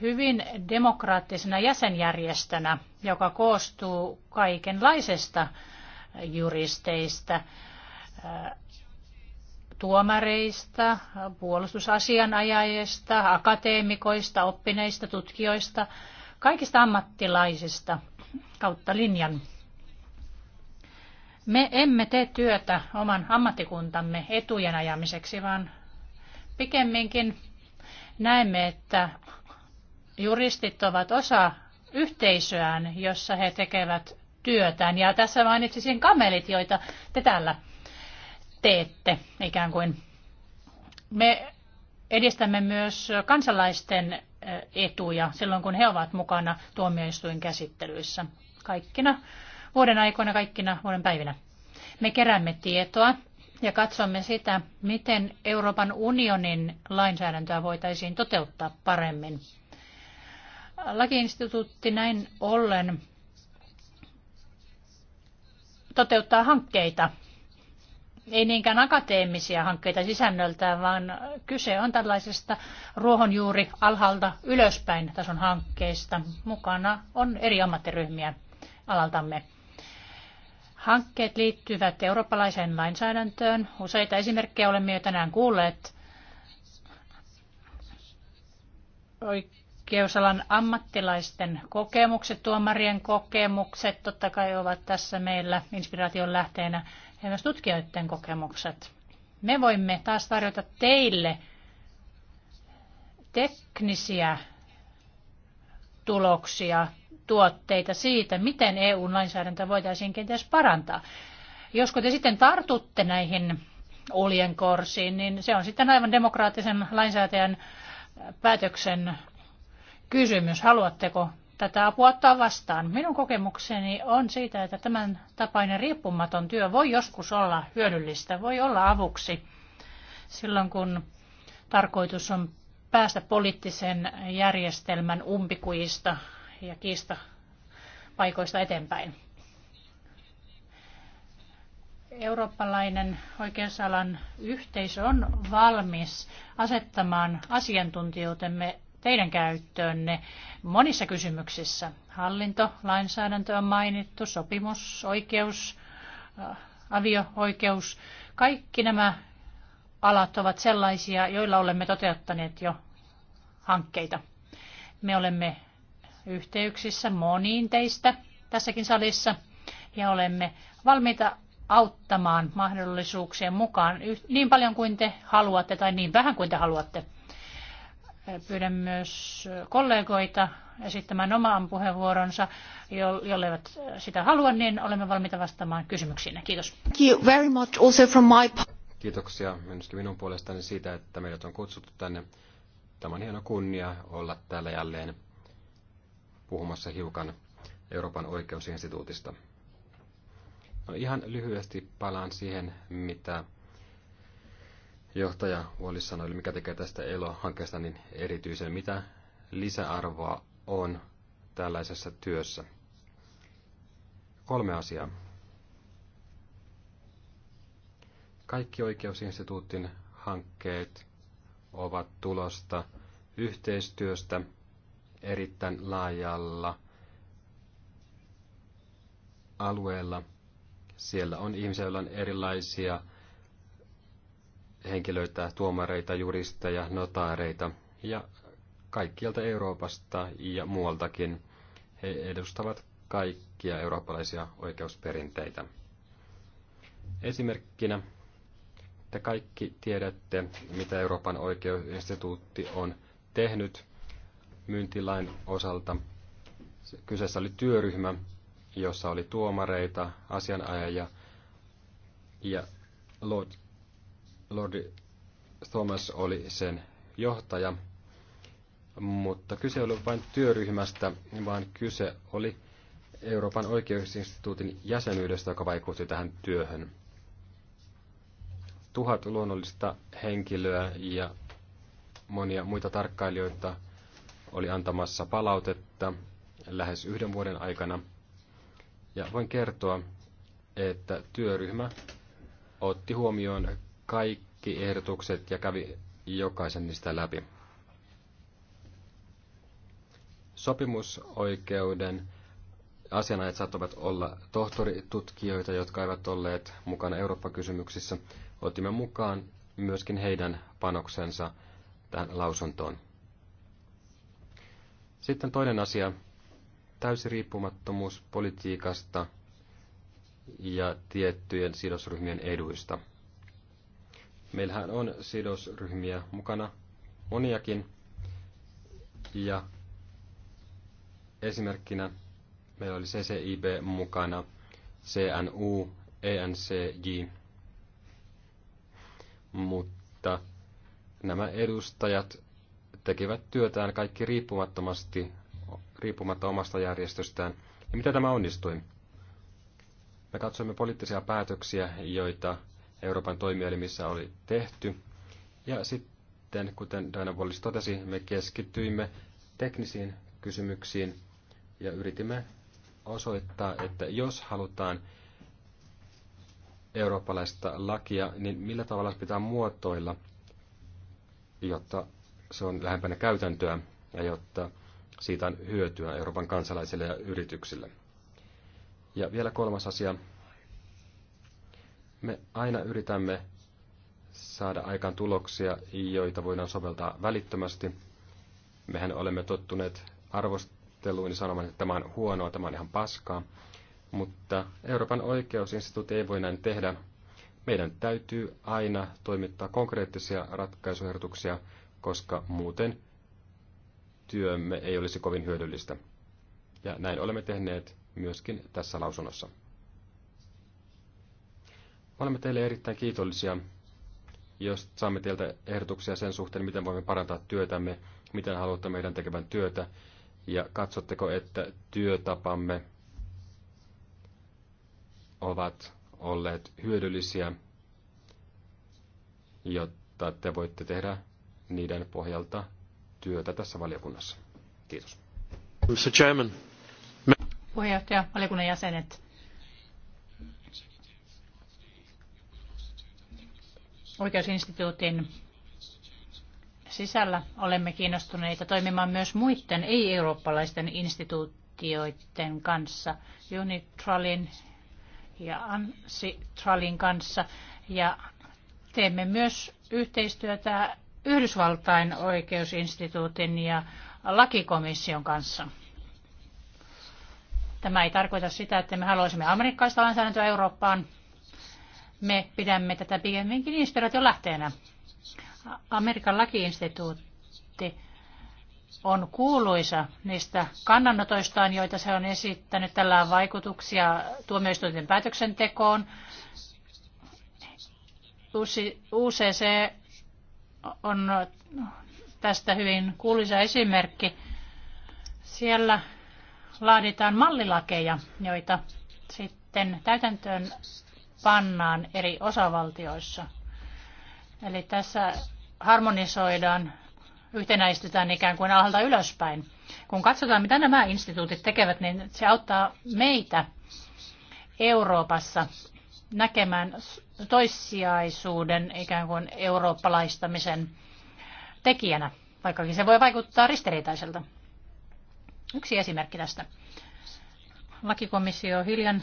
hyvin demokraattisena jäsenjärjestönä, joka koostuu kaikenlaisesta juristeista, tuomareista, puolustusasianajajista, akateemikoista, oppineista, tutkijoista, kaikista ammattilaisista – kautta linjan. Me emme tee työtä oman ammattikuntamme etujen ajamiseksi, vaan pikemminkin näemme, että juristit ovat osa yhteisöään, jossa he tekevät työtään. Ja tässä mainitsisin kamelit, joita te täällä teette ikään kuin. Me edistämme myös kansalaisten etuja silloin, kun he ovat mukana tuomioistuin käsittelyissä kaikkina vuoden aikoina, kaikkina vuoden päivinä. Me keräämme tietoa ja katsomme sitä, miten Euroopan unionin lainsäädäntöä voitaisiin toteuttaa paremmin. Lakiinstituutti näin ollen toteuttaa hankkeita ei niinkään akateemisia hankkeita sisännöltään, vaan kyse on tällaisesta ruohonjuuri alhaalta ylöspäin tason hankkeista. Mukana on eri ammattiryhmiä alaltamme. Hankkeet liittyvät eurooppalaiseen lainsäädäntöön. Useita esimerkkejä olemme jo tänään kuulleet. Oikeusalan ammattilaisten kokemukset, tuomarien kokemukset totta kai ovat tässä meillä inspiraation lähteenä ja myös tutkijoiden kokemukset. Me voimme taas tarjota teille teknisiä tuloksia, tuotteita siitä, miten EU-lainsäädäntö voitaisiin kenties parantaa. Josko te sitten tartutte näihin oljenkorsiin, niin se on sitten aivan demokraattisen lainsäätäjän päätöksen kysymys. Haluatteko tätä apua ottaa vastaan. Minun kokemukseni on siitä, että tämän tapainen riippumaton työ voi joskus olla hyödyllistä, voi olla avuksi silloin, kun tarkoitus on päästä poliittisen järjestelmän umpikujista ja kiista paikoista eteenpäin. Eurooppalainen oikeusalan yhteisö on valmis asettamaan asiantuntijuutemme teidän käyttöönne monissa kysymyksissä. Hallinto, lainsäädäntö on mainittu, sopimus, oikeus, äh, avio-oikeus. Kaikki nämä alat ovat sellaisia, joilla olemme toteuttaneet jo hankkeita. Me olemme yhteyksissä moniin teistä tässäkin salissa ja olemme valmiita auttamaan mahdollisuuksien mukaan niin paljon kuin te haluatte tai niin vähän kuin te haluatte. Pyydän myös kollegoita esittämään oman puheenvuoronsa. eivät sitä halua, niin olemme valmiita vastaamaan kysymyksiin. Kiitos. Thank you very much also from my... Kiitoksia myöskin minun puolestani siitä, että meidät on kutsuttu tänne. Tämä on hieno kunnia olla täällä jälleen puhumassa hiukan Euroopan oikeusinstituutista. No ihan lyhyesti palaan siihen, mitä johtaja huolissaan oli, mikä tekee tästä ELO-hankkeesta niin erityisen, mitä lisäarvoa on tällaisessa työssä. Kolme asiaa. Kaikki oikeusinstituutin hankkeet ovat tulosta yhteistyöstä erittäin laajalla alueella. Siellä on ihmisiä, joilla on erilaisia henkilöitä, tuomareita, juristeja, notaareita ja kaikkialta Euroopasta ja muualtakin. He edustavat kaikkia eurooppalaisia oikeusperinteitä. Esimerkkinä te kaikki tiedätte, mitä Euroopan oikeusinstituutti on tehnyt myyntilain osalta. Kyseessä oli työryhmä, jossa oli tuomareita, asianajajia ja Lord Lordi Thomas oli sen johtaja, mutta kyse ei ollut vain työryhmästä, vaan kyse oli Euroopan oikeusinstituutin jäsenyydestä, joka vaikutti tähän työhön. Tuhat luonnollista henkilöä ja monia muita tarkkailijoita oli antamassa palautetta lähes yhden vuoden aikana. Ja voin kertoa, että työryhmä otti huomioon kaikki ehdotukset ja kävi jokaisen niistä läpi. Sopimusoikeuden asianajat saattavat olla tohtoritutkijoita, jotka eivät olleet mukana Eurooppa-kysymyksissä. Otimme mukaan myöskin heidän panoksensa tähän lausuntoon. Sitten toinen asia, täysi riippumattomuus politiikasta ja tiettyjen sidosryhmien eduista – Meillähän on sidosryhmiä mukana, moniakin. Ja esimerkkinä meillä oli CCIB mukana, CNU, ENCJ, mutta nämä edustajat tekivät työtään kaikki riippumattomasti, riippumatta omasta järjestöstään. Ja mitä tämä onnistui? Me katsoimme poliittisia päätöksiä, joita Euroopan toimielimissä oli tehty. Ja sitten, kuten Diana Wallis totesi, me keskittyimme teknisiin kysymyksiin ja yritimme osoittaa, että jos halutaan eurooppalaista lakia, niin millä tavalla se pitää muotoilla, jotta se on lähempänä käytäntöä ja jotta siitä on hyötyä Euroopan kansalaisille ja yrityksille. Ja vielä kolmas asia, me aina yritämme saada aikaan tuloksia, joita voidaan soveltaa välittömästi. Mehän olemme tottuneet arvosteluun ja sanomaan, että tämä on huonoa, tämä on ihan paskaa. Mutta Euroopan oikeusinstituutti ei voi näin tehdä. Meidän täytyy aina toimittaa konkreettisia ratkaisuehdotuksia, koska muuten työmme ei olisi kovin hyödyllistä. Ja näin olemme tehneet myöskin tässä lausunnossa olemme teille erittäin kiitollisia, jos saamme teiltä ehdotuksia sen suhteen, miten voimme parantaa työtämme, miten haluatte meidän tekevän työtä, ja katsotteko, että työtapamme ovat olleet hyödyllisiä, jotta te voitte tehdä niiden pohjalta työtä tässä valiokunnassa. Kiitos. Mr. Chairman. Puheenjohtaja, valiokunnan jäsenet. oikeusinstituutin sisällä olemme kiinnostuneita toimimaan myös muiden ei-eurooppalaisten instituutioiden kanssa, Unitralin ja Ansitralin kanssa. Ja teemme myös yhteistyötä Yhdysvaltain oikeusinstituutin ja lakikomission kanssa. Tämä ei tarkoita sitä, että me haluaisimme amerikkalaista lainsäädäntöä Eurooppaan, me pidämme tätä pikemminkin inspiraation lähteenä. Amerikan lakiinstituutti on kuuluisa niistä kannanotoistaan, joita se on esittänyt. Tällä on vaikutuksia tuomioistuinten päätöksentekoon. UCC on tästä hyvin kuuluisa esimerkki. Siellä laaditaan mallilakeja, joita sitten täytäntöön pannaan eri osavaltioissa. Eli tässä harmonisoidaan, yhtenäistetään ikään kuin alhaalta ylöspäin. Kun katsotaan, mitä nämä instituutit tekevät, niin se auttaa meitä Euroopassa näkemään toissijaisuuden ikään kuin eurooppalaistamisen tekijänä, vaikkakin se voi vaikuttaa ristiriitaiselta. Yksi esimerkki tästä. Lakikomissio hiljan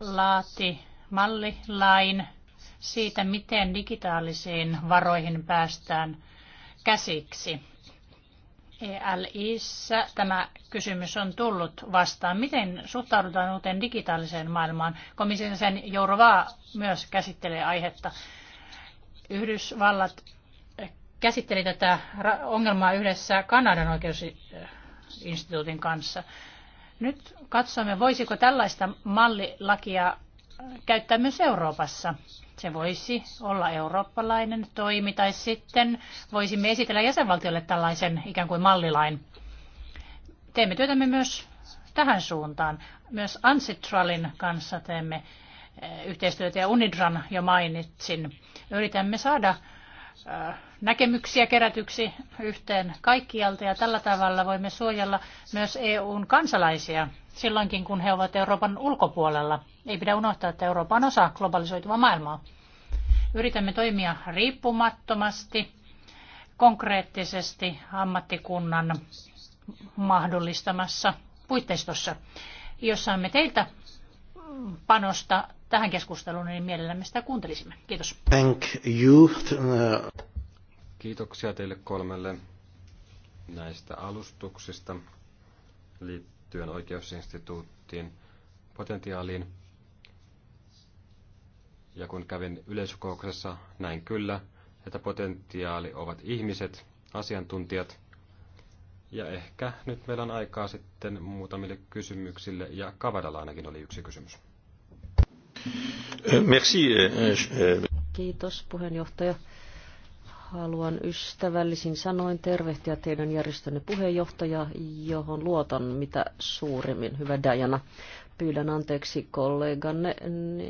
laati mallilain siitä, miten digitaalisiin varoihin päästään käsiksi. ELIssä tämä kysymys on tullut vastaan. Miten suhtaudutaan uuteen digitaaliseen maailmaan? Komission sen Jourova myös käsittelee aihetta. Yhdysvallat käsitteli tätä ongelmaa yhdessä Kanadan oikeusinstituutin kanssa. Nyt katsomme, voisiko tällaista mallilakia käyttää myös Euroopassa. Se voisi olla eurooppalainen toimi tai sitten voisimme esitellä jäsenvaltiolle tällaisen ikään kuin mallilain. Teemme työtämme myös tähän suuntaan. Myös Ansitralin kanssa teemme eh, yhteistyötä ja Unidran jo mainitsin. Yritämme saada eh, näkemyksiä kerätyksi yhteen kaikkialta ja tällä tavalla voimme suojella myös EUn kansalaisia silloinkin, kun he ovat Euroopan ulkopuolella. Ei pidä unohtaa, että Eurooppa on osa globalisoituvaa maailmaa. Yritämme toimia riippumattomasti, konkreettisesti ammattikunnan mahdollistamassa puitteistossa. Jos saamme teiltä panosta tähän keskusteluun, niin mielellämme sitä kuuntelisimme. Kiitos. Thank you. Kiitoksia teille kolmelle näistä alustuksista liittyen oikeusinstituuttiin potentiaaliin. Ja kun kävin yleiskokouksessa, näin kyllä, että potentiaali ovat ihmiset, asiantuntijat. Ja ehkä nyt meillä on aikaa sitten muutamille kysymyksille, ja Kavadalla ainakin oli yksi kysymys. Merci. Eh, eh, eh. Kiitos puheenjohtaja. Haluan ystävällisin sanoin tervehtiä teidän järjestönne puheenjohtaja, johon luotan mitä suurimmin. Hyvä Diana, pyydän anteeksi kolleganne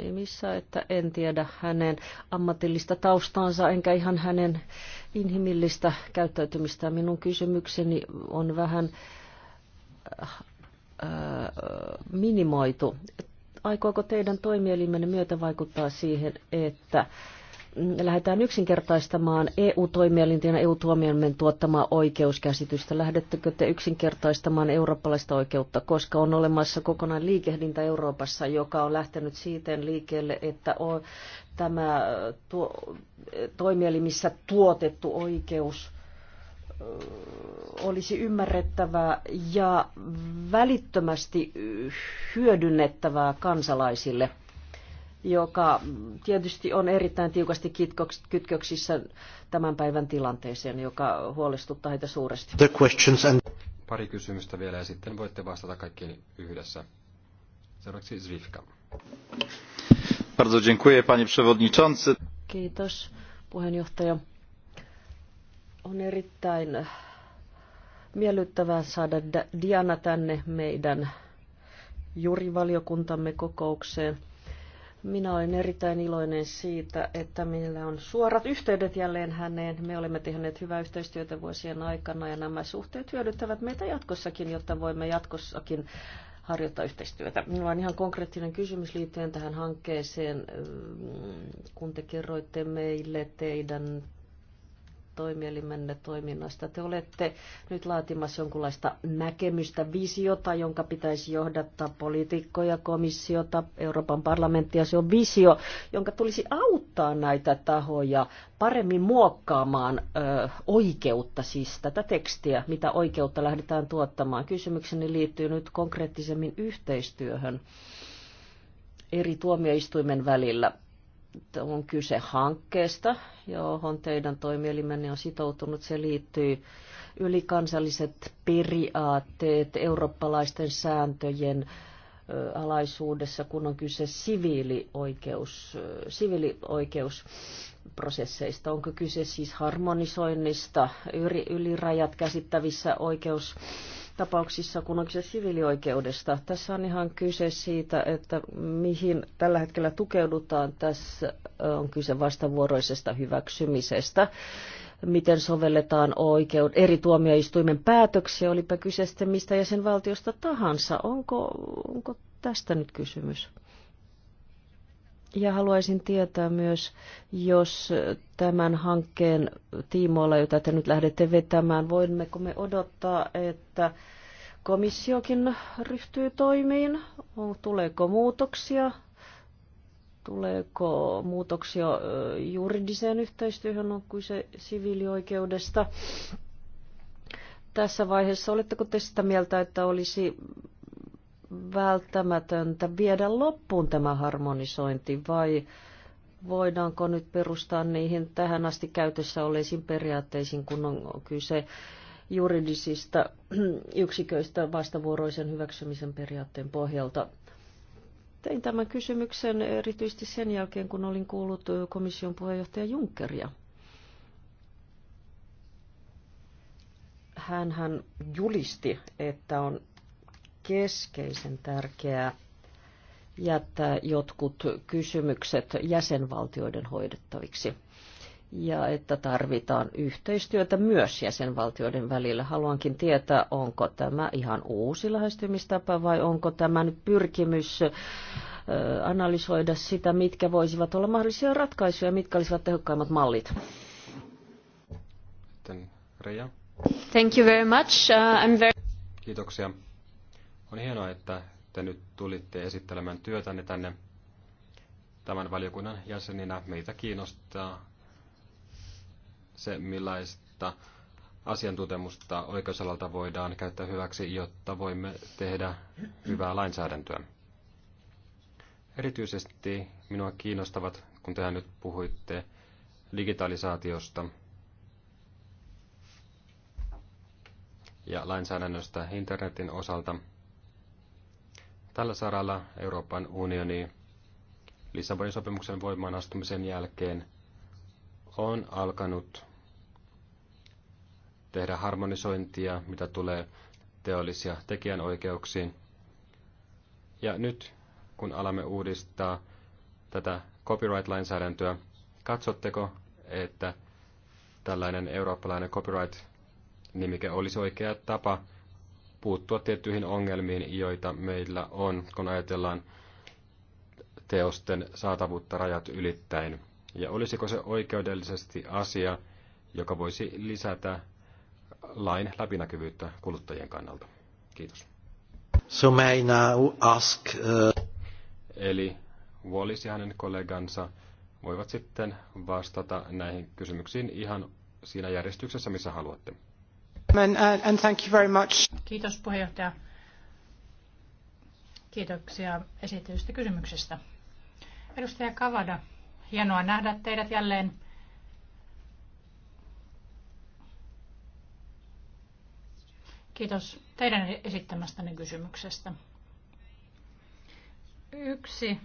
nimissä, että en tiedä hänen ammatillista taustaansa enkä ihan hänen inhimillistä käyttäytymistä Minun kysymykseni on vähän äh, äh, minimoitu. Aikooko teidän toimielimenne myötä vaikuttaa siihen, että lähdetään yksinkertaistamaan EU-toimielinten ja EU-tuomioimen tuottamaa oikeuskäsitystä? Lähdettekö te yksinkertaistamaan eurooppalaista oikeutta, koska on olemassa kokonaan liikehdintä Euroopassa, joka on lähtenyt siitä liikkeelle, että on tämä tuo, toimielimissä tuotettu oikeus olisi ymmärrettävää ja välittömästi hyödynnettävää kansalaisille – joka tietysti on erittäin tiukasti kytköksissä tämän päivän tilanteeseen, joka huolestuttaa heitä suuresti. Pari kysymystä vielä ja sitten voitte vastata kaikkiin yhdessä. Seuraavaksi Zvifka. Bardzo dziękuję, panie przewodniczący. Kiitos, puheenjohtaja. On erittäin miellyttävää saada Diana tänne meidän jurivaliokuntamme kokoukseen – minä olen erittäin iloinen siitä, että meillä on suorat yhteydet jälleen häneen. Me olemme tehneet hyvää yhteistyötä vuosien aikana ja nämä suhteet hyödyttävät meitä jatkossakin, jotta voimme jatkossakin harjoittaa yhteistyötä. Minulla on ihan konkreettinen kysymys liittyen tähän hankkeeseen, kun te kerroitte meille teidän toimielimenne toiminnasta. Te olette nyt laatimassa jonkunlaista näkemystä, visiota, jonka pitäisi johdattaa poliitikkoja, komissiota, Euroopan parlamenttia. Se on visio, jonka tulisi auttaa näitä tahoja paremmin muokkaamaan ö, oikeutta, siis tätä tekstiä, mitä oikeutta lähdetään tuottamaan. Kysymykseni liittyy nyt konkreettisemmin yhteistyöhön eri tuomioistuimen välillä on kyse hankkeesta, johon teidän toimielimenne on sitoutunut. Se liittyy ylikansalliset periaatteet eurooppalaisten sääntöjen alaisuudessa, kun on kyse siviilioikeus, siviilioikeus prosesseista. Onko kyse siis harmonisoinnista ylirajat käsittävissä oikeus tapauksissa, kun on kyse siviilioikeudesta. Tässä on ihan kyse siitä, että mihin tällä hetkellä tukeudutaan. Tässä on kyse vastavuoroisesta hyväksymisestä miten sovelletaan oikeud- eri tuomioistuimen päätöksiä, olipa kyse sitten mistä jäsenvaltiosta tahansa. Onko, onko tästä nyt kysymys? Ja haluaisin tietää myös, jos tämän hankkeen tiimoilla, jota te nyt lähdette vetämään, voimmeko me odottaa, että komissiokin ryhtyy toimiin? Tuleeko muutoksia? Tuleeko muutoksia juridiseen yhteistyöhön, on kyse siviilioikeudesta? Tässä vaiheessa oletteko te sitä mieltä, että olisi välttämätöntä viedä loppuun tämä harmonisointi vai voidaanko nyt perustaa niihin tähän asti käytössä oleisiin periaatteisiin, kun on kyse juridisista yksiköistä vastavuoroisen hyväksymisen periaatteen pohjalta. Tein tämän kysymyksen erityisesti sen jälkeen, kun olin kuullut komission puheenjohtaja Junckeria. Hän julisti, että on keskeisen tärkeää jättää jotkut kysymykset jäsenvaltioiden hoidettaviksi ja että tarvitaan yhteistyötä myös jäsenvaltioiden välillä. Haluankin tietää, onko tämä ihan uusi lähestymistapa vai onko tämä nyt pyrkimys analysoida sitä, mitkä voisivat olla mahdollisia ratkaisuja, mitkä olisivat tehokkaimmat mallit. Thank you very much. Uh, I'm very... Kiitoksia. On hienoa, että te nyt tulitte esittelemään työtänne tänne tämän valiokunnan jäseninä. Meitä kiinnostaa se, millaista asiantuntemusta oikeusalalta voidaan käyttää hyväksi, jotta voimme tehdä hyvää lainsäädäntöä. Erityisesti minua kiinnostavat, kun tehän nyt puhuitte digitalisaatiosta ja lainsäädännöstä internetin osalta – Tällä saralla Euroopan unioni Lissabonin sopimuksen voimaan astumisen jälkeen on alkanut tehdä harmonisointia, mitä tulee teollisia tekijänoikeuksiin. Ja nyt, kun alamme uudistaa tätä copyright-lainsäädäntöä, katsotteko, että tällainen eurooppalainen copyright-nimike olisi oikea tapa – puuttua tiettyihin ongelmiin, joita meillä on, kun ajatellaan teosten saatavuutta rajat ylittäen. Ja olisiko se oikeudellisesti asia, joka voisi lisätä lain läpinäkyvyyttä kuluttajien kannalta? Kiitos. So may now ask, uh... Eli Wallis ja hänen kollegansa voivat sitten vastata näihin kysymyksiin ihan siinä järjestyksessä, missä haluatte. Uh, and thank Kiitos puheenjohtaja. Kiitoksia esittelystä kysymyksestä. Edustaja Kavada, hienoa nähdä teidät jälleen. Kiitos teidän esittämästänne kysymyksestä. Yksi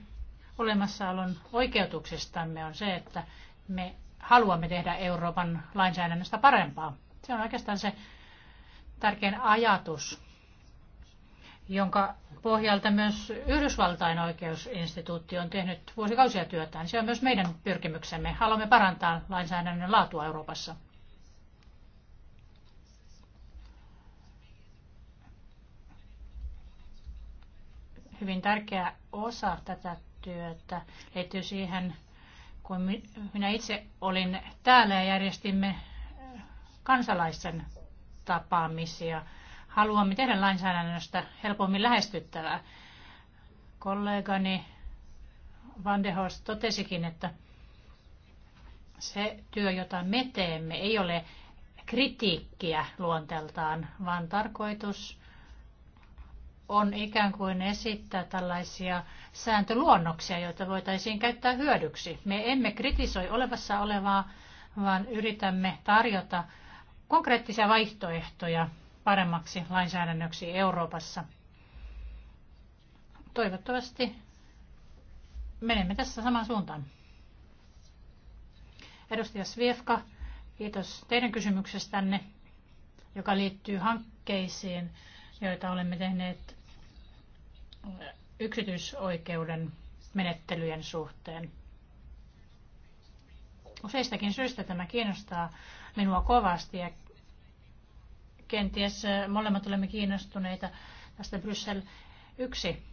olemassaolon oikeutuksistamme on se, että me haluamme tehdä Euroopan lainsäädännöstä parempaa. Se on oikeastaan se tärkein ajatus, jonka pohjalta myös Yhdysvaltain oikeusinstituutti on tehnyt vuosikausia työtään. Se on myös meidän pyrkimyksemme. Haluamme parantaa lainsäädännön laatua Euroopassa. Hyvin tärkeä osa tätä työtä liittyy siihen, kun minä itse olin täällä ja järjestimme kansalaisten tapaamisia. Haluamme tehdä lainsäädännöstä helpommin lähestyttävää. Kollegani Van de Horst totesikin, että se työ, jota me teemme, ei ole kritiikkiä luonteeltaan, vaan tarkoitus on ikään kuin esittää tällaisia sääntöluonnoksia, joita voitaisiin käyttää hyödyksi. Me emme kritisoi olevassa olevaa, vaan yritämme tarjota konkreettisia vaihtoehtoja paremmaksi lainsäädännöksi Euroopassa. Toivottavasti menemme tässä samaan suuntaan. Edustaja Sviefka, kiitos teidän kysymyksestänne, joka liittyy hankkeisiin, joita olemme tehneet yksityisoikeuden menettelyjen suhteen. Useistakin syistä tämä kiinnostaa minua kovasti ja kenties molemmat olemme kiinnostuneita tästä Bryssel 1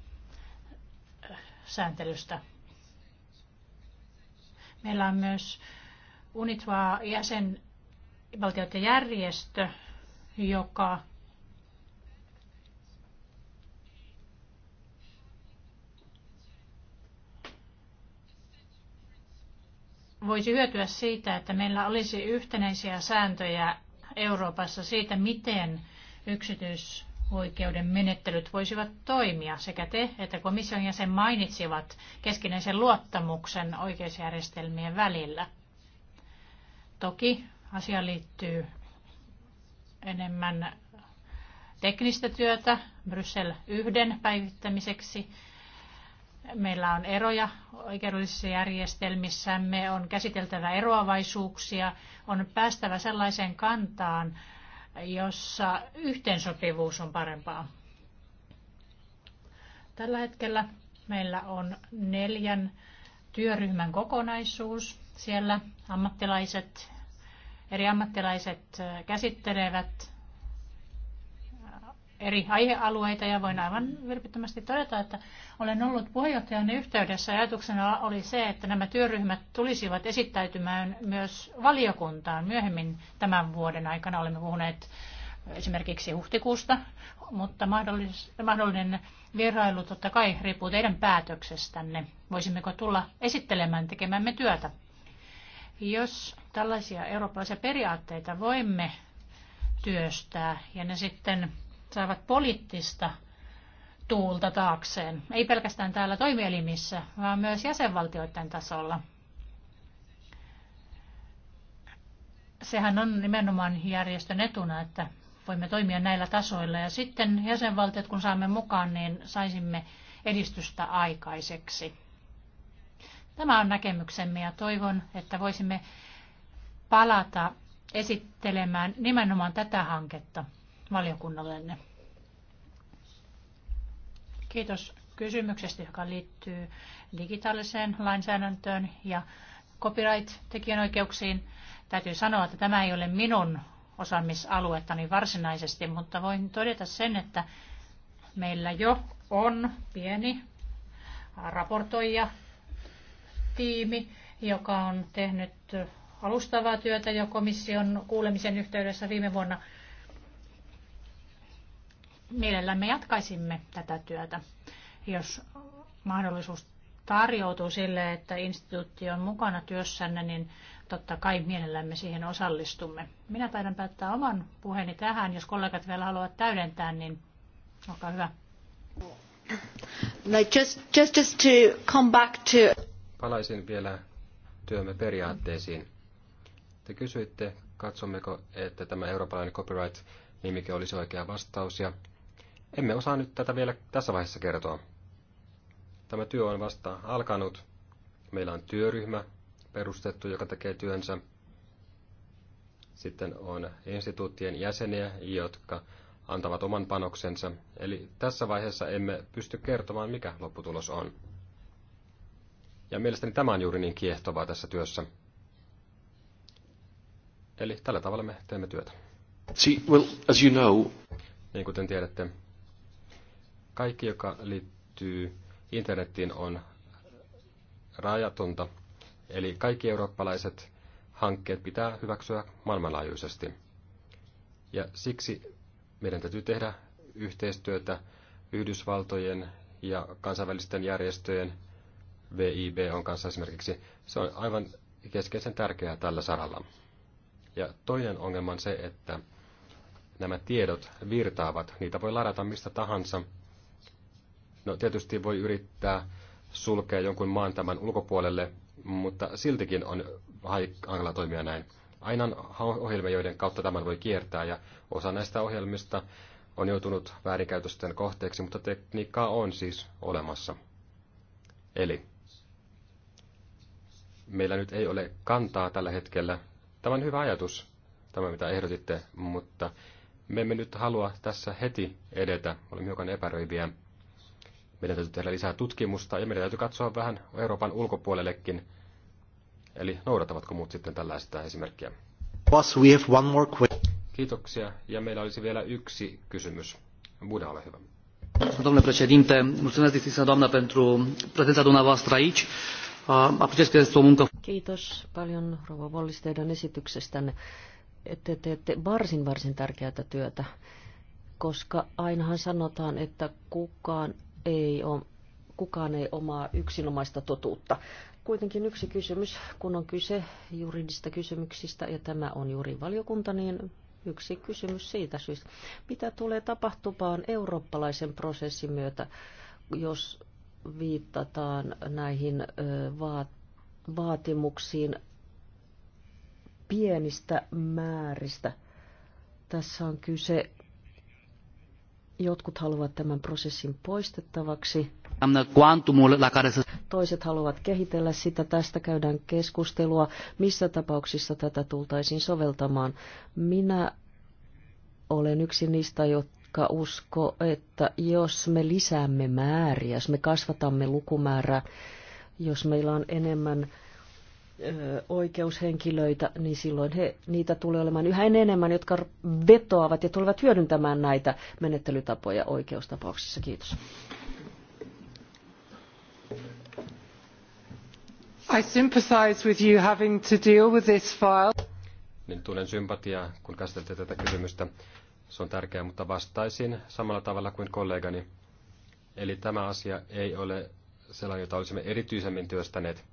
sääntelystä. Meillä on myös UNITVA jäsenvaltioiden järjestö, joka voisi hyötyä siitä, että meillä olisi yhtenäisiä sääntöjä Euroopassa siitä, miten yksityisoikeuden menettelyt voisivat toimia. Sekä te että komission jäsen mainitsivat keskinäisen luottamuksen oikeusjärjestelmien välillä. Toki asia liittyy enemmän teknistä työtä Bryssel yhden päivittämiseksi Meillä on eroja oikeudellisissa järjestelmissämme, on käsiteltävä eroavaisuuksia, on päästävä sellaiseen kantaan, jossa yhteensopivuus on parempaa. Tällä hetkellä meillä on neljän työryhmän kokonaisuus. Siellä ammattilaiset, eri ammattilaiset käsittelevät eri aihealueita ja voin aivan vilpittömästi todeta, että olen ollut puheenjohtajan yhteydessä. Ajatuksena oli se, että nämä työryhmät tulisivat esittäytymään myös valiokuntaan myöhemmin tämän vuoden aikana. Olemme puhuneet esimerkiksi huhtikuusta, mutta mahdollinen vierailu totta kai riippuu teidän päätöksestänne. Voisimmeko tulla esittelemään tekemämme työtä? Jos tällaisia eurooppalaisia periaatteita voimme työstää ja ne sitten saivat poliittista tuulta taakseen. Ei pelkästään täällä toimielimissä, vaan myös jäsenvaltioiden tasolla. Sehän on nimenomaan järjestön etuna, että voimme toimia näillä tasoilla. Ja sitten jäsenvaltiot, kun saamme mukaan, niin saisimme edistystä aikaiseksi. Tämä on näkemyksemme ja toivon, että voisimme palata esittelemään nimenomaan tätä hanketta valiokunnallenne. Kiitos kysymyksestä, joka liittyy digitaaliseen lainsäädäntöön ja copyright-tekijänoikeuksiin. Täytyy sanoa, että tämä ei ole minun osaamisaluettani varsinaisesti, mutta voin todeta sen, että meillä jo on pieni raportoija tiimi, joka on tehnyt alustavaa työtä jo komission kuulemisen yhteydessä viime vuonna – mielellämme jatkaisimme tätä työtä, jos mahdollisuus tarjoutuu sille, että instituutti on mukana työssänne, niin totta kai mielellämme siihen osallistumme. Minä taidan päättää oman puheeni tähän. Jos kollegat vielä haluavat täydentää, niin olkaa hyvä. No, just, just, just to come back to... Palaisin vielä työmme periaatteisiin. Te kysyitte, katsommeko, että tämä eurooppalainen copyright-nimike olisi oikea vastaus, ja emme osaa nyt tätä vielä tässä vaiheessa kertoa. Tämä työ on vasta alkanut. Meillä on työryhmä perustettu, joka tekee työnsä. Sitten on instituuttien jäseniä, jotka antavat oman panoksensa. Eli tässä vaiheessa emme pysty kertomaan, mikä lopputulos on. Ja mielestäni tämä on juuri niin kiehtovaa tässä työssä. Eli tällä tavalla me teemme työtä. See, well, as you know, niin kuten tiedätte, kaikki, joka liittyy internettiin, on rajatonta. Eli kaikki eurooppalaiset hankkeet pitää hyväksyä maailmanlaajuisesti. Ja siksi meidän täytyy tehdä yhteistyötä Yhdysvaltojen ja kansainvälisten järjestöjen, VIB on kanssa esimerkiksi, se on aivan keskeisen tärkeää tällä saralla. Ja toinen ongelma on se, että nämä tiedot virtaavat. Niitä voi ladata mistä tahansa No tietysti voi yrittää sulkea jonkun maan tämän ulkopuolelle, mutta siltikin on hankala toimia näin. Aina on ohjelmia, joiden kautta tämän voi kiertää, ja osa näistä ohjelmista on joutunut väärinkäytösten kohteeksi, mutta tekniikkaa on siis olemassa. Eli meillä nyt ei ole kantaa tällä hetkellä. Tämä on hyvä ajatus, tämä mitä ehdotitte, mutta me emme nyt halua tässä heti edetä. Olemme hiukan epäröiviä meidän täytyy tehdä lisää tutkimusta ja meidän täytyy katsoa vähän Euroopan ulkopuolellekin. Eli noudatavatko muut sitten tällaista esimerkkiä? Boss, we have one more question. Kiitoksia. Ja meillä olisi vielä yksi kysymys. Buda, ole hyvä. Domnule președinte, mulțumesc, distinsă doamnă, pentru prezența dumneavoastră aici. Apreciez că este o muncă... Kiitos paljon, rouva Vollis, teidän esityksestänne. Te teette varsin, varsin tärkeää työtä, koska ainahan sanotaan, että kukaan ei ole, kukaan ei omaa yksinomaista totuutta. Kuitenkin yksi kysymys, kun on kyse juridista kysymyksistä, ja tämä on juuri valiokunta, niin yksi kysymys siitä syystä. Mitä tulee tapahtumaan eurooppalaisen prosessin myötä, jos viittataan näihin vaatimuksiin pienistä määristä? Tässä on kyse Jotkut haluavat tämän prosessin poistettavaksi. Toiset haluavat kehitellä sitä. Tästä käydään keskustelua, missä tapauksissa tätä tultaisiin soveltamaan. Minä olen yksi niistä, jotka usko, että jos me lisäämme määriä, jos me kasvatamme lukumäärää, jos meillä on enemmän oikeushenkilöitä, niin silloin he, niitä tulee olemaan yhä enemmän, jotka vetoavat ja tulevat hyödyntämään näitä menettelytapoja oikeustapauksissa. Kiitos. I sympathize with you having to deal with this file. Niin tunnen sympatiaa, kun käsiteltiin tätä kysymystä. Se on tärkeää, mutta vastaisin samalla tavalla kuin kollegani. Eli tämä asia ei ole sellainen, jota olisimme erityisemmin työstäneet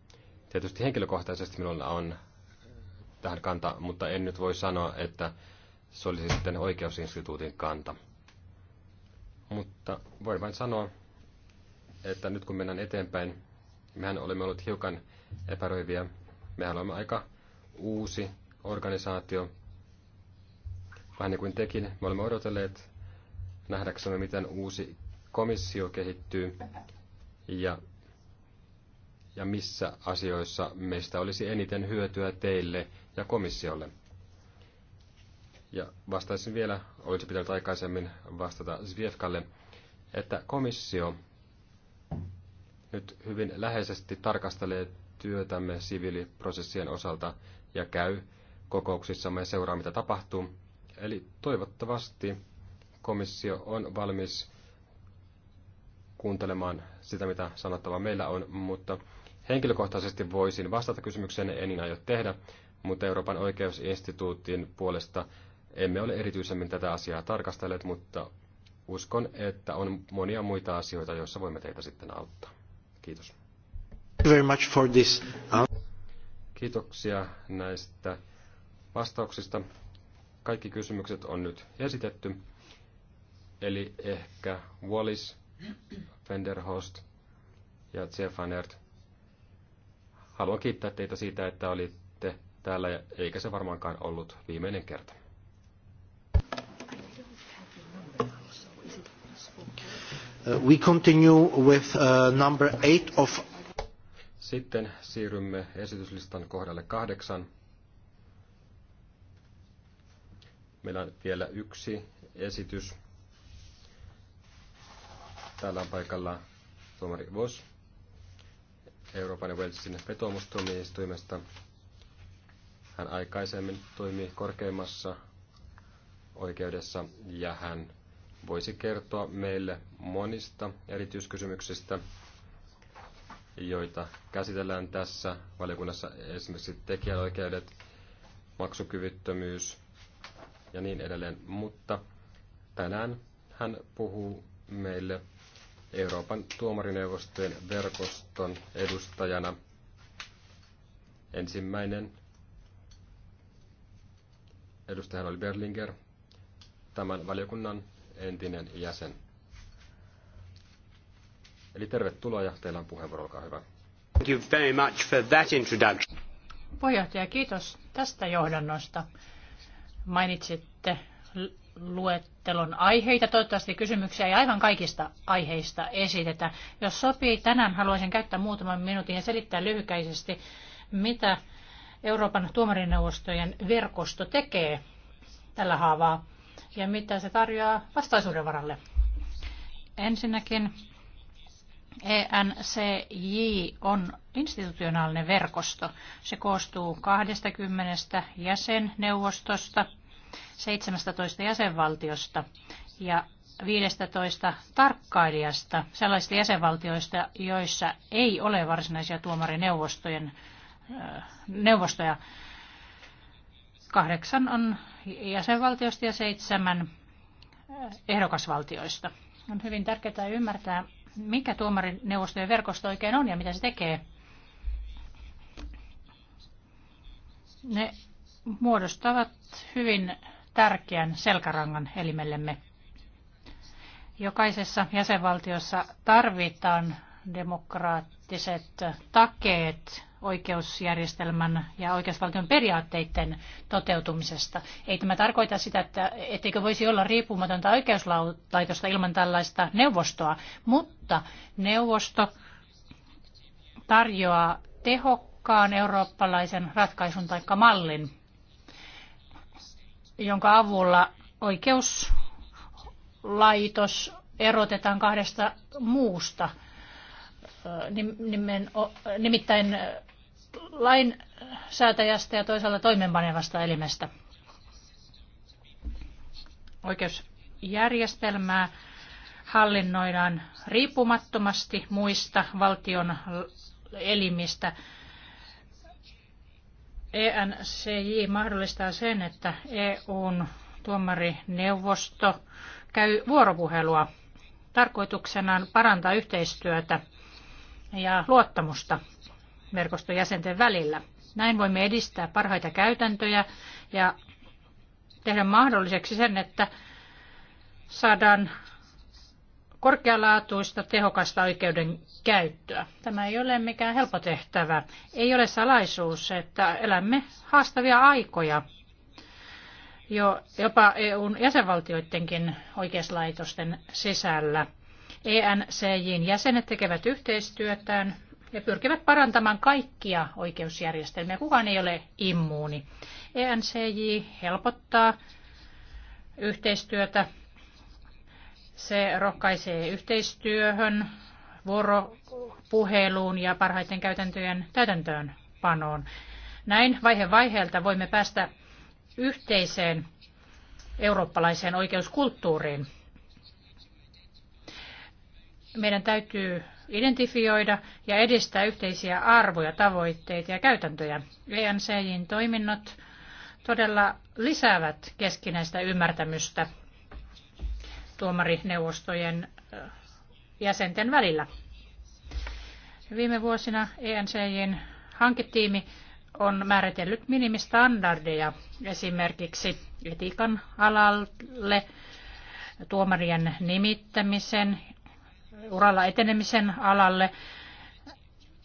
Tietysti henkilökohtaisesti minulla on tähän kanta, mutta en nyt voi sanoa, että se olisi sitten oikeusinstituutin kanta. Mutta voin vain sanoa, että nyt kun mennään eteenpäin, mehän olemme olleet hiukan epäröiviä. Mehän olemme aika uusi organisaatio, vähän niin kuin tekin. Me olemme odotelleet nähdäksemme, miten uusi komissio kehittyy ja ja missä asioissa meistä olisi eniten hyötyä teille ja komissiolle. Ja vastaisin vielä, olisi pitänyt aikaisemmin vastata Zviefkalle, että komissio nyt hyvin läheisesti tarkastelee työtämme siviiliprosessien osalta ja käy kokouksissamme ja seuraa, mitä tapahtuu. Eli toivottavasti komissio on valmis kuuntelemaan sitä, mitä sanottavaa meillä on, mutta Henkilökohtaisesti voisin vastata kysymykseen, en niin aio tehdä, mutta Euroopan oikeusinstituutin puolesta emme ole erityisemmin tätä asiaa tarkastelleet, mutta uskon, että on monia muita asioita, joissa voimme teitä sitten auttaa. Kiitos. Very much for this. Uh, Kiitoksia näistä vastauksista. Kaikki kysymykset on nyt esitetty. Eli ehkä Wallis, Fenderhost ja Zefanert haluan kiittää teitä siitä, että olitte täällä, eikä se varmaankaan ollut viimeinen kerta. Uh, we continue with uh, number eight of... Sitten siirrymme esityslistan kohdalle kahdeksan. Meillä on vielä yksi esitys. Täällä on paikalla tuomari Vos. Euroopan ja Walesin vetomustuomioistuimesta. Hän aikaisemmin toimi korkeimmassa oikeudessa ja hän voisi kertoa meille monista erityiskysymyksistä, joita käsitellään tässä valiokunnassa, esimerkiksi tekijäoikeudet, maksukyvyttömyys ja niin edelleen. Mutta tänään hän puhuu meille Euroopan tuomarineuvostojen verkoston edustajana. Ensimmäinen edustaja oli Berlinger, tämän valiokunnan entinen jäsen. Eli tervetuloa ja teillä on puheenvuoro, olkaa hyvä. Thank you very much for that introduction. Puheenjohtaja, kiitos tästä johdannosta. Mainitsitte luettelon aiheita. Toivottavasti kysymyksiä ei aivan kaikista aiheista esitetä. Jos sopii, tänään haluaisin käyttää muutaman minuutin ja selittää lyhykäisesti, mitä Euroopan tuomarineuvostojen verkosto tekee tällä haavaa ja mitä se tarjoaa vastaisuuden varalle. Ensinnäkin ENCJ on institutionaalinen verkosto. Se koostuu 20 jäsenneuvostosta, 17 jäsenvaltiosta ja 15 tarkkailijasta sellaisista jäsenvaltioista, joissa ei ole varsinaisia tuomarineuvostojen neuvostoja. Kahdeksan on jäsenvaltioista ja seitsemän ehdokasvaltioista. On hyvin tärkeää ymmärtää, mikä tuomarineuvostojen verkosto oikein on ja mitä se tekee. Ne muodostavat hyvin tärkeän selkärangan elimellemme. Jokaisessa jäsenvaltiossa tarvitaan demokraattiset takeet oikeusjärjestelmän ja oikeusvaltion periaatteiden toteutumisesta. Ei tämä tarkoita sitä, että etteikö voisi olla riippumatonta oikeuslaitosta ilman tällaista neuvostoa, mutta neuvosto tarjoaa tehokkaan eurooppalaisen ratkaisun tai mallin jonka avulla oikeuslaitos erotetaan kahdesta muusta, nimen, nimittäin lainsäätäjästä ja toisaalta toimenpanevasta elimestä. Oikeusjärjestelmää hallinnoidaan riippumattomasti muista valtion elimistä ENCJ mahdollistaa sen, että EUn tuomarineuvosto käy vuoropuhelua tarkoituksenaan parantaa yhteistyötä ja luottamusta verkoston jäsenten välillä. Näin voimme edistää parhaita käytäntöjä ja tehdä mahdolliseksi sen, että saadaan korkealaatuista, tehokasta oikeuden käyttöä. Tämä ei ole mikään helppo tehtävä. Ei ole salaisuus, että elämme haastavia aikoja. Jo, jopa EUn jäsenvaltioidenkin oikeuslaitosten sisällä. ENCJin jäsenet tekevät yhteistyötään ja pyrkivät parantamaan kaikkia oikeusjärjestelmiä. Kukaan ei ole immuuni. ENCJ helpottaa yhteistyötä se rohkaisee yhteistyöhön, vuoropuheluun ja parhaiten käytäntöjen täytäntöön panoon. Näin vaihe vaiheelta voimme päästä yhteiseen eurooppalaiseen oikeuskulttuuriin. Meidän täytyy identifioida ja edistää yhteisiä arvoja, tavoitteita ja käytäntöjä. ENCJin toiminnot todella lisäävät keskinäistä ymmärtämystä tuomarineuvostojen jäsenten välillä. Viime vuosina ENCJin hanketiimi on määritellyt minimistandardeja esimerkiksi etiikan alalle, tuomarien nimittämisen, uralla etenemisen alalle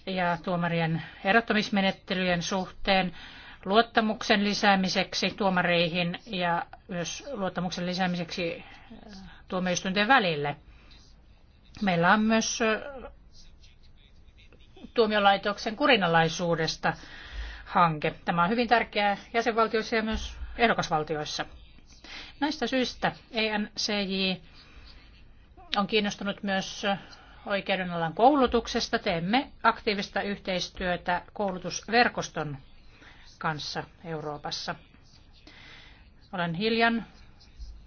ja tuomarien erottamismenettelyjen suhteen luottamuksen lisäämiseksi tuomareihin ja myös luottamuksen lisäämiseksi tuomioistuinten välille. Meillä on myös tuomiolaitoksen kurinalaisuudesta hanke. Tämä on hyvin tärkeää jäsenvaltioissa ja myös ehdokasvaltioissa. Näistä syistä ENCJ on kiinnostunut myös oikeudenalan koulutuksesta. Teemme aktiivista yhteistyötä koulutusverkoston kanssa Euroopassa. Olen hiljan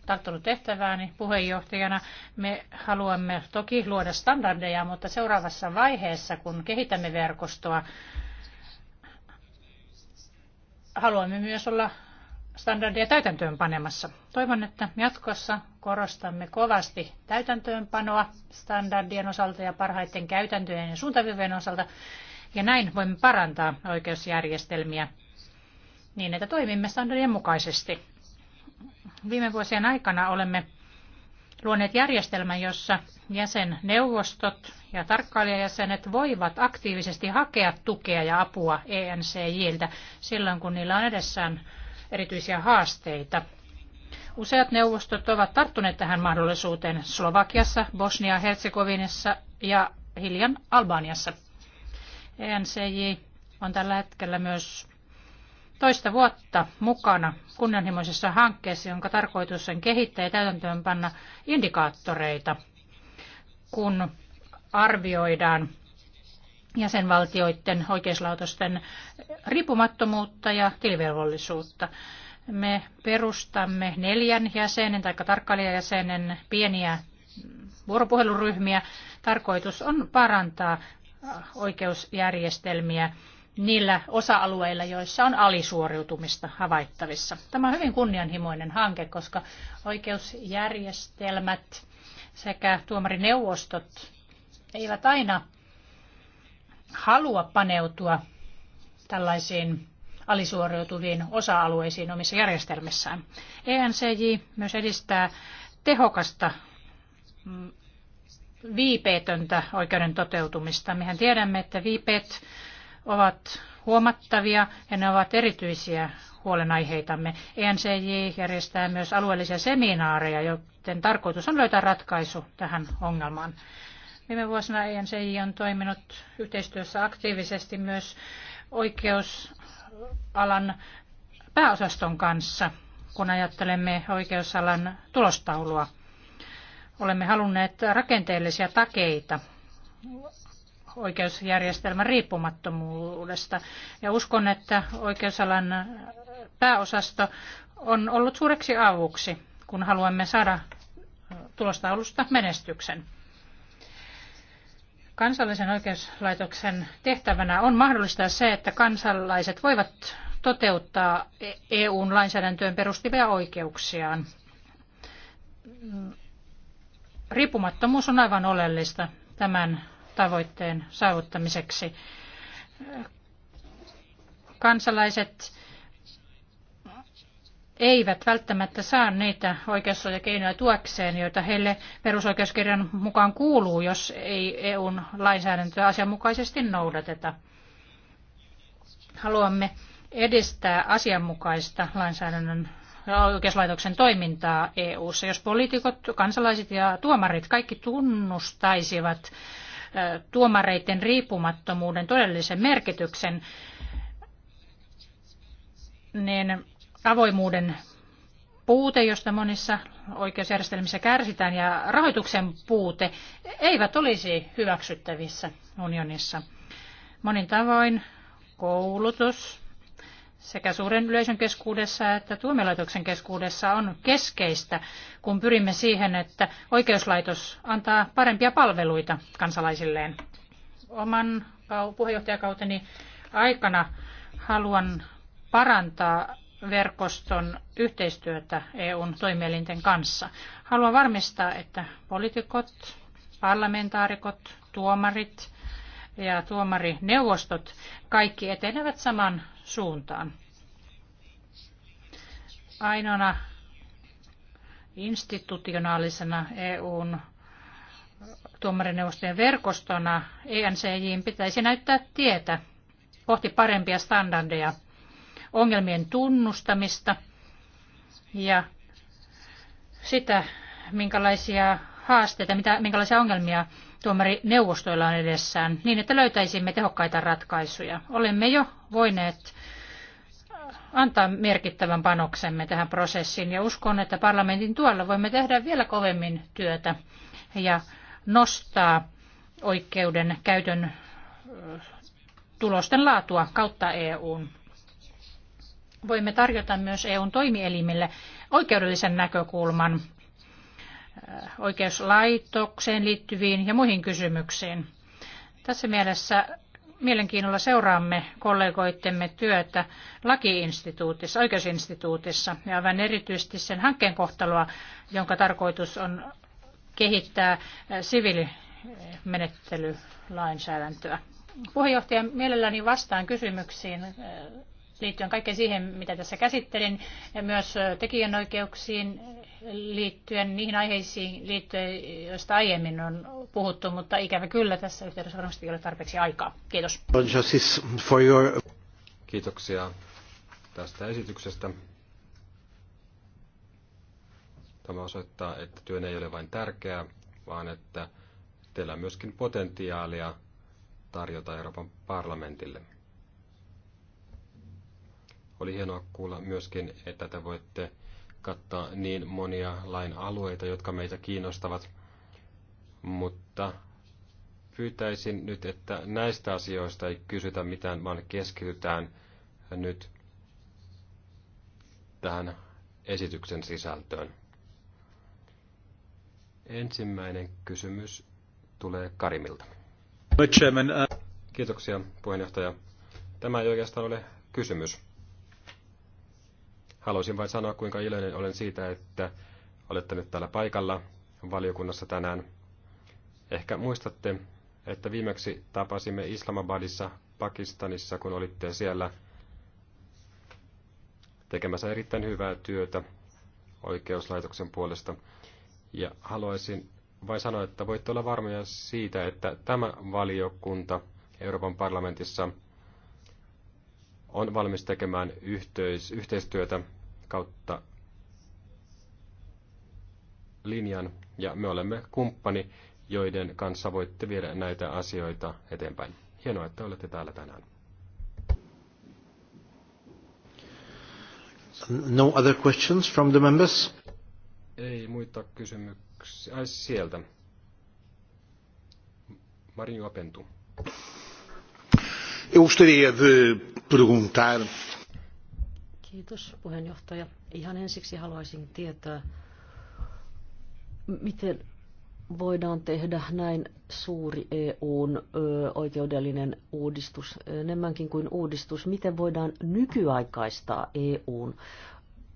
tarttunut tehtävääni puheenjohtajana. Me haluamme toki luoda standardeja, mutta seuraavassa vaiheessa, kun kehitämme verkostoa, haluamme myös olla standardeja täytäntöön panemassa. Toivon, että jatkossa korostamme kovasti täytäntöönpanoa standardien osalta ja parhaiten käytäntöjen ja suuntavivojen osalta, ja näin voimme parantaa oikeusjärjestelmiä niin, että toimimme standardien mukaisesti. Viime vuosien aikana olemme luoneet järjestelmän, jossa jäsenneuvostot ja tarkkailijajäsenet voivat aktiivisesti hakea tukea ja apua ENCJiltä silloin, kun niillä on edessään erityisiä haasteita. Useat neuvostot ovat tarttuneet tähän mahdollisuuteen Slovakiassa, Bosnia-Herzegovinassa ja hiljan Albaniassa. ENCJ on tällä hetkellä myös toista vuotta mukana kunnianhimoisessa hankkeessa, jonka tarkoitus on kehittää ja täytäntöönpanna indikaattoreita, kun arvioidaan jäsenvaltioiden oikeuslautosten riippumattomuutta ja tilivelvollisuutta. Me perustamme neljän jäsenen tai tarkkailijajäsenen pieniä vuoropuheluryhmiä. Tarkoitus on parantaa oikeusjärjestelmiä niillä osa-alueilla, joissa on alisuoriutumista havaittavissa. Tämä on hyvin kunnianhimoinen hanke, koska oikeusjärjestelmät sekä tuomarineuvostot eivät aina halua paneutua tällaisiin alisuoriutuviin osa-alueisiin omissa järjestelmissään. ENCJ myös edistää tehokasta mm, viipeetöntä oikeuden toteutumista. Mehän tiedämme, että viipeet ovat huomattavia ja ne ovat erityisiä huolenaiheitamme. ENCJ järjestää myös alueellisia seminaareja, joten tarkoitus on löytää ratkaisu tähän ongelmaan. Viime vuosina ENCJ on toiminut yhteistyössä aktiivisesti myös oikeusalan pääosaston kanssa, kun ajattelemme oikeusalan tulostaulua. Olemme halunneet rakenteellisia takeita oikeusjärjestelmän riippumattomuudesta. Ja uskon, että oikeusalan pääosasto on ollut suureksi avuksi, kun haluamme saada tulostaulusta menestyksen. Kansallisen oikeuslaitoksen tehtävänä on mahdollistaa se, että kansalaiset voivat toteuttaa EUn lainsäädäntöön perustuvia oikeuksiaan. Riippumattomuus on aivan oleellista tämän tavoitteen saavuttamiseksi. Kansalaiset eivät välttämättä saa niitä oikeussuojakeinoja tuekseen, joita heille perusoikeuskirjan mukaan kuuluu, jos ei EUn lainsäädäntöä asianmukaisesti noudateta. Haluamme edistää asianmukaista lainsäädännön oikeuslaitoksen toimintaa EU:ssa. Jos poliitikot, kansalaiset ja tuomarit kaikki tunnustaisivat tuomareiden riippumattomuuden todellisen merkityksen, niin avoimuuden puute, josta monissa oikeusjärjestelmissä kärsitään, ja rahoituksen puute eivät olisi hyväksyttävissä unionissa. Monin tavoin koulutus, sekä suuren yleisön keskuudessa että tuomiolaitoksen keskuudessa on keskeistä, kun pyrimme siihen, että oikeuslaitos antaa parempia palveluita kansalaisilleen. Oman puheenjohtajakauteni aikana haluan parantaa verkoston yhteistyötä EUn toimielinten kanssa. Haluan varmistaa, että poliitikot, parlamentaarikot, tuomarit ja tuomarineuvostot kaikki etenevät saman suuntaan. Ainoana institutionaalisena EUn tuomarineuvostojen verkostona ENCJ pitäisi näyttää tietä kohti parempia standardeja, ongelmien tunnustamista ja sitä, minkälaisia haasteita, mitä, minkälaisia ongelmia tuomarineuvostoilla on edessään, niin että löytäisimme tehokkaita ratkaisuja. Olemme jo voineet äh, antaa merkittävän panoksemme tähän prosessiin ja uskon, että parlamentin tuella voimme tehdä vielä kovemmin työtä ja nostaa oikeuden käytön äh, tulosten laatua kautta EUn. Voimme tarjota myös EUn toimielimille oikeudellisen näkökulman oikeuslaitokseen liittyviin ja muihin kysymyksiin. Tässä mielessä mielenkiinnolla seuraamme kollegoittemme työtä lakiinstituutissa, oikeusinstituutissa ja aivan erityisesti sen hankkeen kohtaloa, jonka tarkoitus on kehittää siviilimenettelylainsäädäntöä. Puheenjohtaja, mielelläni vastaan kysymyksiin äh, liittyen kaikkeen siihen, mitä tässä käsittelin, ja myös äh, tekijänoikeuksiin, liittyen niihin aiheisiin liittyen, joista aiemmin on puhuttu, mutta ikävä kyllä tässä yhteydessä varmasti ei ole tarpeeksi aikaa. Kiitos. Kiitoksia tästä esityksestä. Tämä osoittaa, että työ ei ole vain tärkeää, vaan että teillä on myöskin potentiaalia tarjota Euroopan parlamentille. Oli hienoa kuulla myöskin, että te voitte kattaa niin monia lain alueita, jotka meitä kiinnostavat, mutta pyytäisin nyt, että näistä asioista ei kysytä mitään, vaan keskitytään nyt tähän esityksen sisältöön. Ensimmäinen kysymys tulee Karimilta. Uh- Kiitoksia puheenjohtaja. Tämä ei oikeastaan ole kysymys. Haluaisin vain sanoa, kuinka iloinen olen siitä, että olette nyt täällä paikalla valiokunnassa tänään. Ehkä muistatte, että viimeksi tapasimme Islamabadissa Pakistanissa, kun olitte siellä tekemässä erittäin hyvää työtä oikeuslaitoksen puolesta. Ja haluaisin vain sanoa, että voitte olla varmoja siitä, että tämä valiokunta Euroopan parlamentissa on valmis tekemään yhteis- yhteistyötä kautta linjan, ja me olemme kumppani, joiden kanssa voitte viedä näitä asioita eteenpäin. Hienoa, että olette täällä tänään. No other questions from the members? Ei muita kysymyksiä. Ai sieltä. Marinho Apentu. Eu gostaria de perguntar. Kiitos puheenjohtaja. Ihan ensiksi haluaisin tietää, miten voidaan tehdä näin suuri EUn oikeudellinen uudistus, enemmänkin kuin uudistus, miten voidaan nykyaikaistaa EUn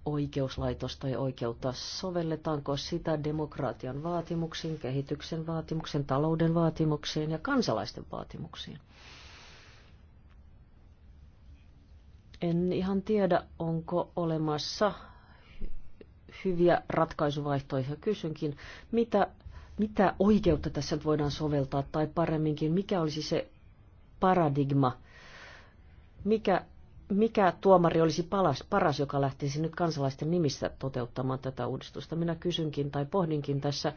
oikeuslaitosta ja oikeutta, sovelletaanko sitä demokratian vaatimuksiin, kehityksen vaatimuksiin, talouden vaatimuksiin ja kansalaisten vaatimuksiin. En ihan tiedä, onko olemassa hyviä ratkaisuvaihtoehtoja. Kysynkin, mitä, mitä oikeutta tässä voidaan soveltaa, tai paremminkin, mikä olisi se paradigma, mikä, mikä tuomari olisi palas, paras, joka lähtisi nyt kansalaisten nimissä toteuttamaan tätä uudistusta. Minä kysynkin tai pohdinkin tässä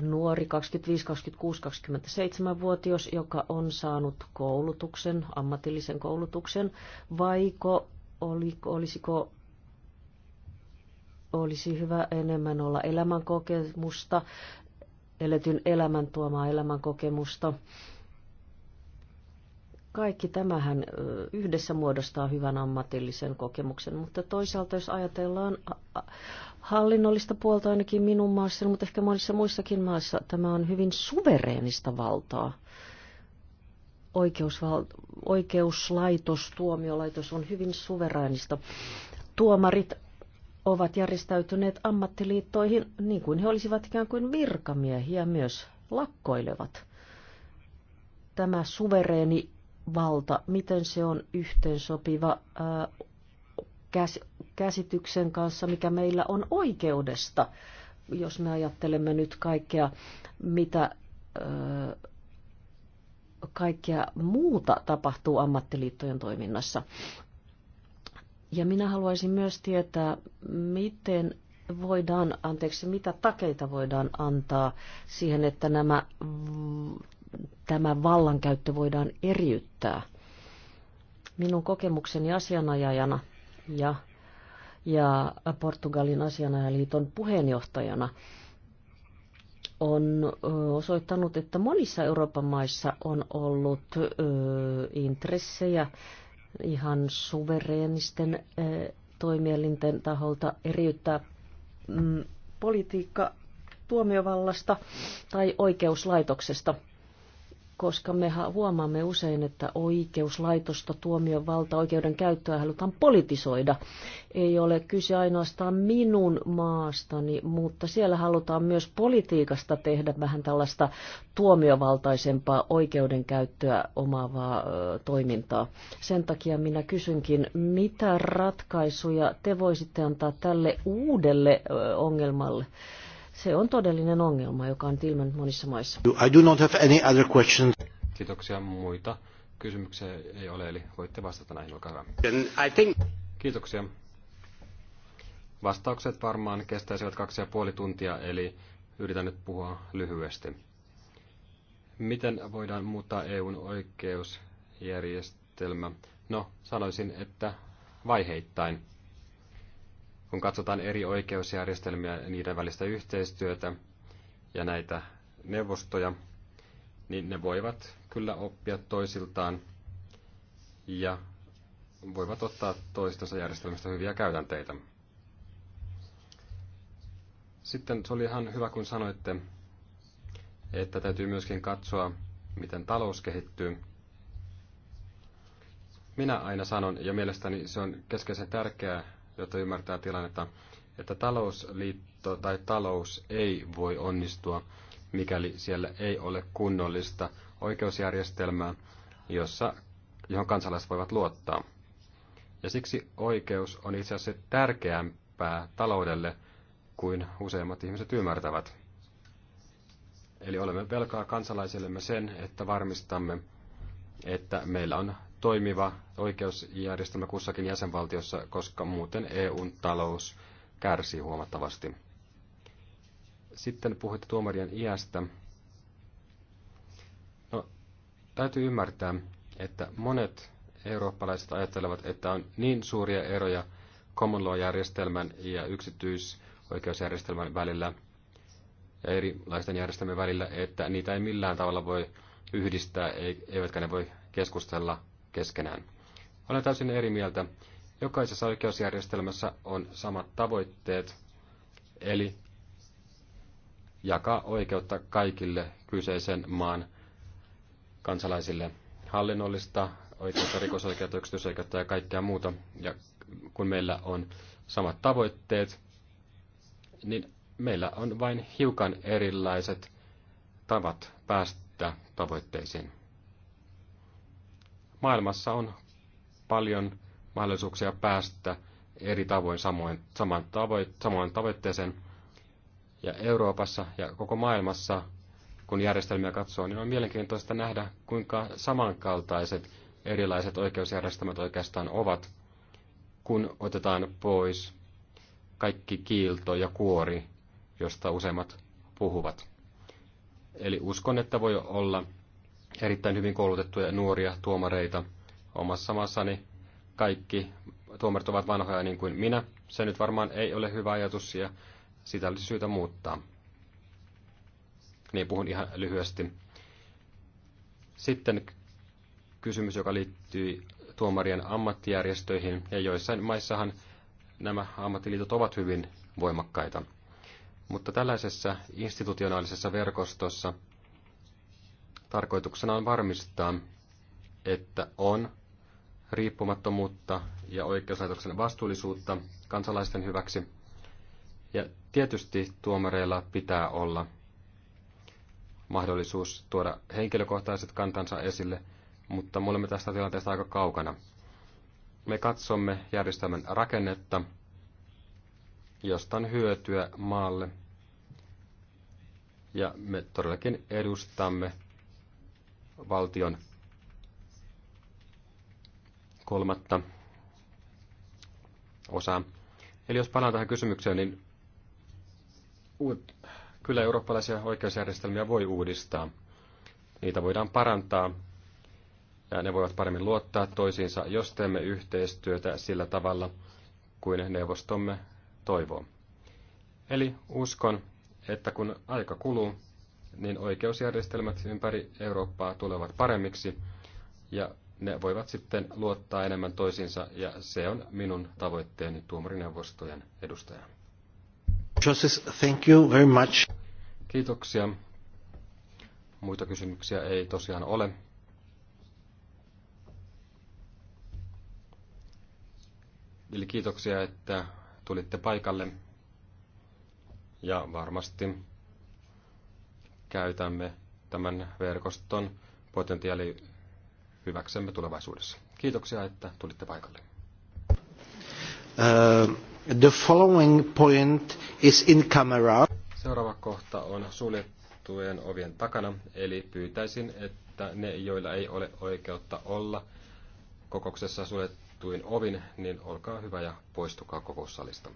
nuori 25, 26, 27-vuotias, joka on saanut koulutuksen, ammatillisen koulutuksen, vaiko oliko, olisiko olisi hyvä enemmän olla elämänkokemusta, eletyn elämän tuomaa elämänkokemusta. Kaikki tämähän yhdessä muodostaa hyvän ammatillisen kokemuksen, mutta toisaalta jos ajatellaan hallinnollista puolta ainakin minun maassani, mutta ehkä monissa muissakin maissa tämä on hyvin suvereenista valtaa. Oikeusval- oikeuslaitos, tuomiolaitos on hyvin suvereenista. Tuomarit ovat järjestäytyneet ammattiliittoihin niin kuin he olisivat ikään kuin virkamiehiä myös lakkoilevat. Tämä suvereeni valta, miten se on yhteensopiva ää, käs, käsityksen kanssa, mikä meillä on oikeudesta, jos me ajattelemme nyt kaikkea, mitä kaikkea muuta tapahtuu ammattiliittojen toiminnassa. Ja minä haluaisin myös tietää, miten voidaan, anteeksi, mitä takeita voidaan antaa siihen, että nämä, tämä vallankäyttö voidaan eriyttää. Minun kokemukseni asianajajana ja ja Portugalin asianajaliiton puheenjohtajana on osoittanut, että monissa Euroopan maissa on ollut ö, intressejä ihan suvereenisten ö, toimielinten taholta eriyttää mm, politiikka tuomiovallasta tai oikeuslaitoksesta – koska me huomaamme usein, että oikeuslaitosta, tuomion valta, oikeuden käyttöä halutaan politisoida. Ei ole kyse ainoastaan minun maastani, mutta siellä halutaan myös politiikasta tehdä vähän tällaista tuomiovaltaisempaa oikeudenkäyttöä omaavaa toimintaa. Sen takia minä kysynkin, mitä ratkaisuja te voisitte antaa tälle uudelle ongelmalle? Se on todellinen ongelma, joka on ilmennyt monissa maissa. I do not have any other questions. Kiitoksia muita. Kysymyksiä ei ole, eli voitte vastata näihin, olkaa hyvä. I think... Kiitoksia. Vastaukset varmaan kestäisivät kaksi ja puoli tuntia, eli yritän nyt puhua lyhyesti. Miten voidaan muuttaa EUn oikeusjärjestelmä? No, sanoisin, että vaiheittain kun katsotaan eri oikeusjärjestelmiä ja niiden välistä yhteistyötä ja näitä neuvostoja, niin ne voivat kyllä oppia toisiltaan ja voivat ottaa toistensa järjestelmistä hyviä käytänteitä. Sitten se oli ihan hyvä, kun sanoitte, että täytyy myöskin katsoa, miten talous kehittyy. Minä aina sanon, ja mielestäni se on keskeisen tärkeää, jotta ymmärtää tilannetta, että talousliitto tai talous ei voi onnistua, mikäli siellä ei ole kunnollista oikeusjärjestelmää, jossa, johon kansalaiset voivat luottaa. Ja siksi oikeus on itse asiassa tärkeämpää taloudelle kuin useimmat ihmiset ymmärtävät. Eli olemme velkaa kansalaisillemme sen, että varmistamme, että meillä on toimiva oikeusjärjestelmä kussakin jäsenvaltiossa, koska muuten EUn talous kärsii huomattavasti. Sitten puhuitte tuomarien iästä. No, täytyy ymmärtää, että monet eurooppalaiset ajattelevat, että on niin suuria eroja common law-järjestelmän ja yksityisoikeusjärjestelmän välillä ja erilaisten järjestelmien välillä, että niitä ei millään tavalla voi yhdistää, eivätkä ne voi keskustella keskenään. Olen täysin eri mieltä. Jokaisessa oikeusjärjestelmässä on samat tavoitteet, eli jakaa oikeutta kaikille kyseisen maan kansalaisille hallinnollista oikeutta, rikosoikeutta, yksityisoikeutta ja kaikkea muuta. Ja kun meillä on samat tavoitteet, niin meillä on vain hiukan erilaiset tavat päästä tavoitteisiin maailmassa on paljon mahdollisuuksia päästä eri tavoin samoin, saman tavo, samoin tavoitteeseen. Ja Euroopassa ja koko maailmassa, kun järjestelmiä katsoo, niin on mielenkiintoista nähdä, kuinka samankaltaiset erilaiset oikeusjärjestelmät oikeastaan ovat, kun otetaan pois kaikki kiilto ja kuori, josta useimmat puhuvat. Eli uskon, että voi olla erittäin hyvin koulutettuja nuoria tuomareita omassa maassani. Kaikki tuomarit ovat vanhoja niin kuin minä. Se nyt varmaan ei ole hyvä ajatus ja sitä olisi syytä muuttaa. Niin puhun ihan lyhyesti. Sitten kysymys, joka liittyy tuomarien ammattijärjestöihin, ja joissain maissahan nämä ammattiliitot ovat hyvin voimakkaita. Mutta tällaisessa institutionaalisessa verkostossa Tarkoituksena on varmistaa, että on riippumattomuutta ja oikeuslaitoksen vastuullisuutta kansalaisten hyväksi. Ja tietysti tuomareilla pitää olla mahdollisuus tuoda henkilökohtaiset kantansa esille, mutta me olemme tästä tilanteesta aika kaukana. Me katsomme järjestelmän rakennetta, josta on hyötyä maalle, ja me todellakin edustamme valtion. Kolmatta osaa. Eli jos palaan tähän kysymykseen, niin kyllä eurooppalaisia oikeusjärjestelmiä voi uudistaa. Niitä voidaan parantaa ja ne voivat paremmin luottaa toisiinsa, jos teemme yhteistyötä sillä tavalla kuin neuvostomme toivoo. Eli uskon, että kun aika kuluu, niin oikeusjärjestelmät ympäri Eurooppaa tulevat paremmiksi ja ne voivat sitten luottaa enemmän toisiinsa ja se on minun tavoitteeni tuomarineuvostojen edustaja. Joseph, thank you very much. Kiitoksia. Muita kysymyksiä ei tosiaan ole. Eli kiitoksia, että tulitte paikalle. Ja varmasti käytämme tämän verkoston potentiaali hyväksemme tulevaisuudessa. Kiitoksia, että tulitte paikalle. Uh, the following point is in camera. Seuraava kohta on suljettujen ovien takana, eli pyytäisin, että ne, joilla ei ole oikeutta olla kokouksessa suljettuin ovin, niin olkaa hyvä ja poistukaa kokoussalista.